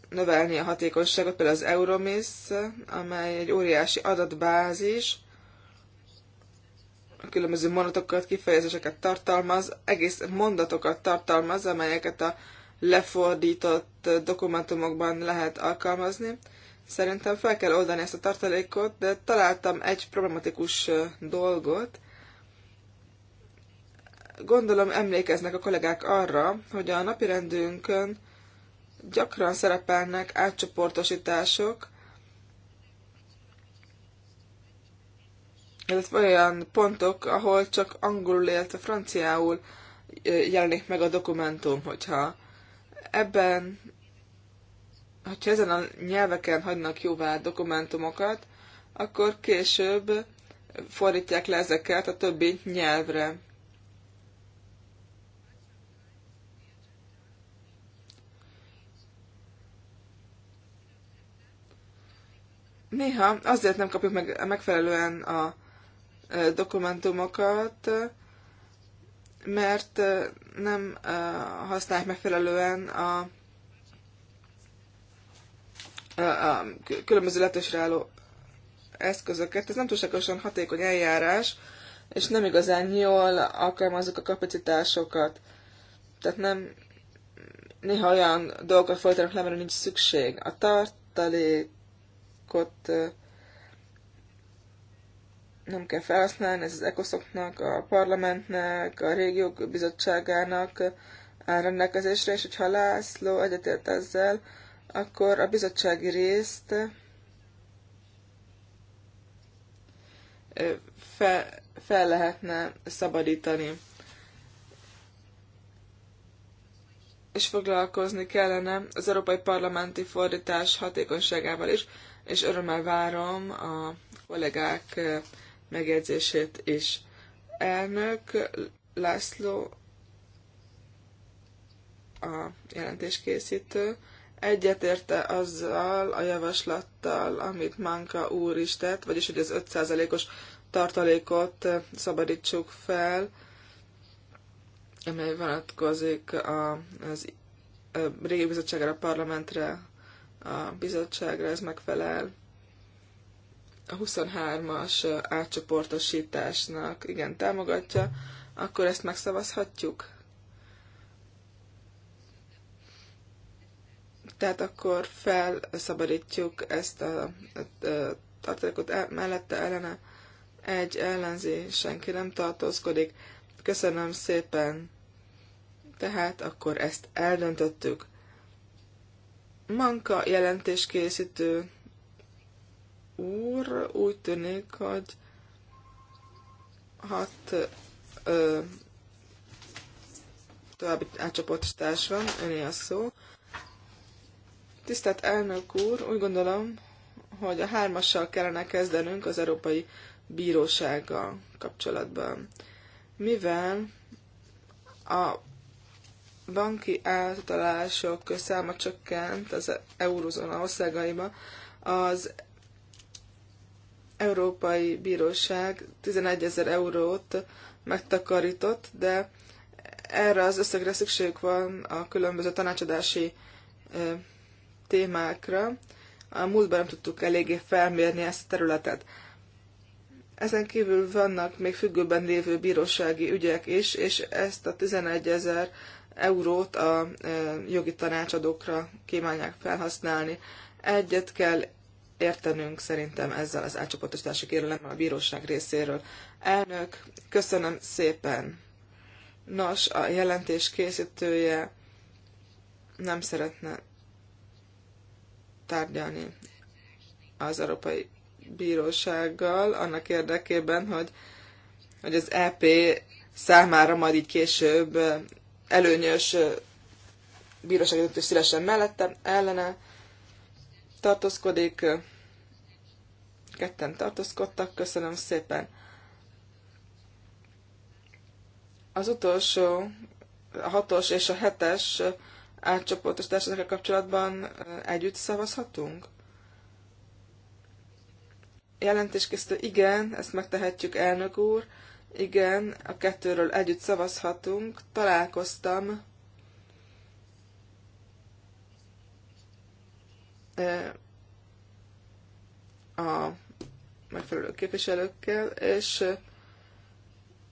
növelni a hatékonyságot, például az Euromész, amely egy óriási adatbázis, a különböző mondatokat, kifejezéseket tartalmaz, egész mondatokat tartalmaz, amelyeket a lefordított dokumentumokban lehet alkalmazni. Szerintem fel kell oldani ezt a tartalékot, de találtam egy problematikus dolgot. Gondolom emlékeznek a kollégák arra, hogy a napirendünkön gyakran szerepelnek átcsoportosítások, illetve olyan pontok, ahol csak angolul, illetve franciául jelenik meg a dokumentum, hogyha ebben, hogyha ezen a nyelveken hagynak jóvá dokumentumokat, akkor később fordítják le ezeket a többi nyelvre. Néha azért nem kapjuk meg megfelelően a dokumentumokat, mert nem használják megfelelően a, a különböző lehetősre álló eszközöket. Ez nem túlságosan hatékony eljárás, és nem igazán jól alkalmazzuk a kapacitásokat. Tehát nem néha olyan dolgokat folytatnak le, mert nincs szükség. A tartalék ECOSZOKot nem kell felhasználni, ez az ECOSZOKnak, a parlamentnek, a régiók bizottságának áll rendelkezésre, és hogyha László egyetért ezzel, akkor a bizottsági részt fel, fel lehetne szabadítani. És foglalkozni kellene az Európai Parlamenti Fordítás hatékonyságával is, és örömmel várom a kollégák eh, megjegyzését is. Elnök László a jelentéskészítő egyetérte azzal a javaslattal, amit Manka úr is tett, vagyis hogy az 5%-os tartalékot eh, szabadítsuk fel, amely vonatkozik az eh, régi bizottságra, a parlamentre, a bizottságra ez megfelel a 23-as átcsoportosításnak igen támogatja, akkor ezt megszavazhatjuk. Tehát akkor felszabadítjuk ezt a, a, a tartalékot el, mellette ellene. Egy ellenzi, senki nem tartózkodik. Köszönöm szépen. Tehát akkor ezt eldöntöttük. Manka jelentéskészítő úr úgy tűnik, hogy hat ö, további átcsoportosítás van, öné a szó. Tisztelt elnök úr, úgy gondolom, hogy a hármassal kellene kezdenünk az Európai Bírósággal kapcsolatban. Mivel a banki átutalások száma csökkent az eurozóna országaiba, az Európai Bíróság 11 ezer eurót megtakarított, de erre az összegre szükség van a különböző tanácsadási témákra. A múltban nem tudtuk eléggé felmérni ezt a területet. Ezen kívül vannak még függőben lévő bírósági ügyek is, és ezt a 11 ezer eurót a jogi tanácsadókra kívánják felhasználni. Egyet kell értenünk szerintem ezzel az átcsoportosítási kérelemmel a bíróság részéről. Elnök, köszönöm szépen! Nos, a jelentés készítője nem szeretne tárgyalni az Európai Bírósággal annak érdekében, hogy, hogy az EP számára majd így később előnyös bírósági döntés szívesen mellette, ellene tartózkodik, ketten tartózkodtak, köszönöm szépen. Az utolsó, a hatos és a hetes átcsoportos ezekkel kapcsolatban együtt szavazhatunk? Jelentéskészítő, igen, ezt megtehetjük, elnök úr. Igen, a kettőről együtt szavazhatunk. Találkoztam a megfelelő képviselőkkel, és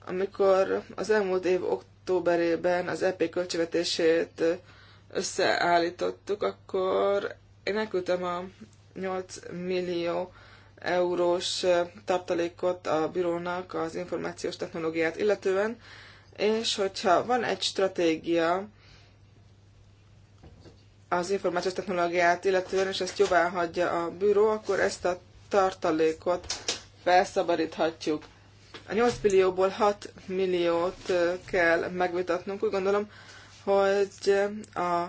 amikor az elmúlt év októberében az EP költségvetését összeállítottuk, akkor én elküldtem a 8 millió eurós tartalékot a bírónak az információs technológiát illetően, és hogyha van egy stratégia az információs technológiát illetően, és ezt jobbá hagyja a bíró, akkor ezt a tartalékot felszabadíthatjuk. A 8 millióból 6 milliót kell megvitatnunk. Úgy gondolom, hogy a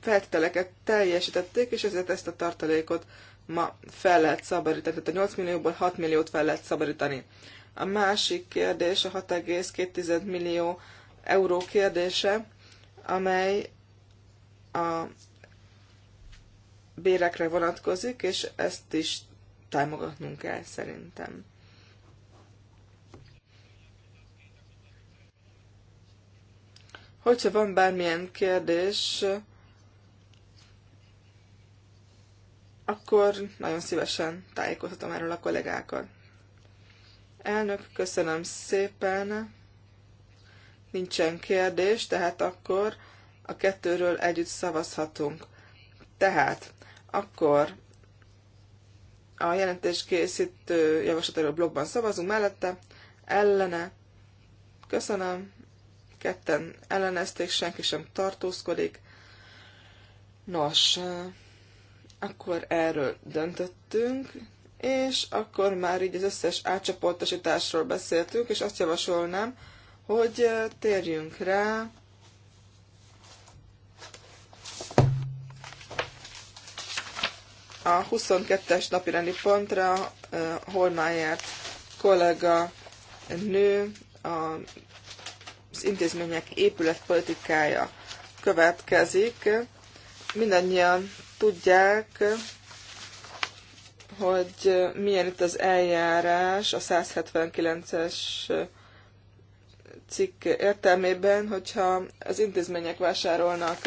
feltételeket teljesítették, és ezért ezt a tartalékot ma fel lehet szabadítani, tehát a 8 millióból 6 milliót fel lehet szabadítani. A másik kérdés a 6,2 millió euró kérdése, amely a bérekre vonatkozik, és ezt is támogatnunk kell szerintem. Hogyha van bármilyen kérdés, akkor nagyon szívesen tájékoztatom erről a kollégákat. Elnök, köszönöm szépen. Nincsen kérdés, tehát akkor a kettőről együtt szavazhatunk. Tehát akkor a jelentés készítő javaslatáról blogban szavazunk mellette, ellene, köszönöm, ketten ellenezték, senki sem tartózkodik. Nos, akkor erről döntöttünk, és akkor már így az összes átcsoportosításról beszéltünk, és azt javasolnám, hogy térjünk rá a 22-es napi rendi pontra Holmájert kollega nő az intézmények épületpolitikája következik. Mindannyian tudják, hogy milyen itt az eljárás a 179-es cikk értelmében, hogyha az intézmények vásárolnak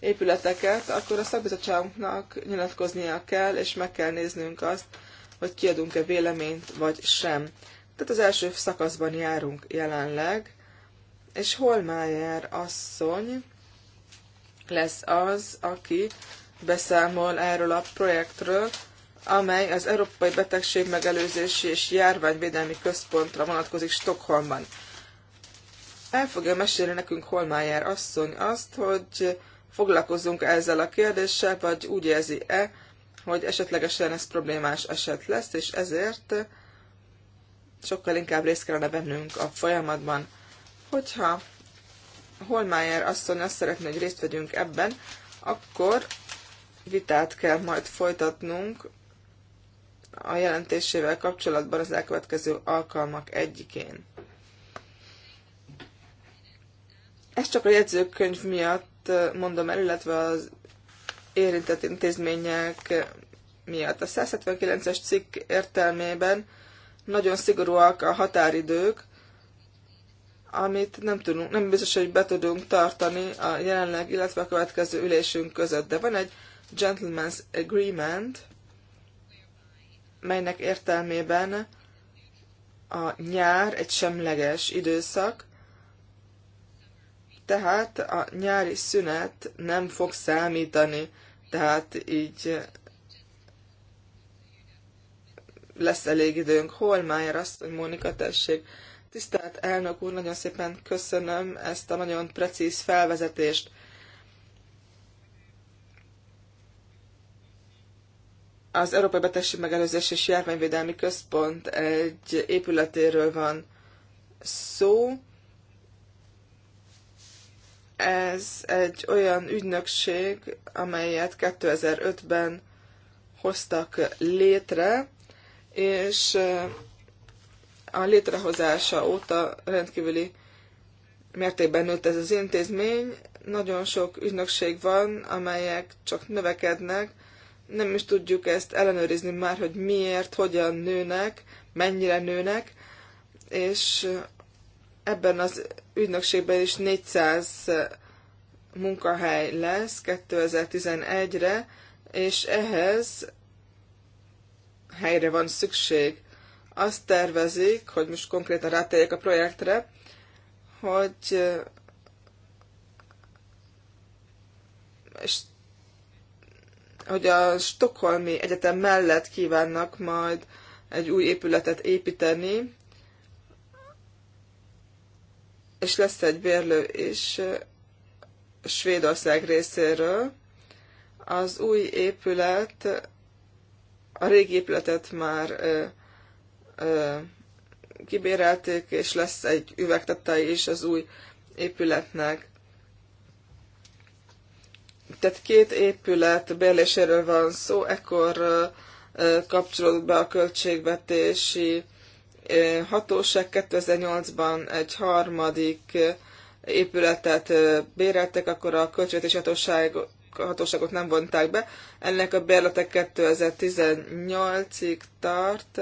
épületeket, akkor a szakbizottságunknak nyilatkoznia kell, és meg kell néznünk azt, hogy kiadunk-e véleményt, vagy sem. Tehát az első szakaszban járunk jelenleg, és Holmájer asszony lesz az, aki beszámol erről a projektről, amely az Európai Betegség Megelőzési és Járványvédelmi Központra vonatkozik Stockholmban. El fogja mesélni nekünk Holmájár asszony azt, hogy foglalkozunk -e ezzel a kérdéssel, vagy úgy érzi-e, hogy esetlegesen ez problémás eset lesz, és ezért sokkal inkább részt kellene vennünk a folyamatban. Hogyha Holmájár asszony azt szeretné, hogy részt vegyünk ebben, akkor vitát kell majd folytatnunk a jelentésével kapcsolatban az elkövetkező alkalmak egyikén. Ezt csak a jegyzőkönyv miatt eh, mondom el, illetve az érintett intézmények eh, miatt. A 179-es cikk értelmében nagyon szigorúak a határidők, amit nem, tudunk, nem biztos, hogy be tudunk tartani a jelenleg, illetve a következő ülésünk között. De van egy Gentleman's Agreement, melynek értelmében a nyár egy semleges időszak, tehát a nyári szünet nem fog számítani, tehát így lesz elég időnk. már azt, hogy Mónika, tessék. Tisztelt elnök úr, nagyon szépen köszönöm ezt a nagyon precíz felvezetést. az Európai Betegség Megelőzés és Járványvédelmi Központ egy épületéről van szó. Ez egy olyan ügynökség, amelyet 2005-ben hoztak létre, és eh, a létrehozása óta rendkívüli mértékben nőtt ez az intézmény. Nagyon sok ügynökség van, amelyek csak növekednek, nem is tudjuk ezt ellenőrizni már, hogy miért, hogyan nőnek, mennyire nőnek, és ebben az ügynökségben is 400 munkahely lesz 2011-re, és ehhez helyre van szükség. Azt tervezik, hogy most konkrétan rátérjek a projektre, hogy és hogy a Stockholmi Egyetem mellett kívánnak majd egy új épületet építeni, és lesz egy bérlő is Svédország részéről. Az új épület, a régi épületet már ö, ö, kibérelték, és lesz egy üvegtetei is az új épületnek tehát két épület béléséről van szó, ekkor kapcsolódott be a költségvetési hatóság. 2008-ban egy harmadik épületet béreltek, akkor a költségvetési hatóság, hatóságot nem vonták be. Ennek a bérletek 2018-ig tart,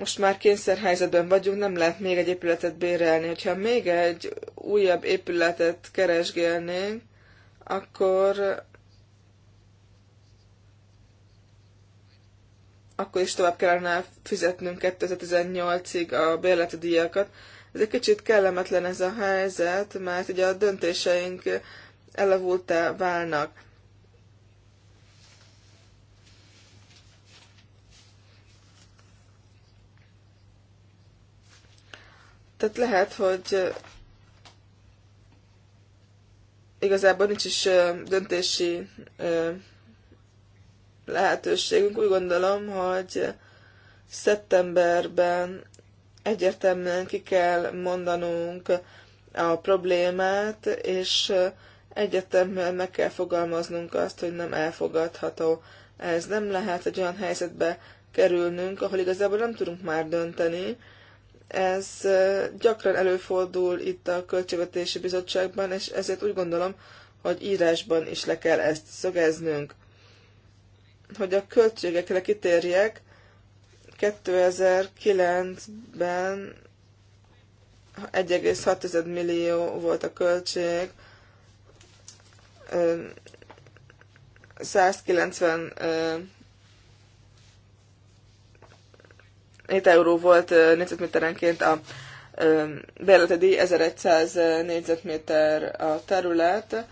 most már kényszerhelyzetben vagyunk, nem lehet még egy épületet bérelni. Hogyha még egy újabb épületet keresgélnénk, akkor akkor is tovább kellene fizetnünk 2018-ig a bérleti díjakat. Ez egy kicsit kellemetlen ez a helyzet, mert ugye a döntéseink elavultá válnak. Tehát lehet, hogy igazából nincs is döntési lehetőségünk. Úgy gondolom, hogy szeptemberben egyértelműen ki kell mondanunk a problémát, és egyértelműen meg kell fogalmaznunk azt, hogy nem elfogadható. Ez nem lehet egy olyan helyzetbe kerülnünk, ahol igazából nem tudunk már dönteni, ez gyakran előfordul itt a Költségvetési Bizottságban, és ezért úgy gondolom, hogy írásban is le kell ezt szögeznünk. Hogy a költségekre kitérjek, 2009-ben 1,6 millió volt a költség, 190 7 euró volt négyzetméterenként a bérleti díj, 1100 négyzetméter a terület,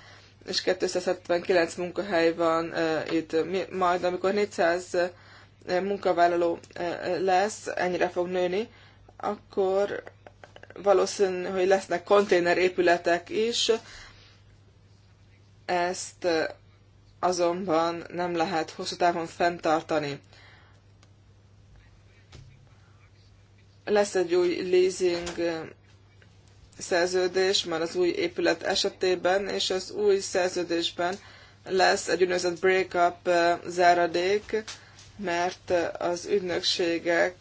és 279 munkahely van itt. Majd amikor 400 munkavállaló lesz, ennyire fog nőni, akkor valószínű, hogy lesznek konténerépületek is. Ezt azonban nem lehet hosszú távon fenntartani. Lesz egy új leasing szerződés már az új épület esetében, és az új szerződésben lesz egy úgynevezett break-up záradék, mert az ügynökségek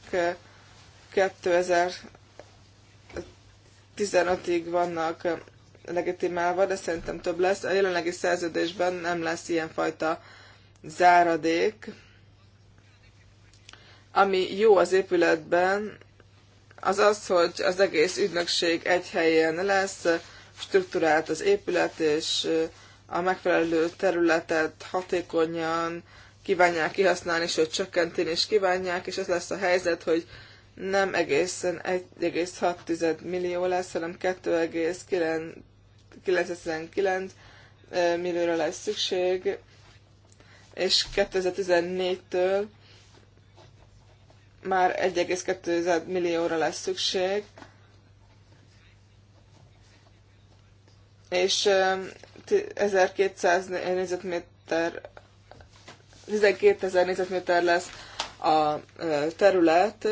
2015-ig vannak legitimálva, de szerintem több lesz. A jelenlegi szerződésben nem lesz ilyenfajta záradék, ami jó az épületben, az az, hogy az egész ügynökség egy helyen lesz, struktúrált az épület, és eh, a megfelelő területet hatékonyan kívánják kihasználni, sőt csökkenteni is kívánják, és ez lesz a helyzet, hogy nem egészen 1,6 millió lesz, hanem 2,999 eh, millióra lesz szükség, és 2014-től már 1,2 millióra lesz szükség, és 1200 nézetméter 12 nézetméter lesz a terület,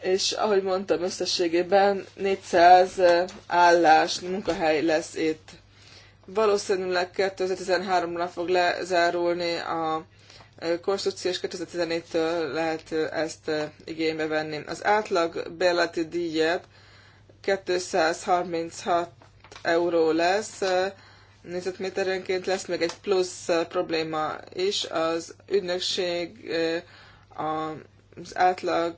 és ahogy mondtam, összességében 400 állás, munkahely lesz itt. Valószínűleg 2013-ra fog lezárulni a konstrukciós 2014-től lehet ezt eh, igénybe venni. Az átlag bérleti díjat 236 euró lesz, eh, nézetméterenként lesz még egy plusz eh, probléma is. Az ügynökség az átlag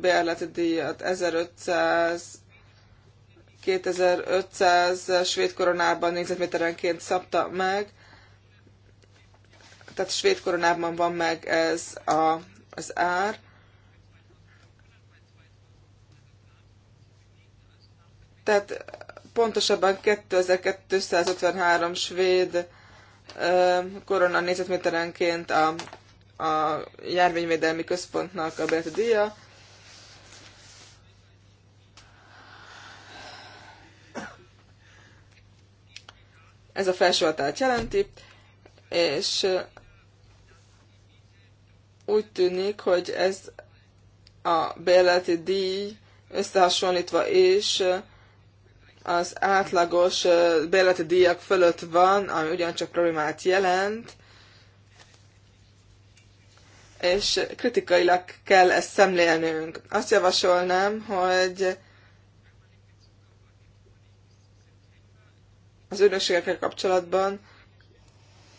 bérleti díjat 1500 2500 svéd koronában négyzetméterenként szabta meg, tehát svéd koronában van meg ez a, az ár. Tehát pontosabban 2253 svéd korona nézetméterenként a, a járvényvédelmi központnak a bérleti díja. Ez a felső határt jelenti, és úgy tűnik, hogy ez a bérleti díj összehasonlítva is az átlagos bérleti díjak fölött van, ami ugyancsak problémát jelent, és kritikailag kell ezt szemlélnünk. Azt javasolnám, hogy az ügynökségekkel kapcsolatban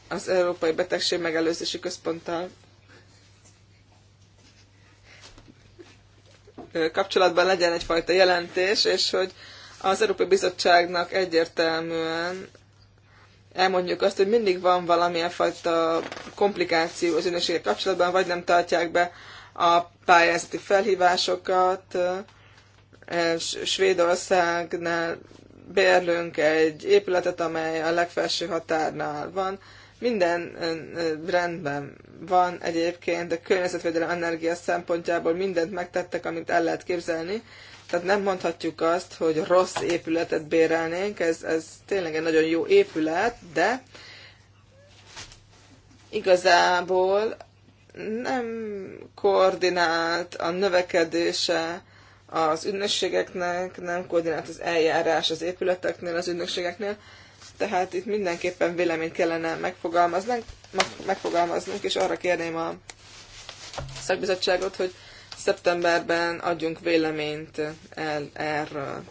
az Európai Betegség Megelőzési Központtal kapcsolatban legyen egyfajta jelentés, és hogy az Európai Bizottságnak egyértelműen elmondjuk azt, hogy mindig van valamilyen fajta komplikáció az ügynökségek kapcsolatban, vagy nem tartják be a pályázati felhívásokat. Svédországnál bérlünk egy épületet, amely a legfelső határnál van, minden rendben van egyébként, a környezetvédelem energia szempontjából mindent megtettek, amit el lehet képzelni. Tehát nem mondhatjuk azt, hogy rossz épületet bérelnénk, ez, ez tényleg egy nagyon jó épület, de igazából nem koordinált a növekedése az ügynökségeknek, nem koordinált az eljárás az épületeknél, az ügynökségeknél, tehát itt mindenképpen véleményt kellene megfogalmaznunk, megfogalmaznunk, és arra kérném a szakbizottságot, hogy szeptemberben adjunk véleményt el, erről.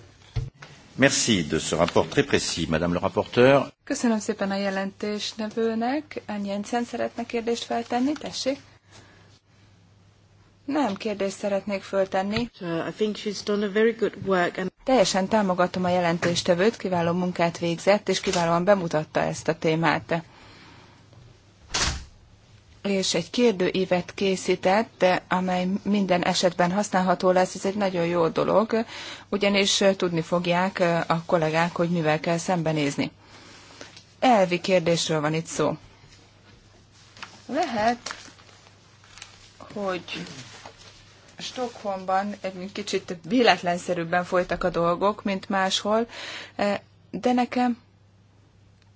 Merci de ce rapport très précis, Madame le rapporteur. Köszönöm szépen a jelentés nevőnek. Annyi Jensen szeretne kérdést feltenni, tessék. Nem kérdést szeretnék föltenni. Uh, I think she's done a very good work and Teljesen támogatom a jelentéstevőt, kiváló munkát végzett, és kiválóan bemutatta ezt a témát. És egy kérdőívet készített, amely minden esetben használható lesz, ez egy nagyon jó dolog, ugyanis tudni fogják a kollégák, hogy mivel kell szembenézni. Elvi kérdésről van itt szó. Lehet, hogy Stockholmban egy kicsit véletlenszerűbben folytak a dolgok, mint máshol, eh, de nekem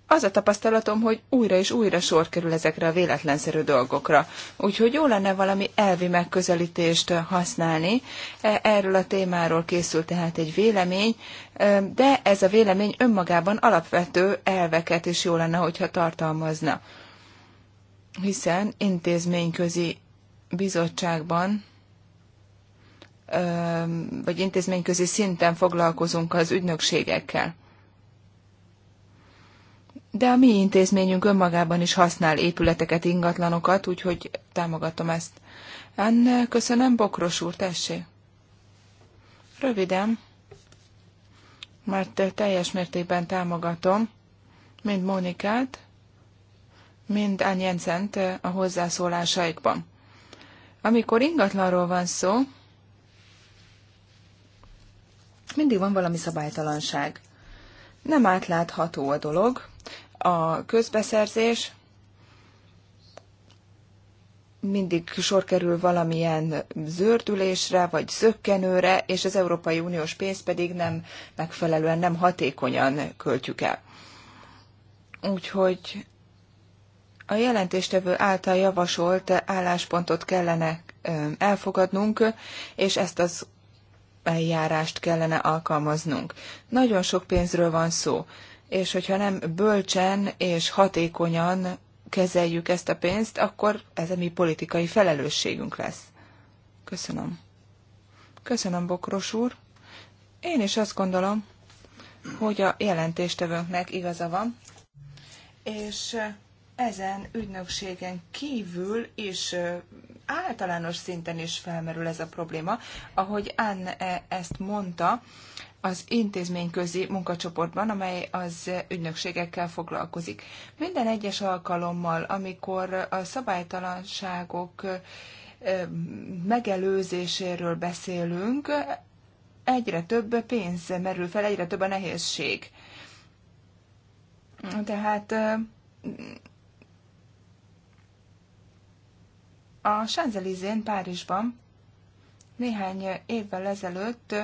az a tapasztalatom, hogy újra és újra sor kerül ezekre a véletlenszerű dolgokra. Úgyhogy jó lenne valami elvi megközelítést eh, használni. Eh, erről a témáról készült tehát egy vélemény, de ez a vélemény önmagában alapvető elveket is jó lenne, hogyha tartalmazna. Hiszen intézményközi bizottságban vagy intézményközi szinten foglalkozunk az ügynökségekkel. De a mi intézményünk önmagában is használ épületeket, ingatlanokat, úgyhogy támogatom ezt. Enne köszönöm, Bokros úr, tessé. Röviden, mert teljes mértékben támogatom mind Mónikát, mind Ann a hozzászólásaikban. Amikor ingatlanról van szó, mindig van valami szabálytalanság. Nem átlátható a dolog, a közbeszerzés mindig sor kerül valamilyen zördülésre, vagy zökkenőre, és az Európai Uniós pénz pedig nem megfelelően, nem hatékonyan költjük el. Úgyhogy a jelentéstevő által javasolt álláspontot kellene elfogadnunk, és ezt az eljárást kellene alkalmaznunk. Nagyon sok pénzről van szó, és hogyha nem bölcsen és hatékonyan kezeljük ezt a pénzt, akkor ez a mi politikai felelősségünk lesz. Köszönöm. Köszönöm, Bokros úr. Én is azt gondolom, hogy a jelentéstevőnknek igaza van, és ezen ügynökségen kívül is általános szinten is felmerül ez a probléma. Ahogy Anne ezt mondta, az intézményközi munkacsoportban, amely az ügynökségekkel foglalkozik. Minden egyes alkalommal, amikor a szabálytalanságok megelőzéséről beszélünk, egyre több pénz merül fel, egyre több a nehézség. Tehát A Sanzelizén Párizsban néhány évvel ezelőtt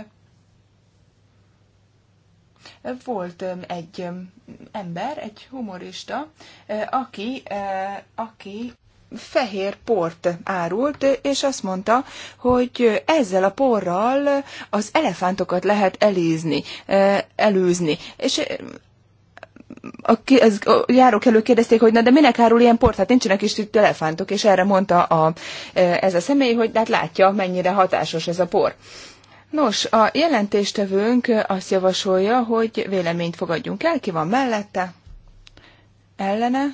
volt um, egy um, ember, egy humorista, uh, aki, uh, aki fehér port árult, és azt mondta, hogy ezzel a porral az elefántokat lehet elízni, uh, előzni. És a, ez, a elő kérdezték, hogy na de minek árul ilyen port, hát nincsenek is itt elefántok, és erre mondta a, e, ez a személy, hogy hát látja, mennyire hatásos ez a por. Nos, a jelentéstevőnk azt javasolja, hogy véleményt fogadjunk el, ki van mellette, ellene,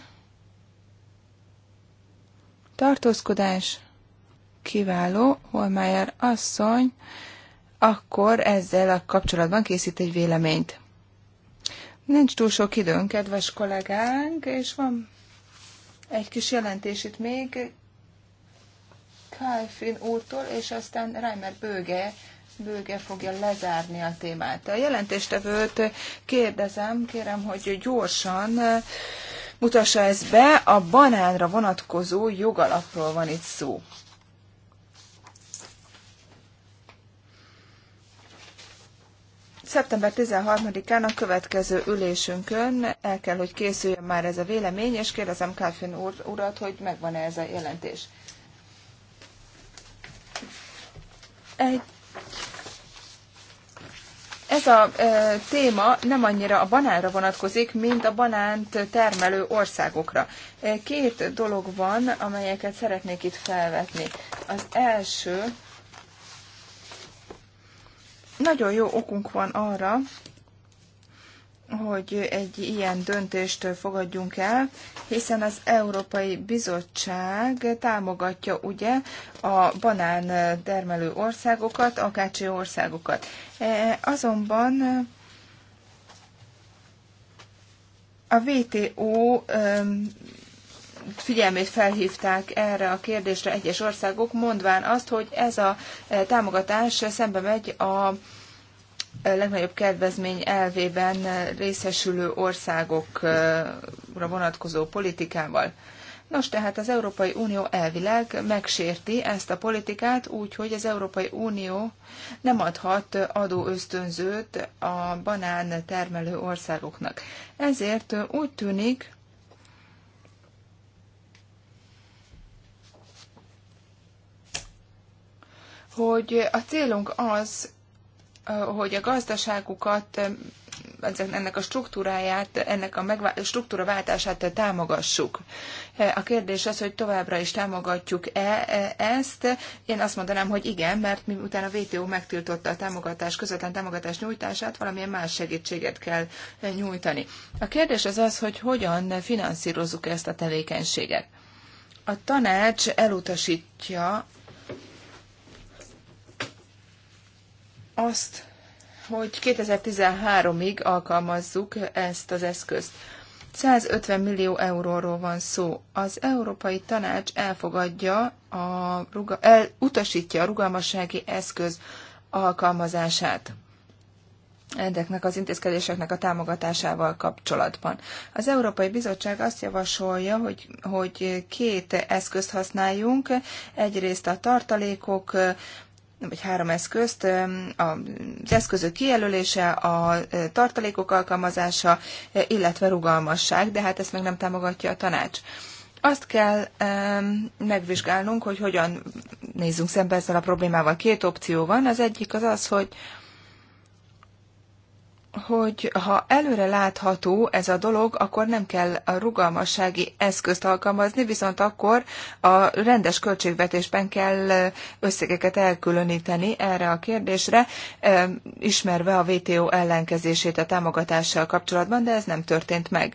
tartózkodás, kiváló, Holmeyer asszony, akkor ezzel a kapcsolatban készít egy véleményt. Nincs túl sok időnk, kedves kollégánk, és van egy kis jelentés itt még Kálfin úrtól, és aztán Reimer Bőge, Bőge fogja lezárni a témát. A jelentéstevőt kérdezem, kérem, hogy gyorsan mutassa ezt be, a banánra vonatkozó jogalapról van itt szó. Szeptember 13-án a következő ülésünkön el kell, hogy készüljön már ez a vélemény, és kérdezem Kálfin úr, urat, hogy megvan-e ez a jelentés. Egy ez a e, téma nem annyira a banánra vonatkozik, mint a banánt termelő országokra. Két dolog van, amelyeket szeretnék itt felvetni. Az első nagyon jó okunk van arra, hogy egy ilyen döntést fogadjunk el, hiszen az Európai Bizottság támogatja ugye a banán termelő országokat, akácsi országokat. E, azonban a WTO figyelmét felhívták erre a kérdésre egyes országok, mondván azt, hogy ez a eh, támogatás szembe megy a eh, legnagyobb kedvezmény elvében eh, részesülő országokra vonatkozó politikával. Nos, tehát az Európai Unió elvileg megsérti ezt a politikát úgyhogy az Európai Unió nem adhat adóösztönzőt a banán termelő országoknak. Ezért úgy tűnik, hogy a célunk az, hogy a gazdaságukat, ennek a struktúráját, ennek a megvá- struktúraváltását támogassuk. A kérdés az, hogy továbbra is támogatjuk-e ezt. Én azt mondanám, hogy igen, mert miután a WTO megtiltotta a támogatás, közvetlen támogatás nyújtását, valamilyen más segítséget kell nyújtani. A kérdés az az, hogy hogyan finanszírozzuk ezt a tevékenységet. A tanács elutasítja azt, hogy 2013-ig alkalmazzuk ezt az eszközt. 150 millió euróról van szó. Az Európai Tanács elfogadja, a, el, utasítja a rugalmassági eszköz alkalmazását ezeknek az intézkedéseknek a támogatásával kapcsolatban. Az Európai Bizottság azt javasolja, hogy, hogy két eszközt használjunk, egyrészt a tartalékok vagy három eszközt, az eszközök kijelölése, a tartalékok alkalmazása, illetve rugalmasság, de hát ezt meg nem támogatja a tanács. Azt kell megvizsgálnunk, hogy hogyan nézzünk szembe ezzel a problémával. Két opció van. Az egyik az az, hogy hogy ha előre látható ez a dolog, akkor nem kell a rugalmassági eszközt alkalmazni, viszont akkor a rendes költségvetésben kell összegeket elkülöníteni erre a kérdésre, ismerve a WTO ellenkezését a támogatással kapcsolatban, de ez nem történt meg.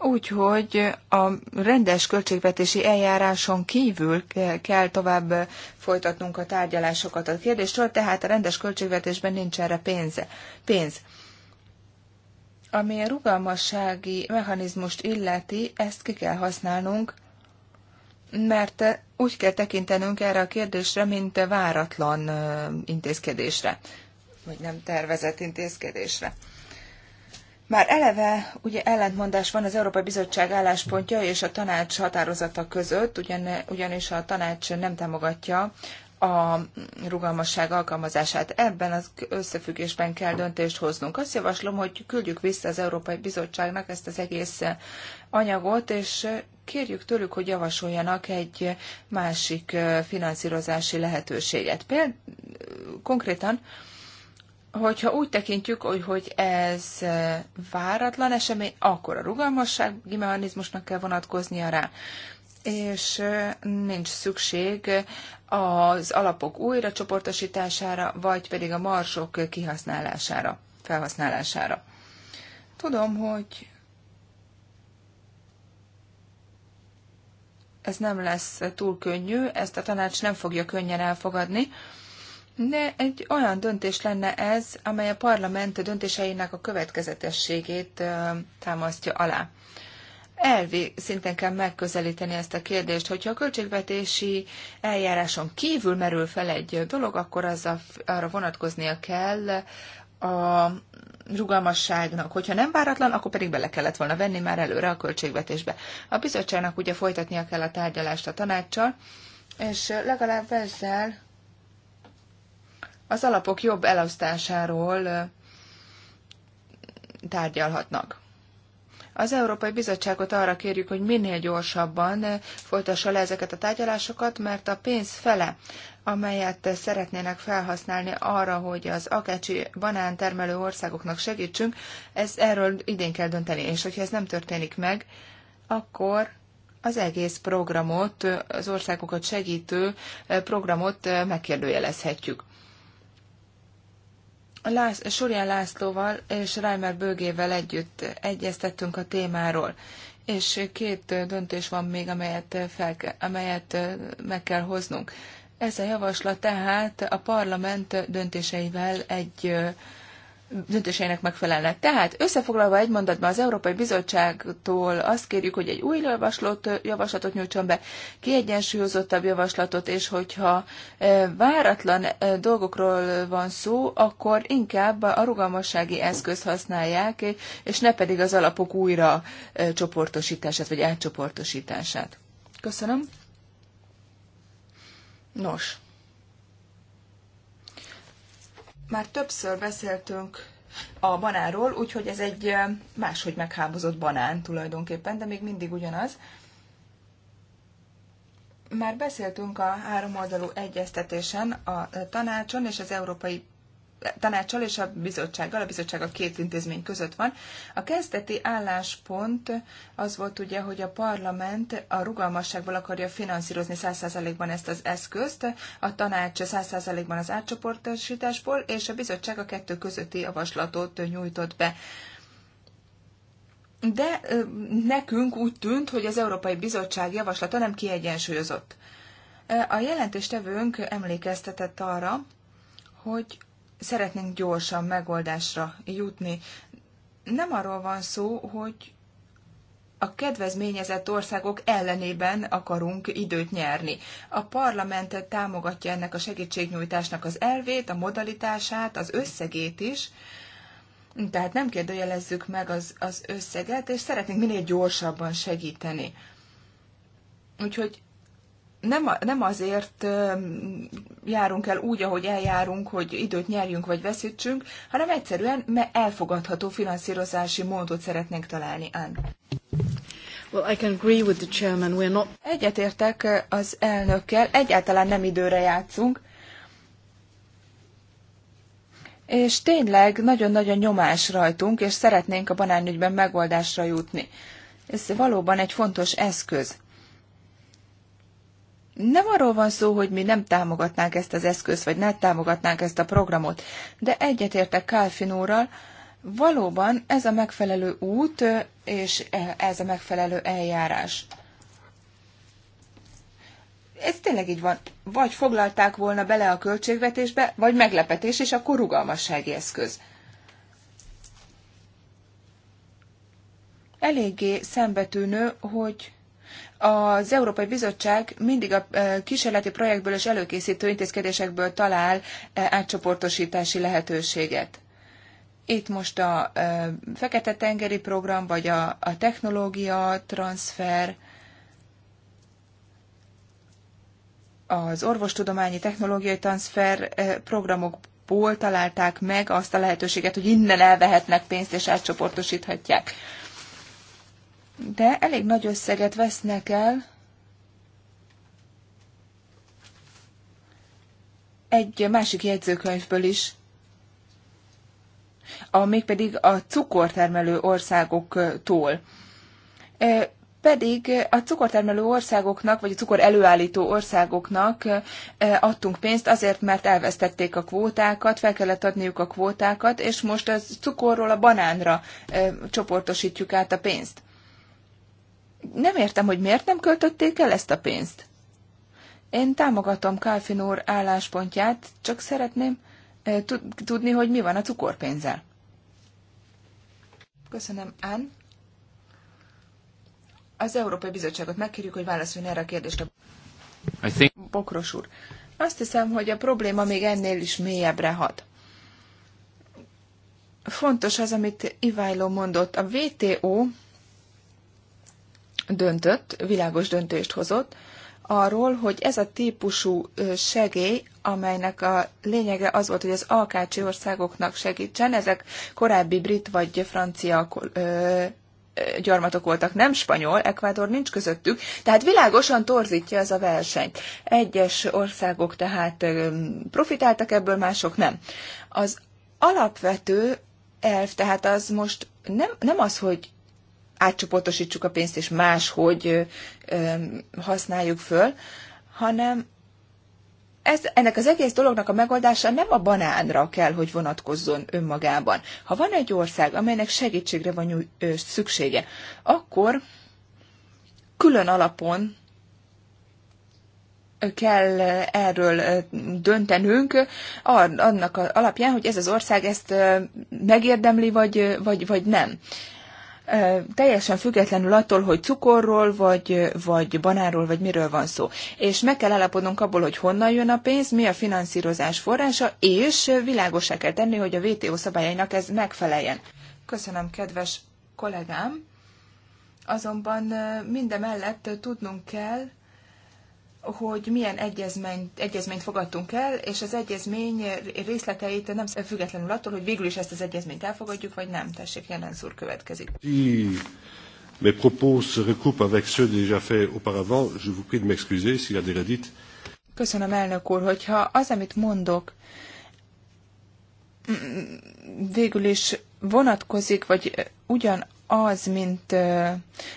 Úgyhogy a rendes költségvetési eljáráson kívül kell tovább folytatnunk a tárgyalásokat a kérdésről, tehát a rendes költségvetésben nincs erre pénze. pénz. Ami a rugalmassági mechanizmust illeti, ezt ki kell használnunk, mert úgy kell tekintenünk erre a kérdésre, mint váratlan intézkedésre, vagy nem tervezett intézkedésre. Már eleve ugye ellentmondás van az Európai Bizottság álláspontja és a tanács határozata között, ugyan, ugyanis a tanács nem támogatja a rugalmasság alkalmazását. Ebben az összefüggésben kell döntést hoznunk. Azt javaslom, hogy küldjük vissza az Európai Bizottságnak ezt az egész anyagot, és kérjük tőlük, hogy javasoljanak egy másik finanszírozási lehetőséget. Például konkrétan, hogyha úgy tekintjük, hogy, ez váratlan esemény, akkor a rugalmassági mechanizmusnak kell vonatkoznia rá és nincs szükség az alapok újra csoportosítására, vagy pedig a marsok kihasználására, felhasználására. Tudom, hogy ez nem lesz túl könnyű, ezt a tanács nem fogja könnyen elfogadni, de egy olyan döntés lenne ez, amely a parlament döntéseinek a következetességét támasztja alá elvi szinten kell megközelíteni ezt a kérdést. Hogyha a költségvetési eljáráson kívül merül fel egy dolog, akkor az a arra vonatkoznia kell a rugalmasságnak. Hogyha nem váratlan, akkor pedig bele kellett volna venni már előre a költségvetésbe. A bizottságnak ugye folytatnia kell a tárgyalást a tanácssal, és legalább ezzel az alapok jobb elosztásáról tárgyalhatnak. Az Európai Bizottságot arra kérjük, hogy minél gyorsabban eh, folytassa le ezeket a tárgyalásokat, mert a pénz fele, amelyet szeretnének felhasználni arra, hogy az akácsi banántermelő országoknak segítsünk, ez erről idén kell dönteni, és hogyha ez nem történik meg, akkor az egész programot, az országokat segítő eh, programot eh, megkérdőjelezhetjük. Lász, Sorján Lászlóval és Reimer Bőgével együtt egyeztettünk a témáról, és két döntés van még, amelyet, fel, amelyet meg kell hoznunk. Ez a javaslat tehát a parlament döntéseivel egy döntéseinek megfelelnek. Tehát összefoglalva egy mondatban az Európai Bizottságtól azt kérjük, hogy egy új javaslatot, javaslatot nyújtson be, kiegyensúlyozottabb javaslatot, és hogyha váratlan dolgokról van szó, akkor inkább a rugalmassági eszköz használják, és ne pedig az alapok újra csoportosítását, vagy átcsoportosítását. Köszönöm. Nos, már többször beszéltünk a banáról, úgyhogy ez egy máshogy meghábozott banán tulajdonképpen, de még mindig ugyanaz. Már beszéltünk a három oldalú egyeztetésen, a tanácson és az Európai tanácsal és a bizottsággal, a bizottság a két intézmény között van. A kezdeti álláspont az volt ugye, hogy a parlament a rugalmasságból akarja finanszírozni 100%-ban ezt az eszközt, a tanács 100%-ban az átcsoportosításból, és a bizottság a kettő közötti javaslatot nyújtott be. De nekünk úgy tűnt, hogy az Európai Bizottság javaslata nem kiegyensúlyozott. A jelentéstevőnk emlékeztetett arra, hogy szeretnénk gyorsan megoldásra jutni. Nem arról van szó, hogy a kedvezményezett országok ellenében akarunk időt nyerni. A parlament támogatja ennek a segítségnyújtásnak az elvét, a modalitását, az összegét is, tehát nem kérdőjelezzük meg az, az összeget, és szeretnénk minél gyorsabban segíteni. Úgyhogy nem, nem azért járunk el úgy, ahogy eljárunk, hogy időt nyerjünk vagy veszítsünk, hanem egyszerűen mert elfogadható finanszírozási módot szeretnénk találni. Well, I can agree with the chairman. We're not... Egyetértek az elnökkel, egyáltalán nem időre játszunk. És tényleg nagyon-nagyon nyomás rajtunk, és szeretnénk a banánügyben megoldásra jutni. Ez valóban egy fontos eszköz nem arról van szó, hogy mi nem támogatnánk ezt az eszközt, vagy nem támogatnánk ezt a programot, de egyetértek Kálfin úrral, valóban ez a megfelelő út, és ez a megfelelő eljárás. Ez tényleg így van. Vagy foglalták volna bele a költségvetésbe, vagy meglepetés, és akkor rugalmassági eszköz. Eléggé szembetűnő, hogy az Európai Bizottság mindig a kísérleti projektből és előkészítő intézkedésekből talál átcsoportosítási lehetőséget. Itt most a Fekete-tengeri program, vagy a, a technológia transfer, az orvostudományi technológiai transfer programokból találták meg azt a lehetőséget, hogy innen elvehetnek pénzt és átcsoportosíthatják de elég nagy összeget vesznek el egy másik jegyzőkönyvből is, a mégpedig a cukortermelő országoktól. E, pedig a cukortermelő országoknak, vagy a cukor előállító országoknak e, adtunk pénzt azért, mert elvesztették a kvótákat, fel kellett adniuk a kvótákat, és most a cukorról a banánra e, csoportosítjuk át a pénzt nem értem, hogy miért nem költötték el ezt a pénzt. Én támogatom Kálfin úr álláspontját, csak szeretném eh, tudni, hogy mi van a cukorpénzzel. Köszönöm, Ann. Az Európai Bizottságot megkérjük, hogy válaszoljon erre a kérdésre. I think... Bokros úr. Azt hiszem, hogy a probléma még ennél is mélyebbre hat. Fontos az, amit Iváló mondott. A VTO döntött, világos döntést hozott arról, hogy ez a típusú segély, amelynek a lényege az volt, hogy az alkácsi országoknak segítsen, ezek korábbi brit vagy francia gyarmatok voltak, nem spanyol, Ekvádor nincs közöttük, tehát világosan torzítja ez a versenyt. Egyes országok tehát profitáltak ebből, mások nem. Az alapvető elv, tehát az most nem, nem az, hogy átcsoportosítsuk a pénzt, és máshogy használjuk föl, hanem ez, ennek az egész dolognak a megoldása nem a banánra kell, hogy vonatkozzon önmagában. Ha van egy ország, amelynek segítségre van szüksége, akkor külön alapon kell erről döntenünk, annak alapján, hogy ez az ország ezt megérdemli, vagy, vagy, vagy nem teljesen függetlenül attól, hogy cukorról, vagy, vagy banáról, vagy miről van szó. És meg kell állapodnunk abból, hogy honnan jön a pénz, mi a finanszírozás forrása, és világosá kell tenni, hogy a WTO szabályainak ez megfeleljen. Köszönöm, kedves kollégám! Azonban mindemellett tudnunk kell, hogy milyen egyezményt, egyezményt fogadtunk el, és az egyezmény részleteit nem függetlenül attól, hogy végül is ezt az egyezményt elfogadjuk, vagy nem. Tessék, jelen szúr következik. Si mes propos se recoupent avec ceux déjà faits auparavant, je vous prie de m'excuser s'il y a des redites. Köszönöm, elnök úr, hogyha az, amit mondok, mm, végül is vonatkozik, vagy ugyan az, mint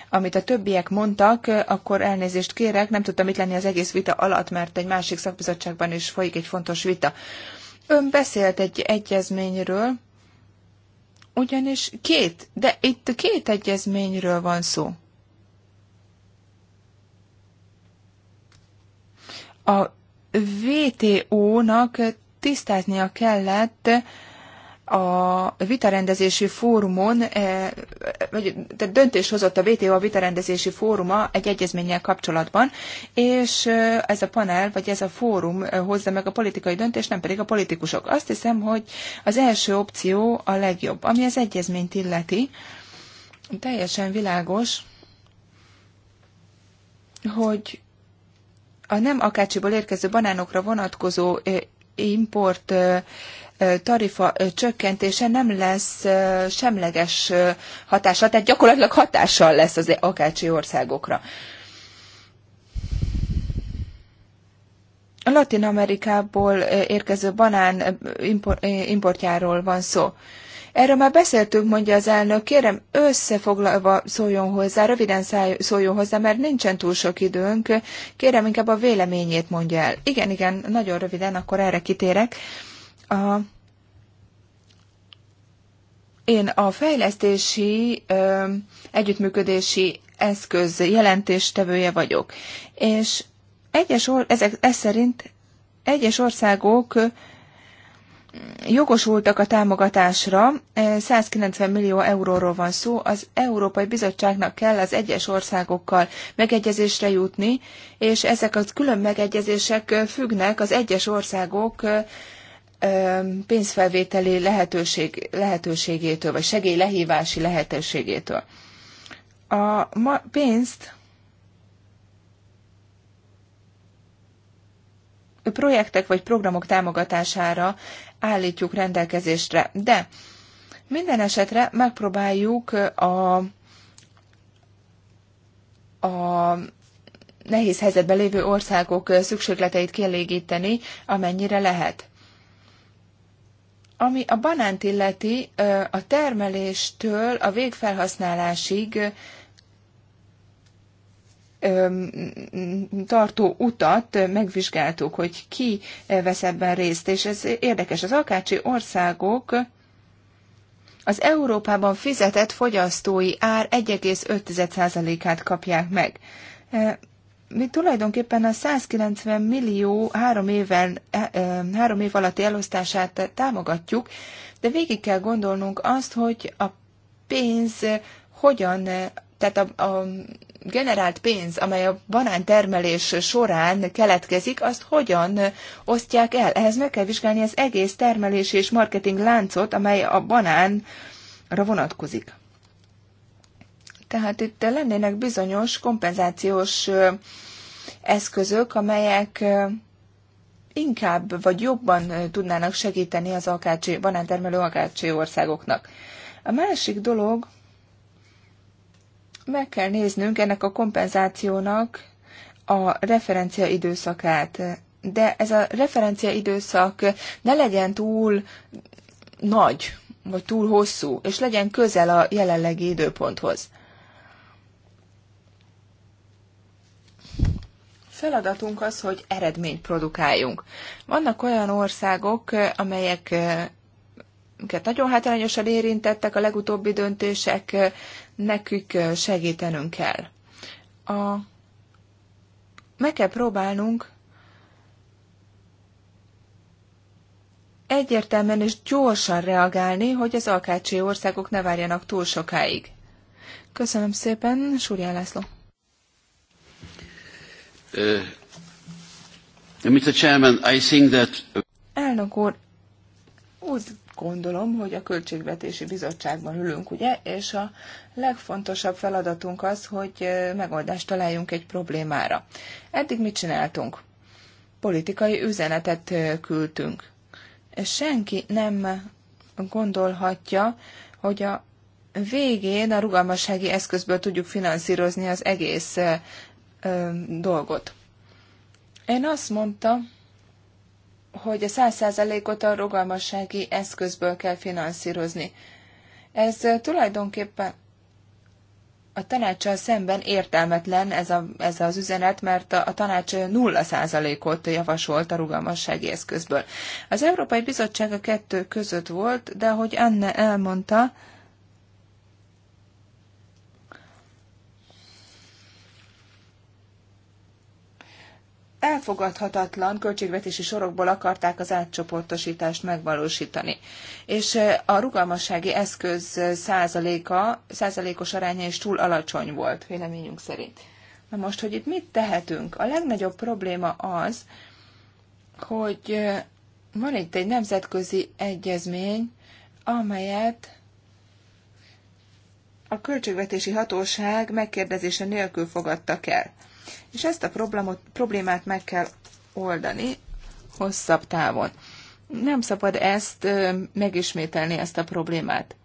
amit a többiek mondtak, akkor elnézést kérek, nem tudtam itt lenni az egész vita alatt, mert egy másik szakbizottságban is folyik egy fontos vita. Ön beszélt egy egyezményről, ugyanis két, de itt két egyezményről van szó. A VTO-nak tisztáznia kellett, a vitarendezési fórumon, e, e, vagy tehát döntés hozott a WTO a vitarendezési fóruma egy egyezménnyel kapcsolatban, és e, ez a panel, vagy ez a fórum hozza meg a politikai döntést, nem pedig a politikusok. Azt hiszem, hogy az első opció a legjobb, ami az egyezményt illeti. Teljesen világos, hogy a nem akácsiból érkező banánokra vonatkozó import tarifa csökkentése nem lesz semleges hatása, tehát gyakorlatilag hatással lesz az akácsi országokra. A Latin Amerikából érkező banán importjáról van szó. Erről már beszéltünk, mondja az elnök, kérem összefoglalva szóljon hozzá, röviden szóljon hozzá, mert nincsen túl sok időnk, kérem inkább a véleményét mondja el. Igen, igen, nagyon röviden, akkor erre kitérek. A, én a fejlesztési ö, együttműködési eszköz jelentéstevője vagyok, és egyes or, ezek, ez szerint egyes országok jogosultak a támogatásra, 190 millió euróról van szó, az Európai Bizottságnak kell az egyes országokkal megegyezésre jutni, és ezek az külön megegyezések függnek az egyes országok pénzfelvételi lehetőség, lehetőségétől, vagy segélylehívási lehetőségétől. A ma pénzt projektek vagy programok támogatására állítjuk rendelkezésre, de minden esetre megpróbáljuk a, a nehéz helyzetben lévő országok szükségleteit kielégíteni, amennyire lehet. Ami a banánt illeti, a termeléstől a végfelhasználásig tartó utat megvizsgáltuk, hogy ki vesz ebben részt, és ez érdekes. Az alkácsi országok az Európában fizetett fogyasztói ár 1,5%-át kapják meg mi tulajdonképpen a 190 millió három, éven, eh, eh, három év alatti elosztását támogatjuk, de végig kell gondolnunk azt, hogy a pénz eh, hogyan, tehát a, a generált pénz, amely a banántermelés során keletkezik, azt hogyan osztják el. Ehhez meg kell vizsgálni az egész termelési és marketing láncot, amely a banánra vonatkozik. Tehát itt lennének bizonyos kompenzációs eszközök, amelyek inkább vagy jobban tudnának segíteni az alkácsi, banántermelő alkácsi országoknak. A másik dolog, meg kell néznünk ennek a kompenzációnak a referencia időszakát. De ez a referencia időszak ne legyen túl nagy, vagy túl hosszú, és legyen közel a jelenlegi időponthoz. feladatunk az, hogy eredményt produkáljunk. Vannak olyan országok, eh, amelyek akiket eh, nagyon hátrányosan érintettek a legutóbbi döntések, eh, nekük segítenünk kell. A, meg kell próbálnunk egyértelműen és gyorsan reagálni, hogy az alkácsi országok ne várjanak túl sokáig. Köszönöm szépen, Súrjá László. Uh, Mr. Chairman, I think that... Uh, Elnök úr, úgy gondolom, hogy a Költségvetési Bizottságban ülünk, ugye, és a legfontosabb feladatunk az, hogy uh, megoldást találjunk egy problémára. Eddig mit csináltunk? Politikai üzenetet uh, küldtünk. Senki nem gondolhatja, hogy a végén a rugalmassági eszközből tudjuk finanszírozni az egész dolgot. Én azt mondtam, hogy a száz százalékot a rugalmassági eszközből kell finanszírozni. Ez tulajdonképpen a tanácssal szemben értelmetlen ez, a, ez az üzenet, mert a, a tanács 0 százalékot javasolt a rugalmassági eszközből. Az Európai Bizottság a kettő között volt, de ahogy Anne elmondta, elfogadhatatlan költségvetési sorokból akarták az átcsoportosítást megvalósítani. És a rugalmassági eszköz százaléka, százalékos aránya is túl alacsony volt, véleményünk szerint. Na most, hogy itt mit tehetünk? A legnagyobb probléma az, hogy van itt egy nemzetközi egyezmény, amelyet a költségvetési hatóság megkérdezése nélkül fogadtak el. És ezt a problémot, problémát meg kell oldani hosszabb távon. Nem szabad ezt megismételni, ezt a problémát.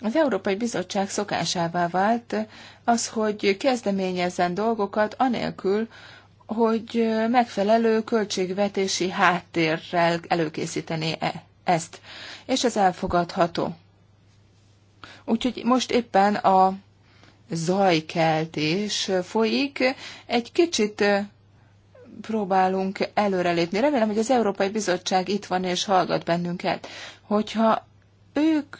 Az Európai Bizottság szokásává vált az, hogy kezdeményezzen dolgokat anélkül, hogy megfelelő költségvetési háttérrel előkészíteni -e ezt. És ez elfogadható. Úgyhogy most éppen a zajkeltés folyik. Egy kicsit próbálunk előrelépni. Remélem, hogy az Európai Bizottság itt van és hallgat bennünket. Hogyha ők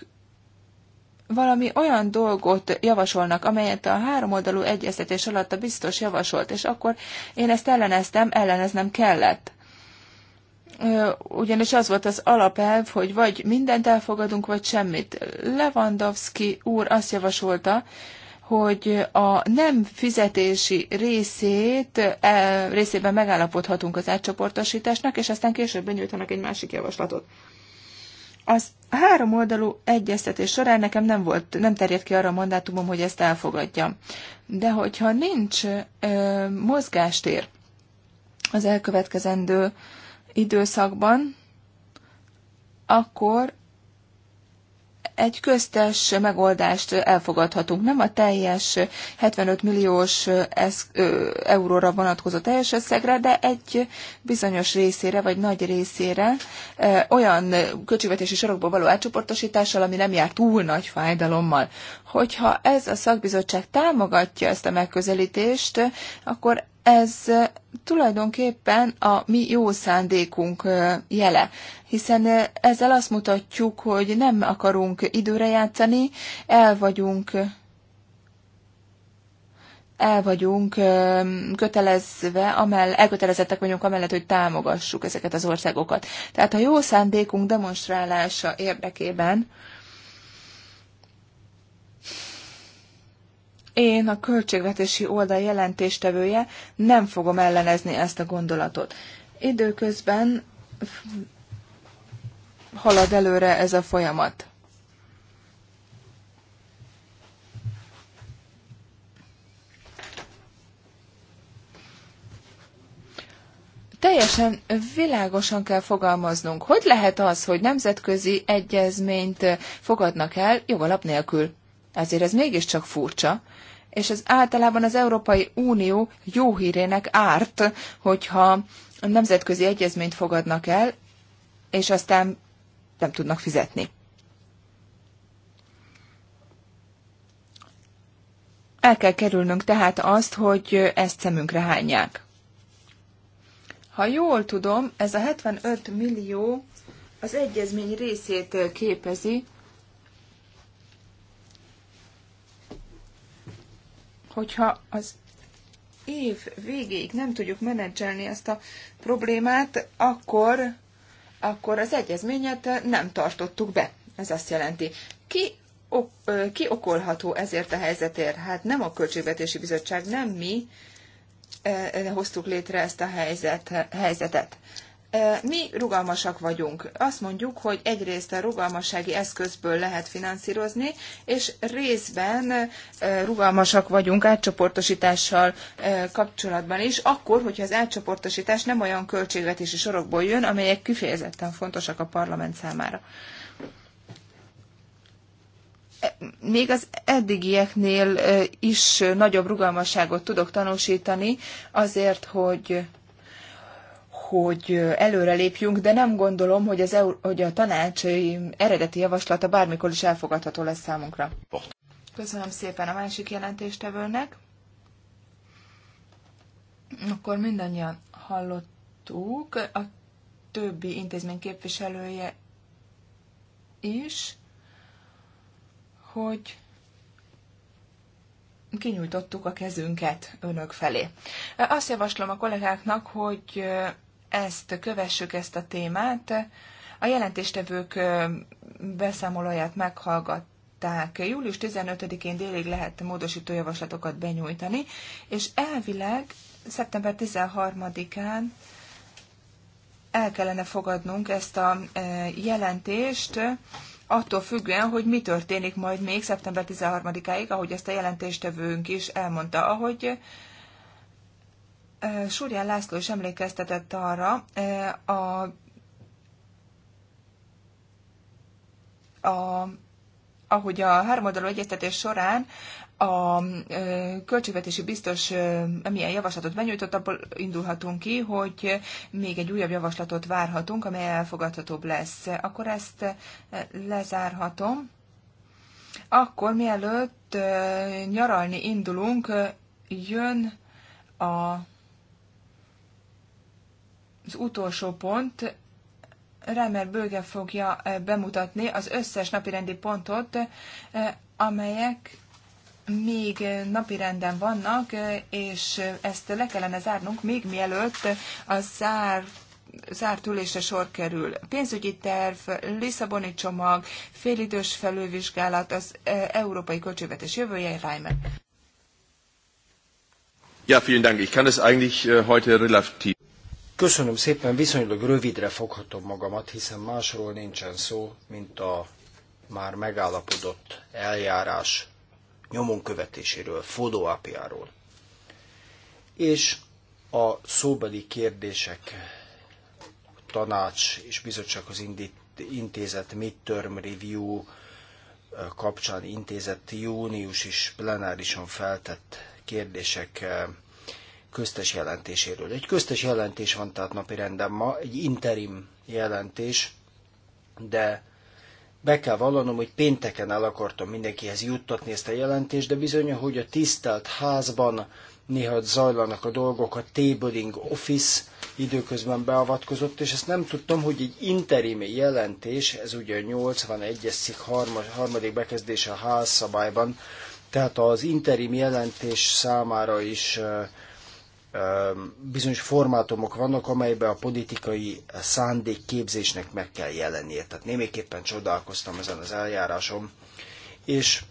valami olyan dolgot javasolnak, amelyet a háromoldalú egyeztetés alatt a biztos javasolt, és akkor én ezt elleneztem, elleneznem kellett. Ugyanis az volt az alapelv, hogy vagy mindent elfogadunk, vagy semmit. Lewandowski úr azt javasolta, hogy a nem fizetési részét, e, részében megállapodhatunk az átcsoportosításnak, és aztán később benyújtanak egy másik javaslatot. Az három oldalú egyeztetés során nekem nem volt, nem terjedt ki arra a mandátumom, hogy ezt elfogadjam. De hogyha nincs ö, mozgástér az elkövetkezendő időszakban, akkor egy köztes megoldást elfogadhatunk. Nem a teljes 75 milliós esz, ö, euróra vonatkozó teljes összegre, de egy bizonyos részére, vagy nagy részére ö, olyan költségvetési sorokból való átcsoportosítással, ami nem jár túl nagy fájdalommal. Hogyha ez a szakbizottság támogatja ezt a megközelítést, akkor ez tulajdonképpen a mi jó szándékunk jele, hiszen ezzel azt mutatjuk, hogy nem akarunk időre játszani, el vagyunk el vagyunk kötelezve, amell, elkötelezettek vagyunk amellett, hogy támogassuk ezeket az országokat. Tehát a jó szándékunk demonstrálása érdekében én a költségvetési oldal jelentéstevője nem fogom ellenezni ezt a gondolatot. Időközben halad előre ez a folyamat. Teljesen világosan kell fogalmaznunk, hogy lehet az, hogy nemzetközi egyezményt fogadnak el jogalap nélkül. Ezért ez mégiscsak furcsa és ez általában az Európai Unió jó hírének árt, hogyha nemzetközi egyezményt fogadnak el, és aztán nem tudnak fizetni. El kell kerülnünk tehát azt, hogy ezt szemünkre hányják. Ha jól tudom, ez a 75 millió az egyezmény részét képezi, hogyha az év végéig nem tudjuk menedzselni ezt a problémát, akkor, akkor az egyezményet nem tartottuk be. Ez azt jelenti. Ki ok, ki okolható ezért a helyzetért? Hát nem a Költségvetési Bizottság, nem mi hoztuk létre ezt a helyzet, helyzetet. Mi rugalmasak vagyunk. Azt mondjuk, hogy egyrészt a rugalmassági eszközből lehet finanszírozni, és részben rugalmasak vagyunk átcsoportosítással kapcsolatban is, akkor, hogyha az átcsoportosítás nem olyan költségvetési sorokból jön, amelyek kifejezetten fontosak a parlament számára. E, még az eddigieknél is nagyobb rugalmasságot tudok tanúsítani, azért, hogy hogy előrelépjünk, de nem gondolom, hogy, az EU, hogy a tanácsi eredeti javaslata bármikor is elfogadható lesz számunkra. Köszönöm szépen a másik jelentéstevőnek. Akkor mindannyian hallottuk, a többi intézmény képviselője is, hogy kinyújtottuk a kezünket önök felé. Azt javaslom a kollégáknak, hogy ezt kövessük, ezt a témát. A jelentéstevők beszámolóját meghallgatták. Július 15-én délig lehet javaslatokat benyújtani, és elvileg szeptember 13-án el kellene fogadnunk ezt a jelentést, attól függően, hogy mi történik majd még szeptember 13-áig, ahogy ezt a jelentéstevőnk is elmondta, ahogy Súrján László is emlékeztetett arra, a, a, ahogy a háromoldalú egyeztetés során a költségvetési biztos milyen javaslatot benyújtott, abból indulhatunk ki, hogy még egy újabb javaslatot várhatunk, amely elfogadhatóbb lesz. Akkor ezt lezárhatom. Akkor mielőtt nyaralni indulunk, jön a az utolsó pont, Remer Böge fogja eh, bemutatni az összes napirendi pontot, eh, amelyek még eh, napirenden vannak, és ezt le kellene zárnunk még mielőtt a zár zárt ülésre sor kerül. Pénzügyi terv, Lisszaboni csomag, félidős felülvizsgálat, az európai költségvetés jövője, Reimer. Ja, vielen Dank. Ich kann es eigentlich heute relativ Köszönöm szépen, viszonylag rövidre foghatom magamat, hiszen másról nincsen szó, mint a már megállapodott eljárás nyomon követéséről, follow És a szóbeli kérdések tanács és bizottsághoz indít, intézett midterm review kapcsán intézett június is plenárisan feltett kérdések köztes jelentéséről. Egy köztes jelentés van tehát napi renden ma, egy interim jelentés, de be kell vallanom, hogy pénteken el akartam mindenkihez juttatni ezt a jelentést, de bizony, hogy a tisztelt házban néha zajlanak a dolgok, a tabling office időközben beavatkozott, és ezt nem tudtam, hogy egy interim jelentés, ez ugye a 81-es szik harmadik bekezdése a házszabályban, tehát az interim jelentés számára is eh, bizonyos formátumok vannak, amelyben a politikai szándék képzésnek meg kell jelennie. Tehát némiképpen csodálkoztam ezen az eljárásom, és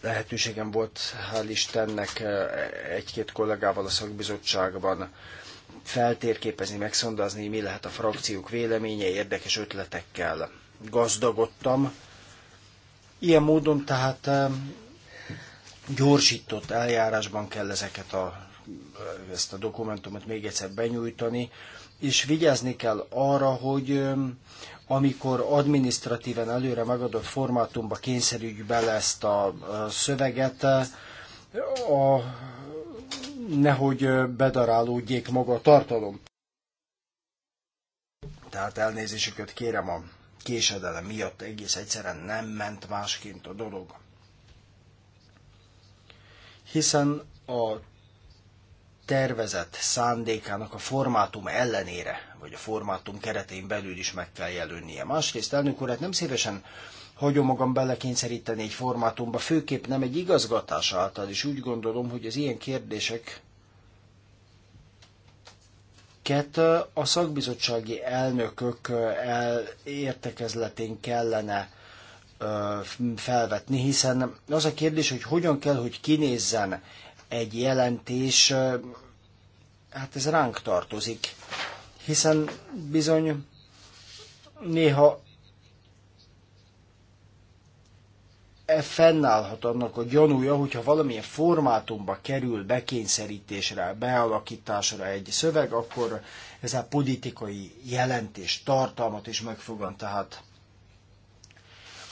lehetőségem volt, hál' Istennek, egy-két kollégával a szakbizottságban feltérképezni, megszondazni, mi lehet a frakciók véleménye, érdekes ötletekkel gazdagodtam. Ilyen módon tehát gyorsított eljárásban kell ezeket a ezt a dokumentumot még egyszer benyújtani, és vigyázni kell arra, hogy amikor adminisztratíven előre megadott formátumba kényszerüljük bele ezt a szöveget, a, nehogy bedarálódjék maga a tartalom. Tehát elnézésüket kérem a késedelem miatt egész egyszerűen nem ment másként a dolog. Hiszen a tervezett szándékának a formátum ellenére, vagy a formátum keretén belül is meg kell jelölnie. Másrészt, elnök úr, hát nem szívesen hagyom magam belekényszeríteni egy formátumba, főképp nem egy igazgatás által, és úgy gondolom, hogy az ilyen kérdések Kett a szakbizottsági elnökök el értekezletén kellene felvetni, hiszen az a kérdés, hogy hogyan kell, hogy kinézzen egy jelentés, hát ez ránk tartozik, hiszen bizony néha e fennállhat annak a gyanúja, hogyha valamilyen formátumba kerül bekényszerítésre, bealakításra egy szöveg, akkor ez a politikai jelentés tartalmat is megfogan. Tehát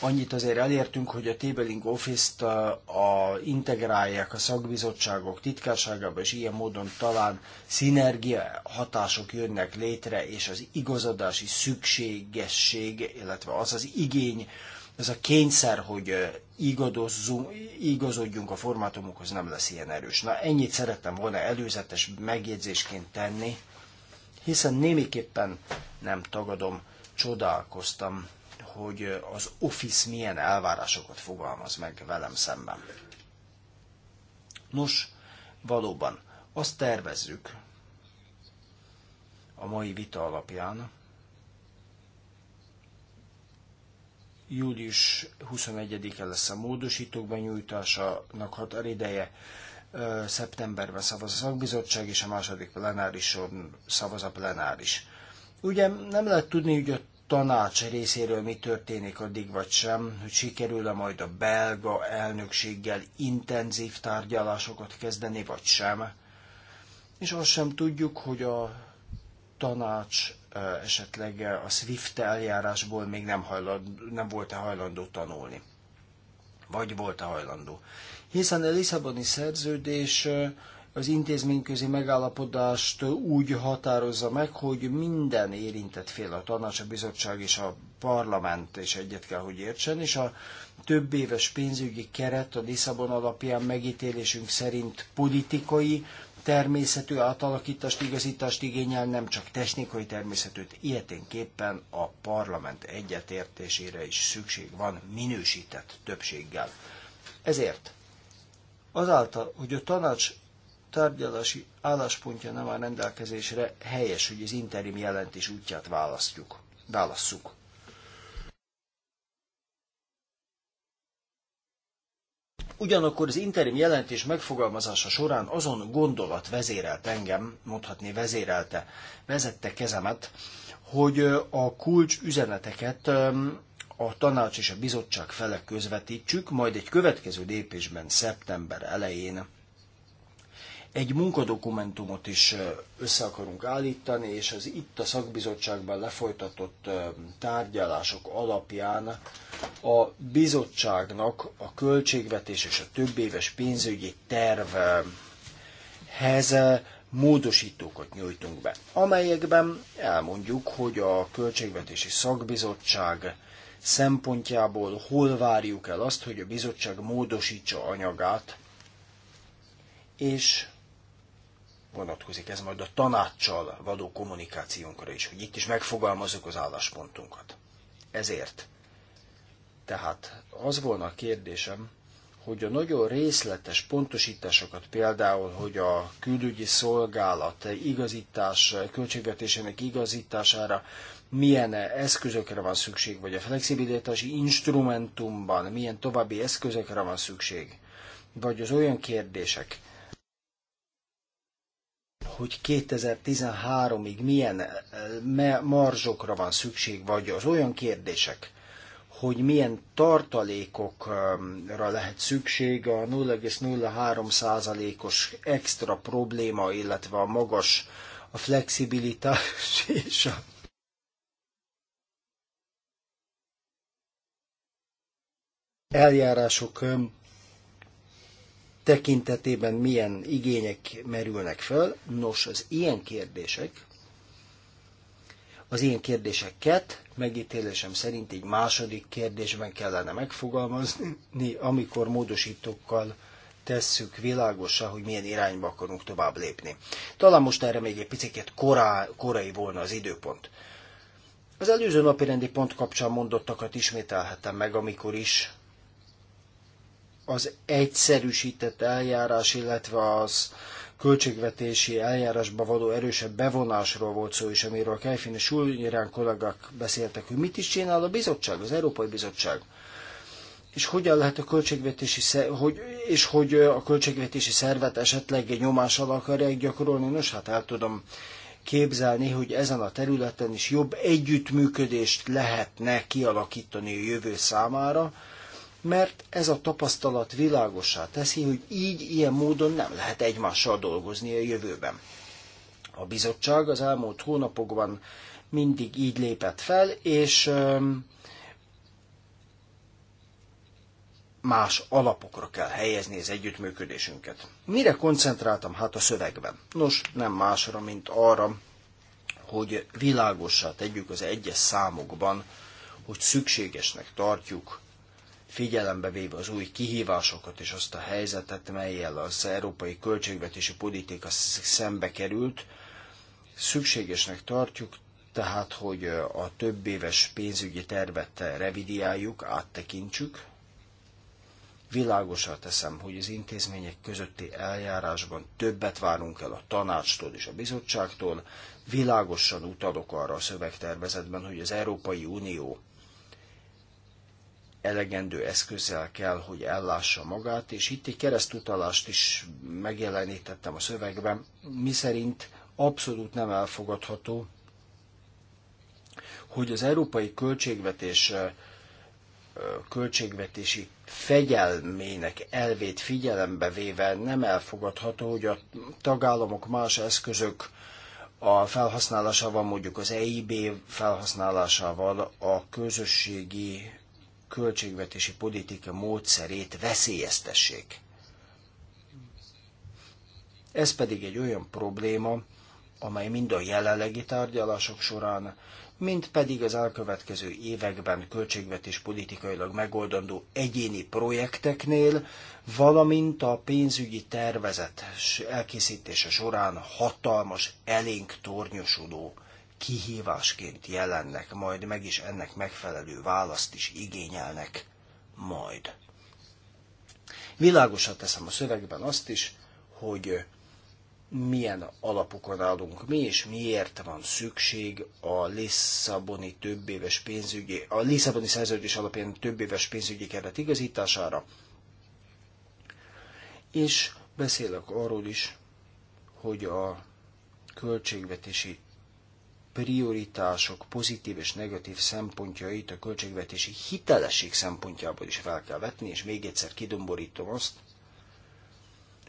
Annyit azért elértünk, hogy a Tabling Office-t a, integrálják a szakbizottságok titkárságába, és ilyen módon talán szinergia hatások jönnek létre, és az igazadási szükségesség, illetve az az igény, ez a kényszer, hogy igazodjunk a formátumokhoz nem lesz ilyen erős. Na ennyit szerettem volna előzetes megjegyzésként tenni, hiszen némiképpen nem tagadom, csodálkoztam hogy az Office milyen elvárásokat fogalmaz meg velem szemben. Nos, valóban azt tervezzük a mai vita alapján, július 21-e lesz a módosítók benyújtásának határideje, szeptemberben szavaz a szakbizottság, és a második plenárison szavaz a plenáris. Ugye nem lehet tudni, hogy a tanács részéről mi történik addig vagy sem, hogy sikerül-e majd a belga elnökséggel intenzív tárgyalásokat kezdeni, vagy sem. És azt sem tudjuk, hogy a tanács esetleg a SWIFT eljárásból még nem, hajlandó, nem volt-e hajlandó tanulni. Vagy volt-e hajlandó. Hiszen a Lisszaboni szerződés az intézményközi megállapodást úgy határozza meg, hogy minden érintett fél, a tanács, a bizottság és a parlament is egyet kell, hogy értsen, és a több éves pénzügyi keret a Lisszabon alapján megítélésünk szerint politikai, természetű átalakítást, igazítást igényel, nem csak technikai természetűt, ilyeténképpen a parlament egyetértésére is szükség van minősített többséggel. Ezért azáltal, hogy a tanács tárgyalási álláspontja nem áll rendelkezésre, helyes, hogy az interim jelentés útját választjuk. Válasszuk. Ugyanakkor az interim jelentés megfogalmazása során azon gondolat vezérelt engem, mondhatni vezérelte, vezette kezemet, hogy a kulcs üzeneteket a tanács és a bizottság felek közvetítsük, majd egy következő lépésben szeptember elején egy munkadokumentumot is össze akarunk állítani, és az itt a szakbizottságban lefolytatott tárgyalások alapján a bizottságnak a költségvetés és a több éves pénzügyi tervhez módosítókat nyújtunk be, amelyekben elmondjuk, hogy a Költségvetési Szakbizottság szempontjából hol várjuk el azt, hogy a bizottság módosítsa anyagát, és vonatkozik ez majd a tanácssal való kommunikációnkra is, hogy itt is megfogalmazzuk az álláspontunkat. Ezért. Tehát az volna a kérdésem, hogy a nagyon részletes pontosításokat, például, hogy a külügyi szolgálat igazítás, költségvetésének igazítására milyen eszközökre van szükség, vagy a flexibilitási instrumentumban milyen további eszközökre van szükség, vagy az olyan kérdések, hogy 2013-ig milyen eh, marzsokra van szükség, vagy az olyan kérdések, hogy milyen tartalékokra lehet szükség a 0,03%-os extra probléma, illetve a magas a flexibilitás [laughs] és a eljárások tekintetében milyen igények merülnek fel. Nos, az ilyen kérdések, az ilyen kérdéseket megítélésem szerint egy második kérdésben kellene megfogalmazni, amikor módosítókkal tesszük világosra, hogy milyen irányba akarunk tovább lépni. Talán most erre még egy picit korá, korai volna az időpont. Az előző napi rendi pont kapcsán mondottakat ismételhetem meg, amikor is az egyszerűsített eljárás, illetve az költségvetési eljárásba való erősebb bevonásról volt szó is, amiről a Kejfin és Súlyirán kollégák beszéltek, hogy mit is csinál a bizottság, az Európai Bizottság. És hogyan lehet a költségvetési, hogy, és hogy a költségvetési szervet esetleg egy nyomás alá akarják gyakorolni? Nos, hát el tudom képzelni, hogy ezen a területen is jobb együttműködést lehetne kialakítani a jövő számára, mert ez a tapasztalat világosá teszi, hogy így, ilyen módon nem lehet egymással dolgozni a jövőben. A bizottság az elmúlt hónapokban mindig így lépett fel, és más alapokra kell helyezni az együttműködésünket. Mire koncentráltam hát a szövegben? Nos, nem másra, mint arra, hogy világossá tegyük az egyes számokban, hogy szükségesnek tartjuk figyelembe véve az új kihívásokat és azt a helyzetet, melyel az európai költségvetési politika szembe került, szükségesnek tartjuk, tehát, hogy a több éves pénzügyi tervet revidiáljuk, áttekintsük. Világosá teszem, hogy az intézmények közötti eljárásban többet várunk el a tanácstól és a bizottságtól. Világosan utalok arra a szövegtervezetben, hogy az Európai Unió elegendő eszközzel kell, hogy ellássa magát, és itt egy keresztutalást is megjelenítettem a szövegben, miszerint abszolút nem elfogadható, hogy az európai költségvetés költségvetési fegyelmének elvét figyelembe véve nem elfogadható, hogy a tagállamok más eszközök a felhasználásával, mondjuk az EIB felhasználásával a közösségi költségvetési politika módszerét veszélyeztessék. Ez pedig egy olyan probléma, amely mind a jelenlegi tárgyalások során, mint pedig az elkövetkező években költségvetés politikailag megoldandó egyéni projekteknél, valamint a pénzügyi tervezet elkészítése során hatalmas, elénk tornyosodó kihívásként jelennek majd meg, is ennek megfelelő választ is igényelnek majd. Világosat teszem a szövegben azt is, hogy milyen alapokon állunk mi, és miért van szükség a Lisszaboni többéves pénzügyi, a Lisszaboni szerződés alapján többéves pénzügyi keret igazítására, és beszélek arról is, hogy a költségvetési prioritások pozitív és negatív szempontjait a költségvetési hitelesség szempontjából is fel kell vetni, és még egyszer kidomborítom azt,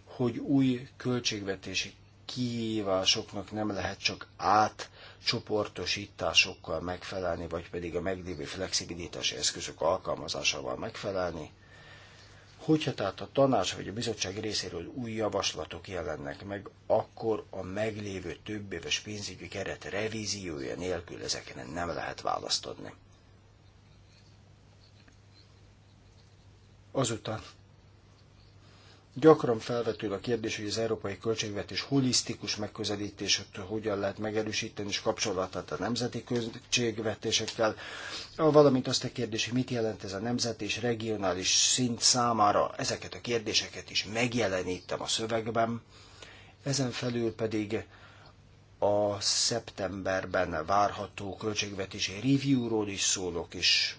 hogy új költségvetési kihívásoknak nem lehet csak átcsoportosításokkal megfelelni, vagy pedig a meglévő flexibilitási eszközök alkalmazásával megfelelni, Hogyha tehát a tanács vagy a bizottság részéről új javaslatok jelennek meg, akkor a meglévő több éves pénzügyi keret revíziója nélkül ezeken nem lehet választ adni. Azután Gyakran felvetül a kérdés, hogy az európai költségvetés holisztikus megközelítésektől hogyan lehet megerősíteni és kapcsolatát a nemzeti költségvetésekkel, valamint azt a kérdés, hogy mit jelent ez a nemzeti és regionális szint számára. Ezeket a kérdéseket is megjelenítem a szövegben. Ezen felül pedig a szeptemberben várható költségvetési review-ról is szólok, és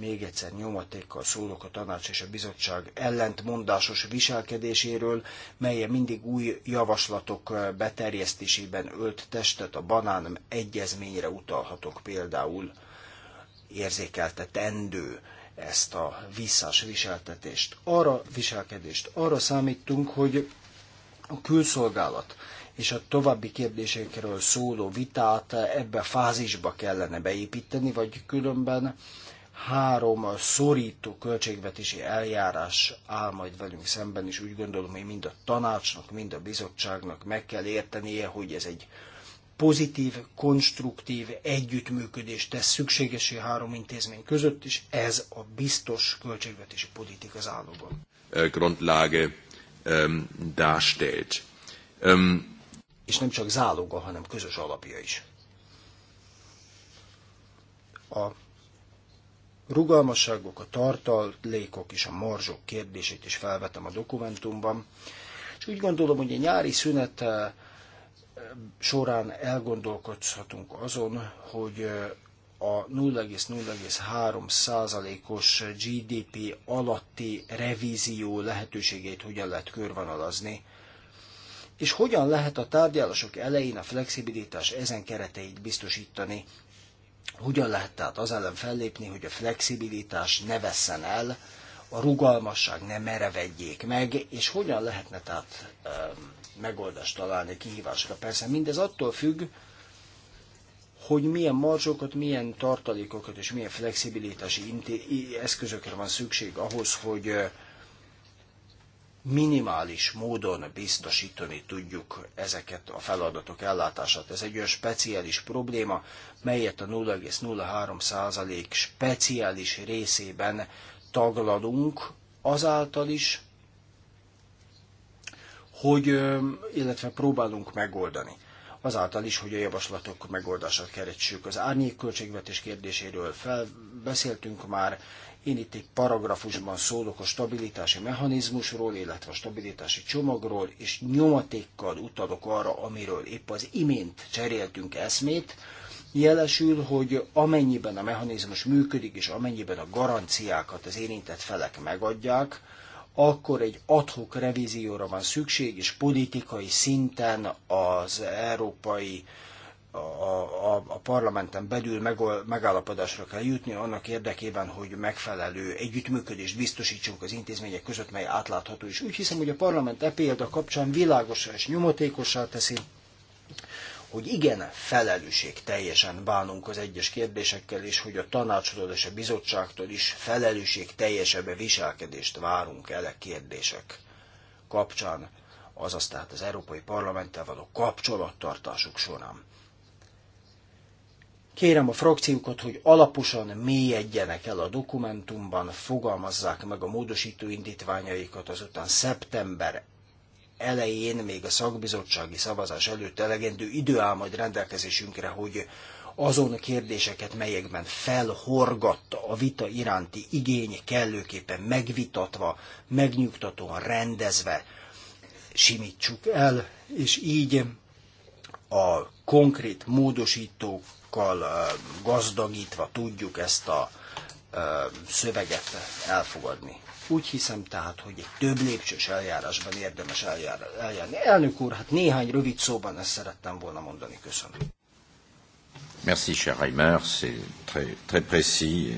még egyszer nyomatékkal szólok a tanács és a bizottság ellentmondásos viselkedéséről, melye mindig új javaslatok beterjesztésében ölt testet a banán egyezményre utalhatok például érzékeltetendő ezt a visszás viseltetést. Arra viselkedést, arra számítunk, hogy a külszolgálat és a további kérdésekről szóló vitát ebbe a fázisba kellene beépíteni, vagy különben három szorító költségvetési eljárás áll majd velünk szemben, és úgy gondolom, hogy mind a tanácsnak, mind a bizottságnak meg kell értenie, hogy ez egy pozitív, konstruktív együttműködést tesz szükségesé három intézmény között, és ez a biztos költségvetési politika záloga. Grundlage um, darstellt. Um, és nem csak záloga, hanem közös alapja is. A rugalmasságok, a tartalékok és a marzsok kérdését is felvetem a dokumentumban. És úgy gondolom, hogy a nyári szünet eh, során elgondolkodhatunk azon, hogy eh, a 0,03 százalékos GDP alatti revízió lehetőségét hogyan lehet körvonalazni, és hogyan lehet a tárgyalások elején a flexibilitás ezen kereteit biztosítani, hogyan lehet tehát az ellen fellépni, hogy a flexibilitás ne vesszen el, a rugalmasság ne merevedjék meg, és hogyan lehetne tehát megoldást találni kihívásra. Persze mindez attól függ, hogy milyen marzsokat, milyen tartalékokat és milyen flexibilitási eszközökre van szükség ahhoz, hogy minimális módon biztosítani tudjuk ezeket a feladatok ellátását. Ez egy olyan speciális probléma, melyet a 0,03% speciális részében taglalunk azáltal is, hogy, illetve próbálunk megoldani. Azáltal is, hogy a javaslatok megoldását keressük. Az árnyék költségvetés kérdéséről felbeszéltünk már, én itt egy paragrafusban szólok a stabilitási mechanizmusról, illetve a stabilitási csomagról, és nyomatékkal utalok arra, amiről épp az imént cseréltünk eszmét, jelesül, hogy amennyiben a mechanizmus működik, és amennyiben a garanciákat az érintett felek megadják, akkor egy adhok revízióra van szükség, és politikai szinten az európai a, a, a parlamenten belül megállapodásra kell jutni annak érdekében, hogy megfelelő együttműködést biztosítsunk az intézmények között, mely átlátható is. Úgy hiszem, hogy a parlament e példa kapcsán világosá és nyomatékossá teszi, hogy igen, felelősség teljesen bánunk az egyes kérdésekkel, és hogy a tanácstól és a bizottságtól is felelősség teljesebb viselkedést várunk el a e kérdések kapcsán, azaz tehát az Európai Parlamenttel való kapcsolattartásuk során. Kérem a frakciókat, hogy alaposan mélyedjenek el a dokumentumban, fogalmazzák meg a módosító indítványaikat, azután szeptember elején, még a szakbizottsági szavazás előtt elegendő idő áll majd rendelkezésünkre, hogy azon a kérdéseket, melyekben felhorgatta a vita iránti igény kellőképpen megvitatva, megnyugtatóan rendezve simítsuk el, és így a konkrét módosítók sokkal gazdagítva tudjuk ezt a szöveget elfogadni. Úgy hiszem tehát, hogy egy több lépcsős eljárásban érdemes eljár, eljárni. Elnök úr, hát néhány rövid szóban ezt szerettem volna mondani. Köszönöm. Merci, cher Reimer, c'est très, très précis.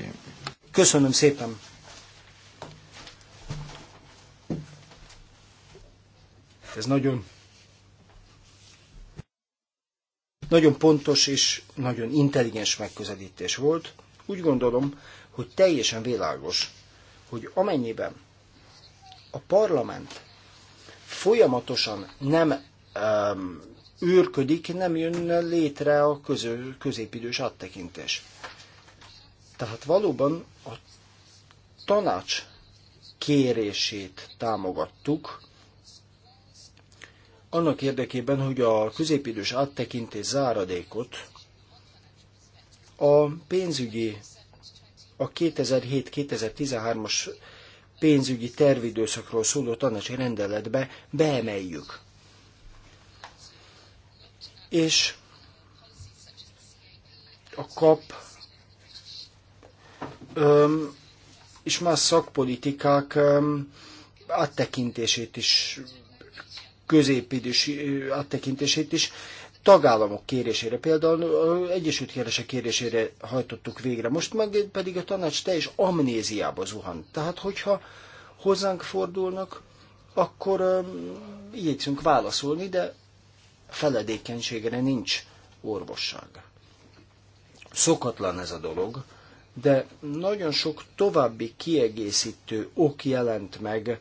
Köszönöm szépen. Ez nagyon Nagyon pontos és nagyon intelligens megközelítés volt. Úgy gondolom, hogy teljesen világos, hogy amennyiben a parlament folyamatosan nem um, őrködik, nem jön létre a közö, középidős áttekintés. Tehát valóban a tanács kérését támogattuk, annak érdekében, hogy a középidős áttekintés záradékot a pénzügyi, a 2007-2013-as pénzügyi tervidőszakról szóló tanácsi rendeletbe beemeljük. És a kap öm, és más szakpolitikák öm, áttekintését is középidős áttekintését is. Tagállamok kérésére, például Egyesült Királyság kérésére hajtottuk végre, most meg pedig a tanács teljes amnéziába zuhan. Tehát, hogyha hozzánk fordulnak, akkor um, igyekszünk válaszolni, de feledékenységre nincs orvosság. Szokatlan ez a dolog, de nagyon sok további kiegészítő ok jelent meg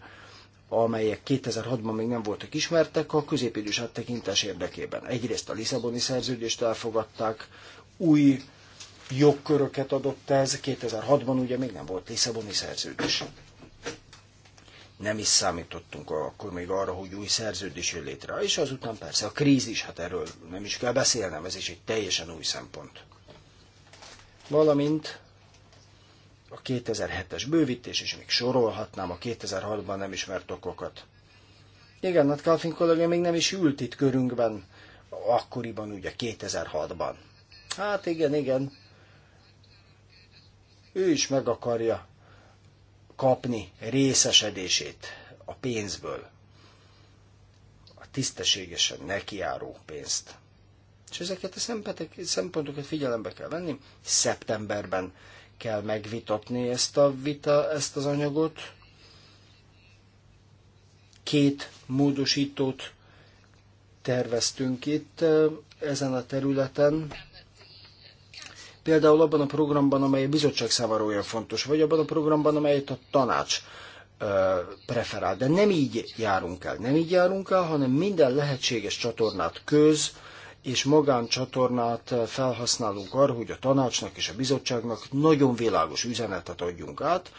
amelyek 2006-ban még nem voltak ismertek, a középidős áttekintés érdekében. Egyrészt a Lisszaboni szerződést elfogadták, új jogköröket adott ez, 2006-ban ugye még nem volt Lisszaboni szerződés. Nem is számítottunk akkor még arra, hogy új szerződés jön létre. És azután persze a krízis, hát erről nem is kell beszélnem, ez is egy teljesen új szempont. Valamint a 2007-es bővítés, és még sorolhatnám a 2006-ban nem ismert okokat. Igen, Nat hát Calvin kollégia még nem is ült itt körünkben, akkoriban ugye 2006-ban. Hát igen, igen. Ő is meg akarja kapni részesedését a pénzből. A tisztességesen nekiáró pénzt. És ezeket a szempontokat figyelembe kell venni. Szeptemberben kell megvitatni ezt, a vita, ezt az anyagot. Két módosítót terveztünk itt ezen a területen. Például abban a programban, amely a bizottság számára olyan fontos, vagy abban a programban, amelyet a tanács preferál. De nem így járunk el. Nem így járunk el, hanem minden lehetséges csatornát köz, és magáncsatornát felhasználunk arra, hogy a tanácsnak és a bizottságnak nagyon világos üzenetet adjunk át,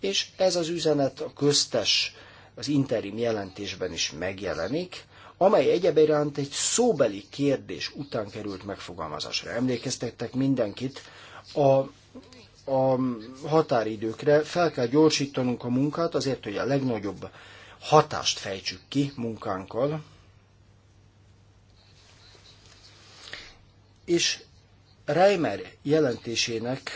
és ez az üzenet a köztes, az interim jelentésben is megjelenik, amely egyebiránt egy szóbeli kérdés után került megfogalmazásra. Emlékeztettek mindenkit a, a határidőkre, fel kell gyorsítanunk a munkát azért, hogy a legnagyobb hatást fejtsük ki munkánkkal, és Reimer jelentésének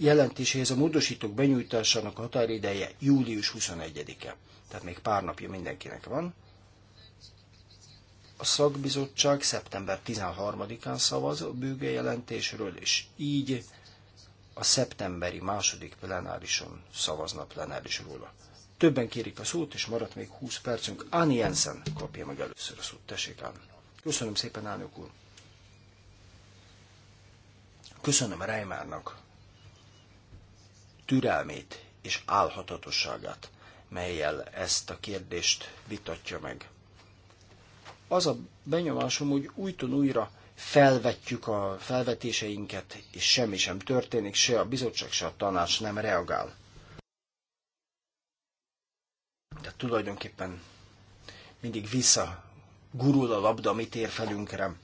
jelentéséhez a módosítók benyújtásának határideje július 21-e. Tehát még pár napja mindenkinek van. A szakbizottság szeptember 13-án szavaz a bőge jelentésről, és így a szeptemberi második plenárison szavazna plenáris róla. Többen kérik a szót, és maradt még 20 percünk. Anni Jensen kapja meg először a szót. Tessék, Anni. Köszönöm szépen, elnök úr. Köszönöm Reimárnak türelmét és álhatatosságát, melyel ezt a kérdést vitatja meg. Az a benyomásom, hogy újton újra felvetjük a felvetéseinket, és semmi sem történik, se a bizottság, se a tanács nem reagál. Tehát tulajdonképpen mindig vissza gurul a labda, amit ér felünkre.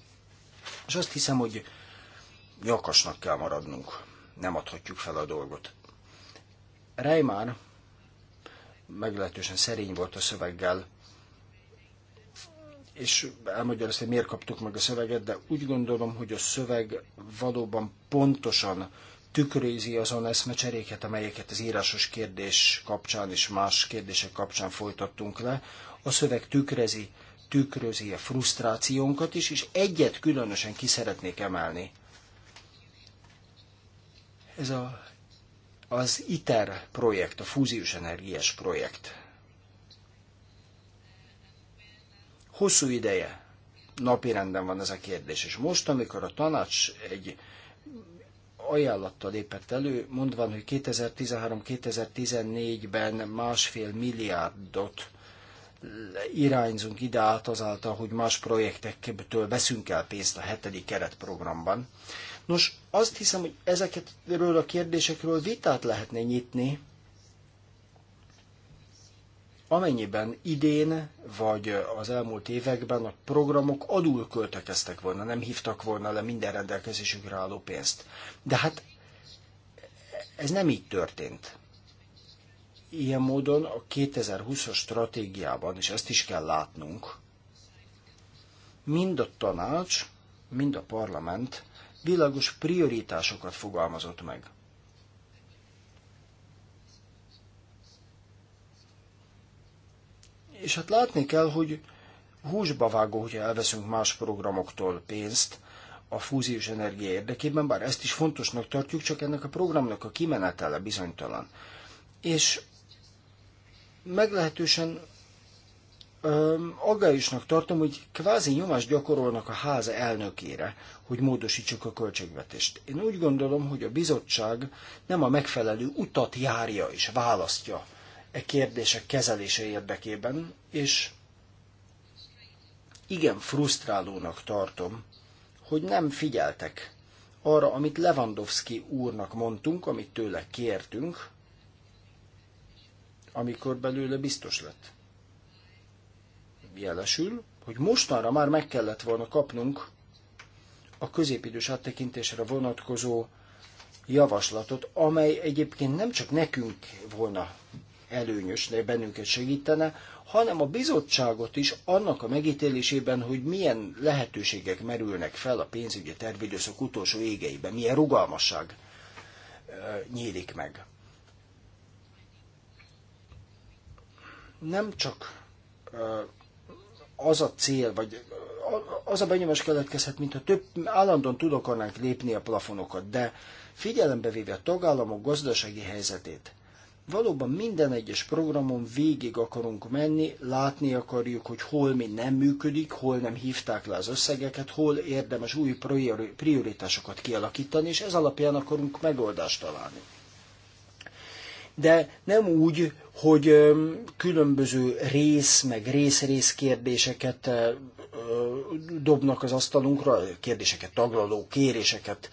És azt hiszem, hogy nyakasnak kell maradnunk. Nem adhatjuk fel a dolgot. Reimár meglehetősen szerény volt a szöveggel, és elmagyarázta, hogy miért kaptuk meg a szöveget, de úgy gondolom, hogy a szöveg valóban pontosan tükrözi azon eszmecseréket, amelyeket az írásos kérdés kapcsán és más kérdések kapcsán folytattunk le. A szöveg tükrözi, tükrözi a frusztrációnkat is, és egyet különösen ki szeretnék emelni – ez a, az ITER projekt, a fúziós energiás projekt. Hosszú ideje napirenden van ez a kérdés, és most, amikor a tanács egy ajánlattal lépett elő, mondván, hogy 2013-2014-ben másfél milliárdot irányzunk ide át azáltal, hogy más projektektől veszünk el pénzt a hetedik keretprogramban. Nos, azt hiszem, hogy ezekről a kérdésekről vitát lehetne nyitni, amennyiben idén vagy az elmúlt években a programok adul költekeztek volna, nem hívtak volna le minden rendelkezésükre álló pénzt. De hát ez nem így történt. Ilyen módon a 2020-as stratégiában, és ezt is kell látnunk, mind a tanács, mind a parlament világos prioritásokat fogalmazott meg. És hát látni kell, hogy húsba vágó, hogyha elveszünk más programoktól pénzt a fúziós energia érdekében, bár ezt is fontosnak tartjuk, csak ennek a programnak a kimenetele bizonytalan. És meglehetősen aggályosnak tartom, hogy kvázi nyomást gyakorolnak a ház elnökére, hogy módosítsuk a költségvetést. Én úgy gondolom, hogy a bizottság nem a megfelelő utat járja és választja e kérdések kezelése érdekében, és igen frusztrálónak tartom, hogy nem figyeltek arra, amit Lewandowski úrnak mondtunk, amit tőle kértünk, amikor belőle biztos lett jelesül, hogy mostanra már meg kellett volna kapnunk a középidős áttekintésre vonatkozó javaslatot, amely egyébként nem csak nekünk volna előnyös, de bennünket segítene, hanem a bizottságot is annak a megítélésében, hogy milyen lehetőségek merülnek fel a pénzügyi tervidőszak utolsó égeiben, milyen rugalmasság nyílik meg. Nem csak az a cél, vagy az a benyomás keletkezhet, mintha több állandóan túl akarnánk lépni a plafonokat, de figyelembe véve a tagállamok gazdasági helyzetét, valóban minden egyes programon végig akarunk menni, látni akarjuk, hogy hol mi nem működik, hol nem hívták le az összegeket, hol érdemes új prioritásokat kialakítani, és ez alapján akarunk megoldást találni de nem úgy, hogy különböző rész, meg rész-rész kérdéseket dobnak az asztalunkra, kérdéseket taglaló kéréseket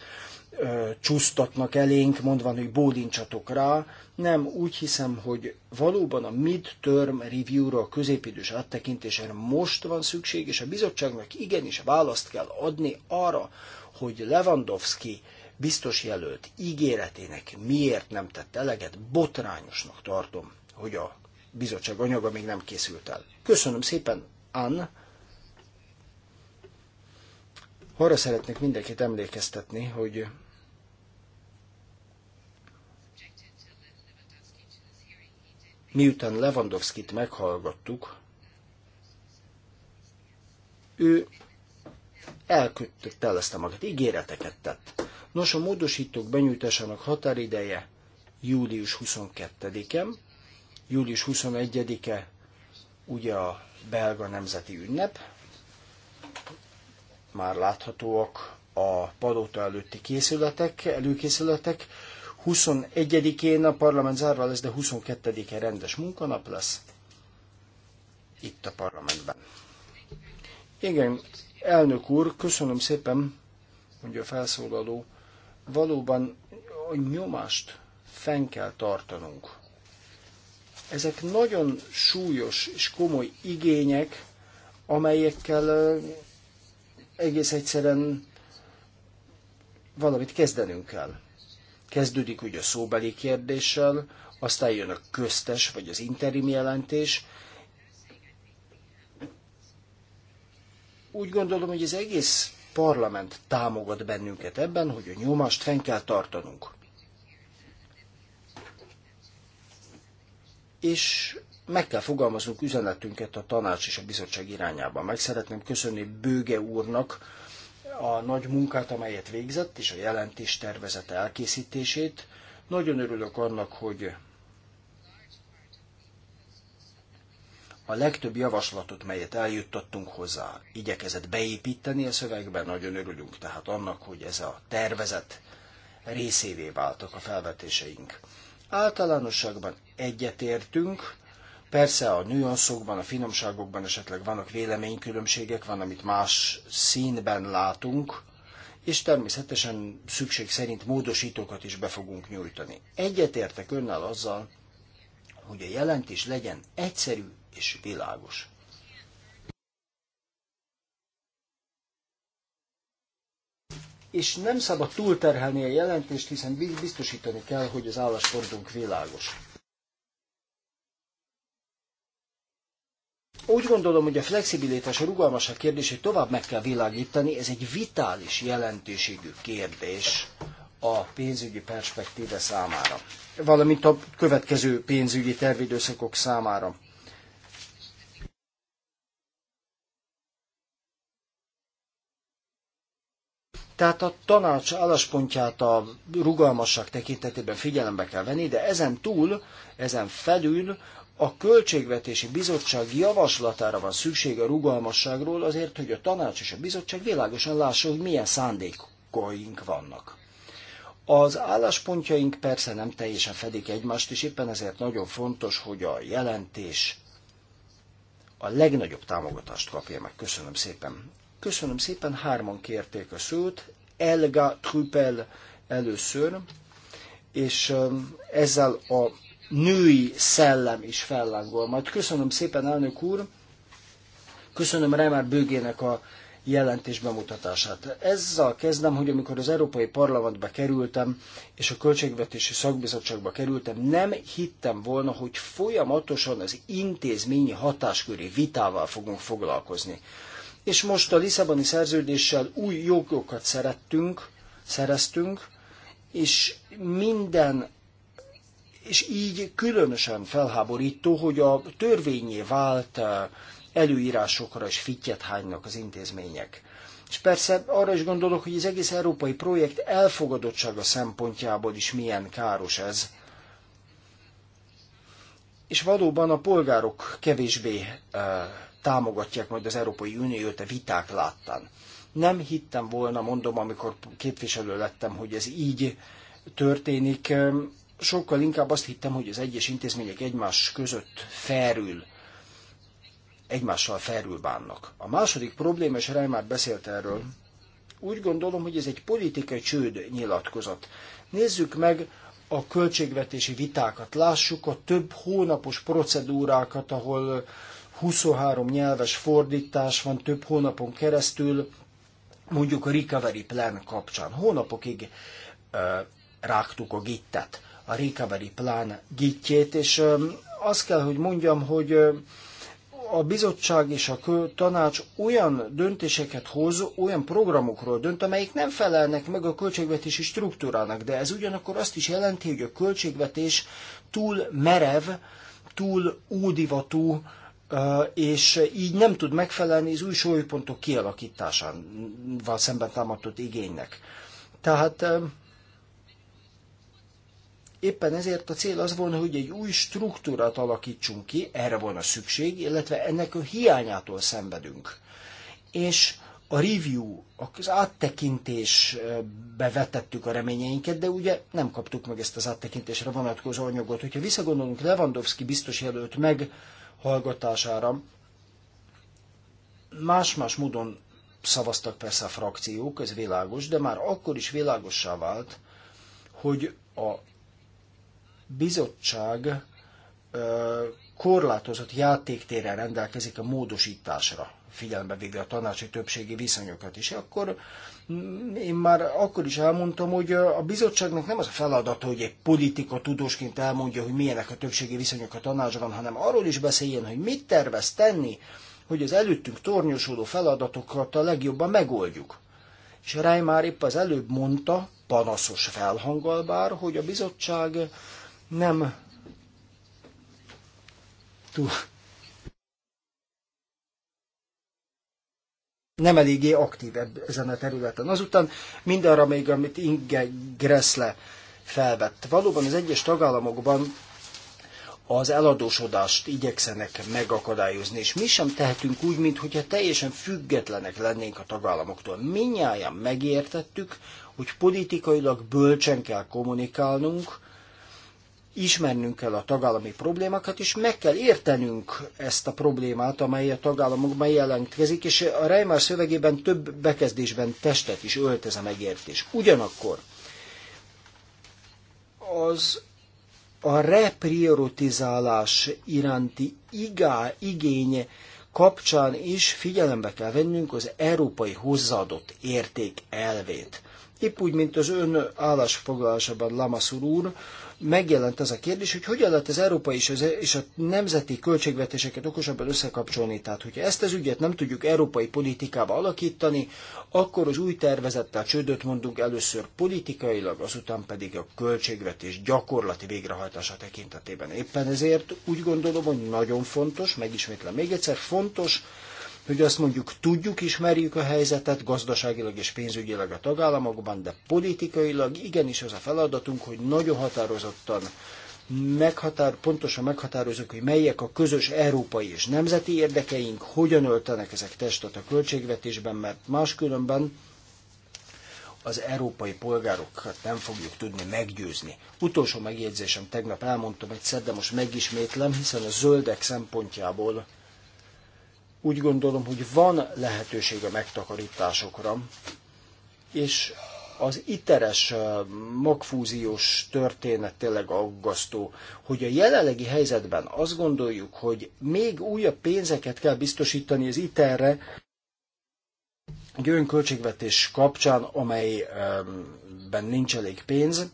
csúsztatnak elénk, mondván, hogy bódincsatok rá. Nem, úgy hiszem, hogy valóban a mid-term review-ra, a középidős áttekintésre most van szükség, és a bizottságnak igenis választ kell adni arra, hogy Lewandowski biztos jelölt ígéretének miért nem tett eleget, botrányosnak tartom, hogy a bizottság anyaga még nem készült el. Köszönöm szépen, Ann. Arra szeretnék mindenkit emlékeztetni, hogy miután Lewandowski-t meghallgattuk, ő a magát, ígéreteket tett. Nos, a módosítók benyújtásának határideje július 22-e, július 21-e ugye a belga nemzeti ünnep, már láthatóak a padóta előtti készületek, előkészületek. 21-én a parlament zárva lesz, de 22 e rendes munkanap lesz itt a parlamentben. Igen, elnök úr, köszönöm szépen, mondja a felszólaló valóban a nyomást fenn kell tartanunk. Ezek nagyon súlyos és komoly igények, amelyekkel egész egyszerűen valamit kezdenünk kell. Kezdődik ugye a szóbeli kérdéssel, aztán jön a köztes vagy az interim jelentés. Úgy gondolom, hogy az egész Parlament támogat bennünket ebben, hogy a nyomást fenn kell tartanunk. És meg kell fogalmaznunk üzenetünket a tanács és a bizottság irányába. Meg szeretném köszönni Bőge úrnak a nagy munkát, amelyet végzett, és a jelentés tervezete elkészítését. Nagyon örülök annak, hogy a legtöbb javaslatot, melyet eljuttattunk hozzá, igyekezett beépíteni a szövegbe, nagyon örülünk tehát annak, hogy ez a tervezet részévé váltak a felvetéseink. Általánosságban egyetértünk, persze a nüanszokban, a finomságokban esetleg vannak véleménykülönbségek, van, amit más színben látunk, és természetesen szükség szerint módosítókat is be fogunk nyújtani. Egyetértek önnel azzal, hogy a jelentés legyen egyszerű, és világos. És nem szabad túlterhelni a jelentést, hiszen biztosítani kell, hogy az álláspontunk világos. Úgy gondolom, hogy a flexibilitás, a rugalmasság kérdését tovább meg kell világítani, ez egy vitális jelentőségű kérdés a pénzügyi perspektíve számára, valamint a következő pénzügyi tervidőszakok számára. Tehát a tanács álláspontját a rugalmasság tekintetében figyelembe kell venni, de ezen túl, ezen felül a Költségvetési Bizottság javaslatára van szükség a rugalmasságról azért, hogy a tanács és a bizottság világosan lássa, hogy milyen szándékoink vannak. Az álláspontjaink persze nem teljesen fedik egymást, és éppen ezért nagyon fontos, hogy a jelentés a legnagyobb támogatást kapja meg. Köszönöm szépen. Köszönöm szépen, hárman kérték a szót. Elga Trüppel először, és um, ezzel a női szellem is fellángol. Majd köszönöm szépen, elnök úr, köszönöm Remár Bőgének a jelentés bemutatását. Ezzel kezdem, hogy amikor az Európai Parlamentbe kerültem, és a Költségvetési Szakbizottságba kerültem, nem hittem volna, hogy folyamatosan az intézményi hatásköri vitával fogunk foglalkozni és most a Lisszaboni szerződéssel új jogokat szerettünk, szereztünk, és minden, és így különösen felháborító, hogy a törvényé vált eh, előírásokra is fittyet hánynak az intézmények. És persze arra is gondolok, hogy az egész európai projekt elfogadottsága szempontjából is milyen káros ez. És valóban a polgárok kevésbé eh, támogatják majd az Európai Uniót a viták láttán. Nem hittem volna, mondom, amikor képviselő lettem, hogy ez így történik. Sokkal inkább azt hittem, hogy az egyes intézmények egymás között felül, egymással felül bánnak. A második probléma, és Rá már beszélt erről, úgy gondolom, hogy ez egy politikai csőd nyilatkozat. Nézzük meg a költségvetési vitákat, lássuk a több hónapos procedúrákat, ahol 23 nyelves fordítás van több hónapon keresztül, mondjuk a Recovery Plan kapcsán. Hónapokig ö, rágtuk a gittet, a Recovery Plan gittjét, és ö, azt kell, hogy mondjam, hogy ö, a bizottság és a tanács olyan döntéseket hoz, olyan programokról dönt, amelyik nem felelnek meg a költségvetési struktúrának, de ez ugyanakkor azt is jelenti, hogy a költségvetés túl merev, túl ódivatú, és így nem tud megfelelni az új súlypontok kialakításával szemben támadott igénynek. Tehát éppen ezért a cél az volna, hogy egy új struktúrát alakítsunk ki, erre van a szükség, illetve ennek a hiányától szenvedünk. És a review, az áttekintésbe vetettük a reményeinket, de ugye nem kaptuk meg ezt az áttekintésre vonatkozó anyagot. Hogyha visszagondolunk Lewandowski biztos jelölt meg, hallgatására. Más-más módon szavaztak persze a frakciók, ez világos, de már akkor is világossá vált, hogy a bizottság korlátozott játéktérrel rendelkezik a módosításra, figyelembe véve a tanácsi többségi viszonyokat is, akkor én már akkor is elmondtam, hogy a bizottságnak nem az a feladata, hogy egy politika tudósként elmondja, hogy milyenek a többségi viszonyok a tanácsban, hanem arról is beszéljen, hogy mit tervez tenni, hogy az előttünk tornyosuló feladatokat a legjobban megoldjuk. És Ráj már épp az előbb mondta, panaszos felhanggal bár, hogy a bizottság nem nem eléggé aktív ezen a területen. Azután mindarra még, amit Inge Gressle felvett. Valóban az egyes tagállamokban az eladósodást igyekszenek megakadályozni, és mi sem tehetünk úgy, mintha teljesen függetlenek lennénk a tagállamoktól. Minnyáján megértettük, hogy politikailag bölcsen kell kommunikálnunk, ismernünk kell a tagállami problémákat, és meg kell értenünk ezt a problémát, amely a tagállamokban jelentkezik, és a Reimer szövegében több bekezdésben testet is ölt ez a megértés. Ugyanakkor az a reprioritizálás iránti igá, igény kapcsán is figyelembe kell vennünk az európai hozzáadott érték elvét. Épp úgy, mint az ön állásfoglalásában Lamaszur úr, megjelent az a kérdés, hogy hogyan lehet az európai és, az, és a nemzeti költségvetéseket okosabban összekapcsolni. Tehát, hogyha ezt az ügyet nem tudjuk európai politikába alakítani, akkor az új tervezettel csődöt mondunk először politikailag, azután pedig a költségvetés gyakorlati végrehajtása tekintetében. Éppen ezért úgy gondolom, hogy nagyon fontos, megismétlem még egyszer, fontos, hogy azt mondjuk tudjuk, ismerjük a helyzetet gazdaságilag és pénzügyileg a tagállamokban, de politikailag igenis az a feladatunk, hogy nagyon határozottan meghatár, pontosan meghatározunk, hogy melyek a közös európai és nemzeti érdekeink, hogyan öltenek ezek testet a költségvetésben, mert máskülönben az európai polgárokat nem fogjuk tudni meggyőzni. Utolsó megjegyzésem, tegnap elmondtam egyszer, de most megismétlem, hiszen a zöldek szempontjából úgy gondolom, hogy van lehetőség a megtakarításokra, és az iteres magfúziós történet tényleg aggasztó, hogy a jelenlegi helyzetben azt gondoljuk, hogy még újabb pénzeket kell biztosítani az iterre, egy olyan költségvetés kapcsán, amelyben nincs elég pénz.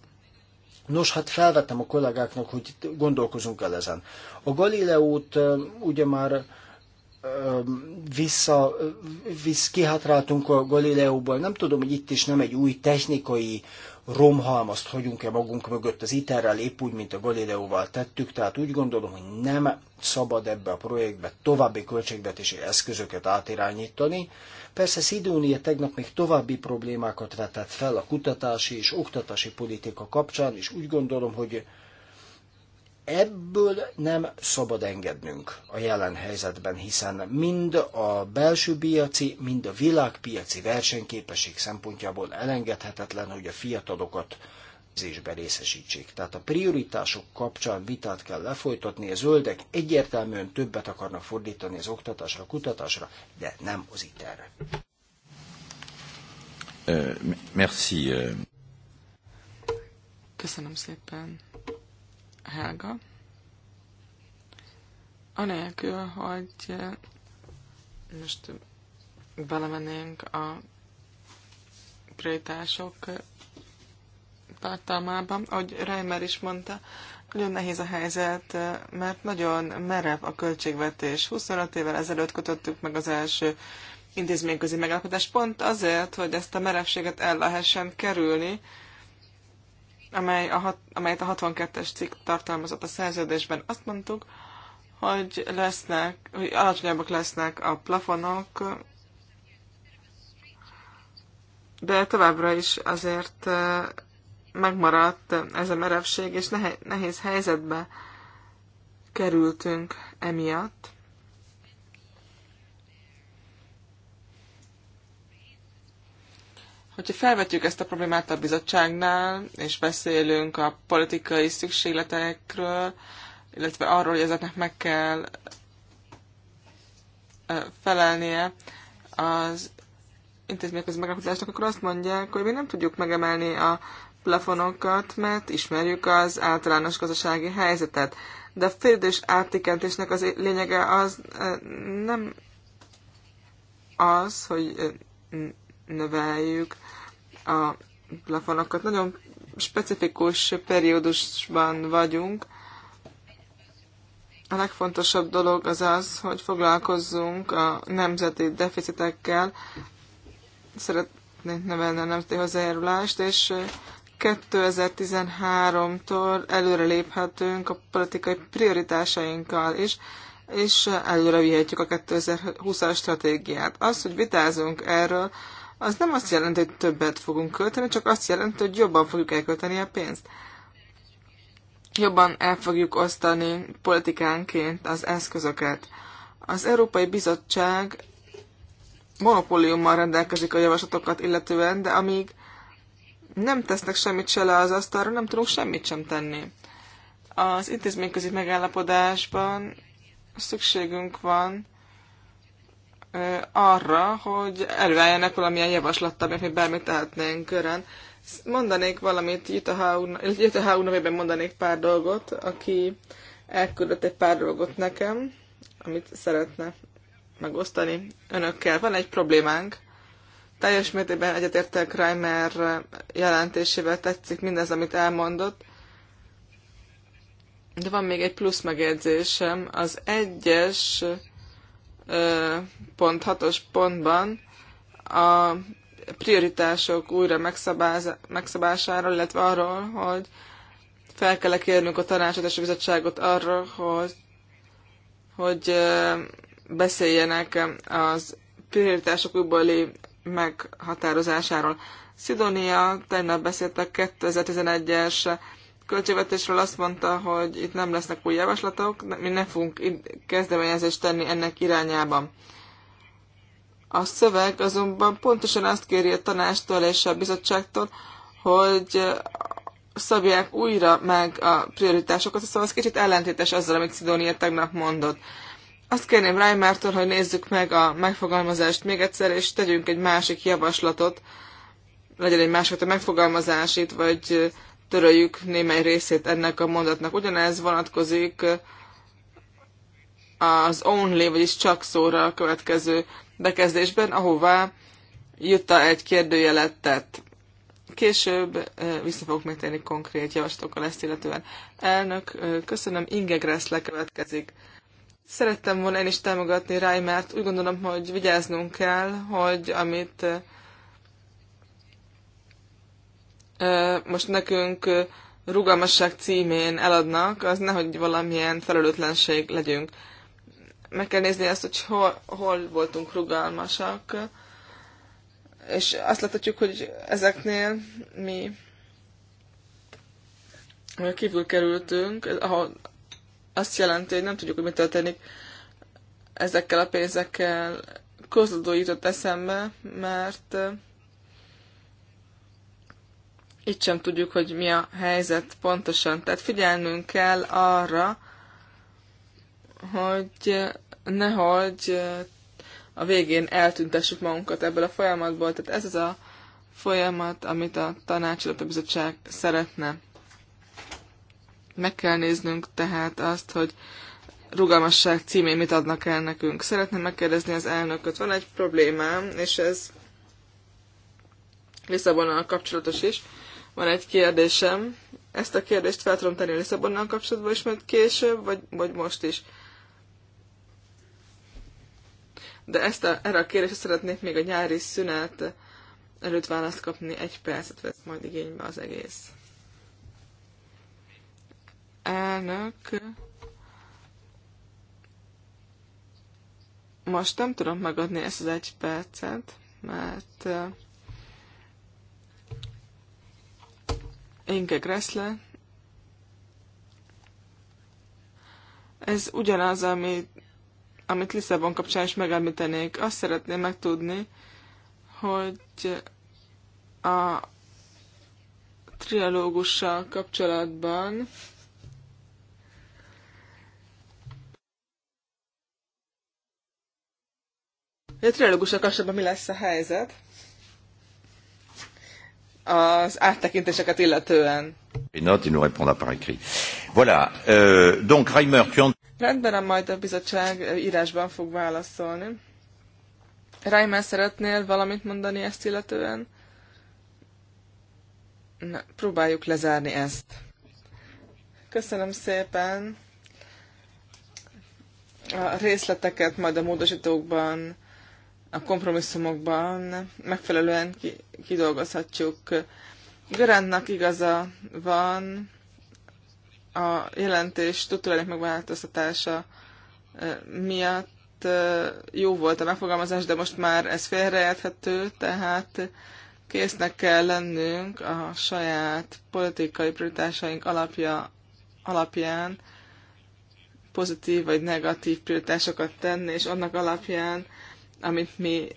Nos, hát felvettem a kollégáknak, hogy gondolkozunk el ezen. A Galileót ugye már vissza, visz, kihatráltunk a Galileóból. Nem tudom, hogy itt is nem egy új technikai romhalmazt hagyunk-e magunk mögött az iterrel, épp úgy, mint a Galileóval tettük, tehát úgy gondolom, hogy nem szabad ebbe a projektbe további költségvetési eszközöket átirányítani. Persze Szidónia tegnap még további problémákat vetett fel a kutatási és oktatási politika kapcsán, és úgy gondolom, hogy Ebből nem szabad engednünk a jelen helyzetben, hiszen mind a belső piaci, mind a világpiaci versenyképesség szempontjából elengedhetetlen, hogy a fiatalokat képzésbe részesítsék. Tehát a prioritások kapcsán vitát kell lefolytatni, a zöldek egyértelműen többet akarnak fordítani az oktatásra, kutatásra, de nem az iterre. Uh, merci. Köszönöm szépen. Helga. Anélkül, hogy eh, most belemennénk a prétások eh, tartalmába, ahogy Reimer is mondta, nagyon nehéz a helyzet, eh, mert nagyon merev a költségvetés. 25 évvel ezelőtt kötöttük meg az első intézményközi megállapodást, pont azért, hogy ezt a merevséget el lehessen kerülni, amely a hat, amelyet a 62-es cikk tartalmazott a szerződésben. Azt mondtuk, hogy lesznek, hogy alacsonyabbak lesznek a plafonok, de továbbra is azért eh, megmaradt ez a merevség, és nehéz helyzetbe kerültünk emiatt. Hogyha felvetjük ezt a problémát a bizottságnál, és beszélünk a politikai szükségletekről, illetve arról, hogy ezeknek meg kell felelnie az intézmények az megállapodásnak, akkor azt mondják, hogy mi nem tudjuk megemelni a plafonokat, mert ismerjük az általános gazdasági helyzetet. De a félidős átikentésnek az lényege az nem az, hogy növeljük a plafonokat. Nagyon specifikus periódusban vagyunk. A legfontosabb dolog az az, hogy foglalkozzunk a nemzeti deficitekkel. Szeretnénk növelni a nemzeti hozzájárulást, és 2013-tól előre léphetünk a politikai prioritásainkkal is, és előre vihetjük a 2020-as stratégiát. Az, hogy vitázunk erről, az nem azt jelenti, hogy többet fogunk költeni, csak azt jelenti, hogy jobban fogjuk elkölteni a pénzt. Jobban el fogjuk osztani politikánként az eszközöket. Az Európai Bizottság monopóliummal rendelkezik a javaslatokat illetően, de amíg nem tesznek semmit se le az asztalra, nem tudunk semmit sem tenni. Az intézményközi megállapodásban szükségünk van arra, hogy előálljanak valamilyen javaslattal, mert mi bármit tehetnénk körön. Mondanék valamit, Jutta Haun nevében mondanék pár dolgot, aki elküldött egy pár dolgot nekem, amit szeretne megosztani önökkel. Van egy problémánk. Teljes mértékben egyetértek Reimer jelentésével, tetszik mindez, amit elmondott. De van még egy plusz megjegyzésem. Az egyes pont hatos pontban a prioritások újra megszabásáról, illetve arról, hogy fel kell kérnünk a tanácsot és a bizottságot arról, hogy, hogy beszéljenek az prioritások újbóli meghatározásáról. Szidónia tegnap beszélt a 2011-es költségvetésről azt mondta, hogy itt nem lesznek új javaslatok, mi nem fogunk kezdeményezést tenni ennek irányában. A szöveg azonban pontosan azt kéri a tanástól és a bizottságtól, hogy szabják újra meg a prioritásokat, szóval ez kicsit ellentétes azzal, amit Szidónia tegnap mondott. Azt kérném Reimertől, hogy nézzük meg a megfogalmazást még egyszer, és tegyünk egy másik javaslatot, legyen egy másfajta megfogalmazás itt, vagy töröljük némely részét ennek a mondatnak. Ugyanez vonatkozik az only, vagyis csak szóra a következő bekezdésben, ahová Jutta egy kérdőjelet tett. Később vissza fogok még tenni konkrét javaslatokkal ezt illetően. Elnök, köszönöm, Inge lekövetkezik. Szerettem volna én is támogatni mert Úgy gondolom, hogy vigyáznunk kell, hogy amit most nekünk rugalmasság címén eladnak, az nehogy valamilyen felelőtlenség legyünk. Meg kell nézni azt, hogy hol, hol voltunk rugalmasak, és azt láthatjuk, hogy ezeknél mi kívül kerültünk, ahol azt jelenti, hogy nem tudjuk, hogy mi történik ezekkel a pénzekkel. Kozlodó jutott eszembe, mert itt sem tudjuk, hogy mi a helyzet pontosan. Tehát figyelnünk kell arra, hogy nehogy a végén eltüntessük magunkat ebből a folyamatból. Tehát ez az a folyamat, amit a tanács, bizottság szeretne. Meg kell néznünk tehát azt, hogy rugalmasság címén mit adnak el nekünk. Szeretném megkérdezni az elnököt. Van egy problémám, és ez a kapcsolatos is. Van egy kérdésem. Ezt a kérdést fel tudom tenni Lisszabonnal kapcsolatban is, mert később, vagy, vagy most is. De ezt a, erre a kérdésre szeretnék még a nyári szünet előtt választ kapni. Egy percet vesz majd igénybe az egész. Elnök. Most nem tudom megadni ezt az egy percet, mert Inge Gressle. Ez ugyanaz, ami amit Lisszabon kapcsán is megemlítenék. Azt szeretném megtudni, hogy a trialógussal kapcsolatban A trilógussal kapcsolatban mi lesz a helyzet? az áttekintéseket illetően. Et note, répondra par écrit. Voilà, euh, donc Reimer, tu Rendben, majd a bizottság euh, írásban fog válaszolni. Reimer, szeretnél valamit mondani ezt illetően? Na, próbáljuk lezárni ezt. Köszönöm szépen. A részleteket majd a módosítókban a kompromisszumokban megfelelően ki, kidolgozhatjuk. Garantnak igaza van, a jelentés struktúrális megváltoztatása miatt jó volt a megfogalmazás, de most már ez félrejelthető, tehát késznek kell lennünk a saját politikai prioritásaink alapja, alapján pozitív vagy negatív prioritásokat tenni, és annak alapján amit mi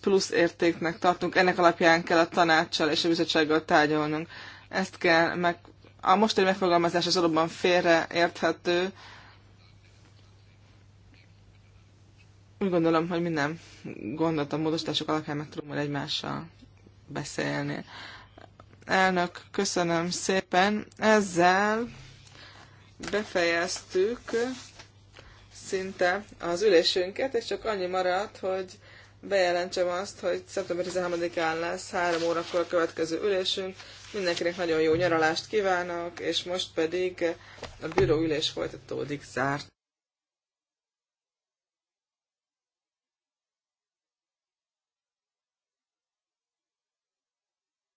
plusz értéknek tartunk, ennek alapján kell a tanácssal és a bizottsággal tárgyalnunk. Ezt kell meg... A mostani megfogalmazás az valóban félreérthető. Úgy gondolom, hogy minden gondot a módosítások alapján meg tudunk majd egymással beszélni. Elnök, köszönöm szépen. Ezzel befejeztük szinte az ülésünket, és csak annyi maradt, hogy bejelentsem azt, hogy szeptember 13-án lesz, 3 órakor a következő ülésünk. Mindenkinek nagyon jó nyaralást kívánok, és most pedig a bíró ülés folytatódik zárt.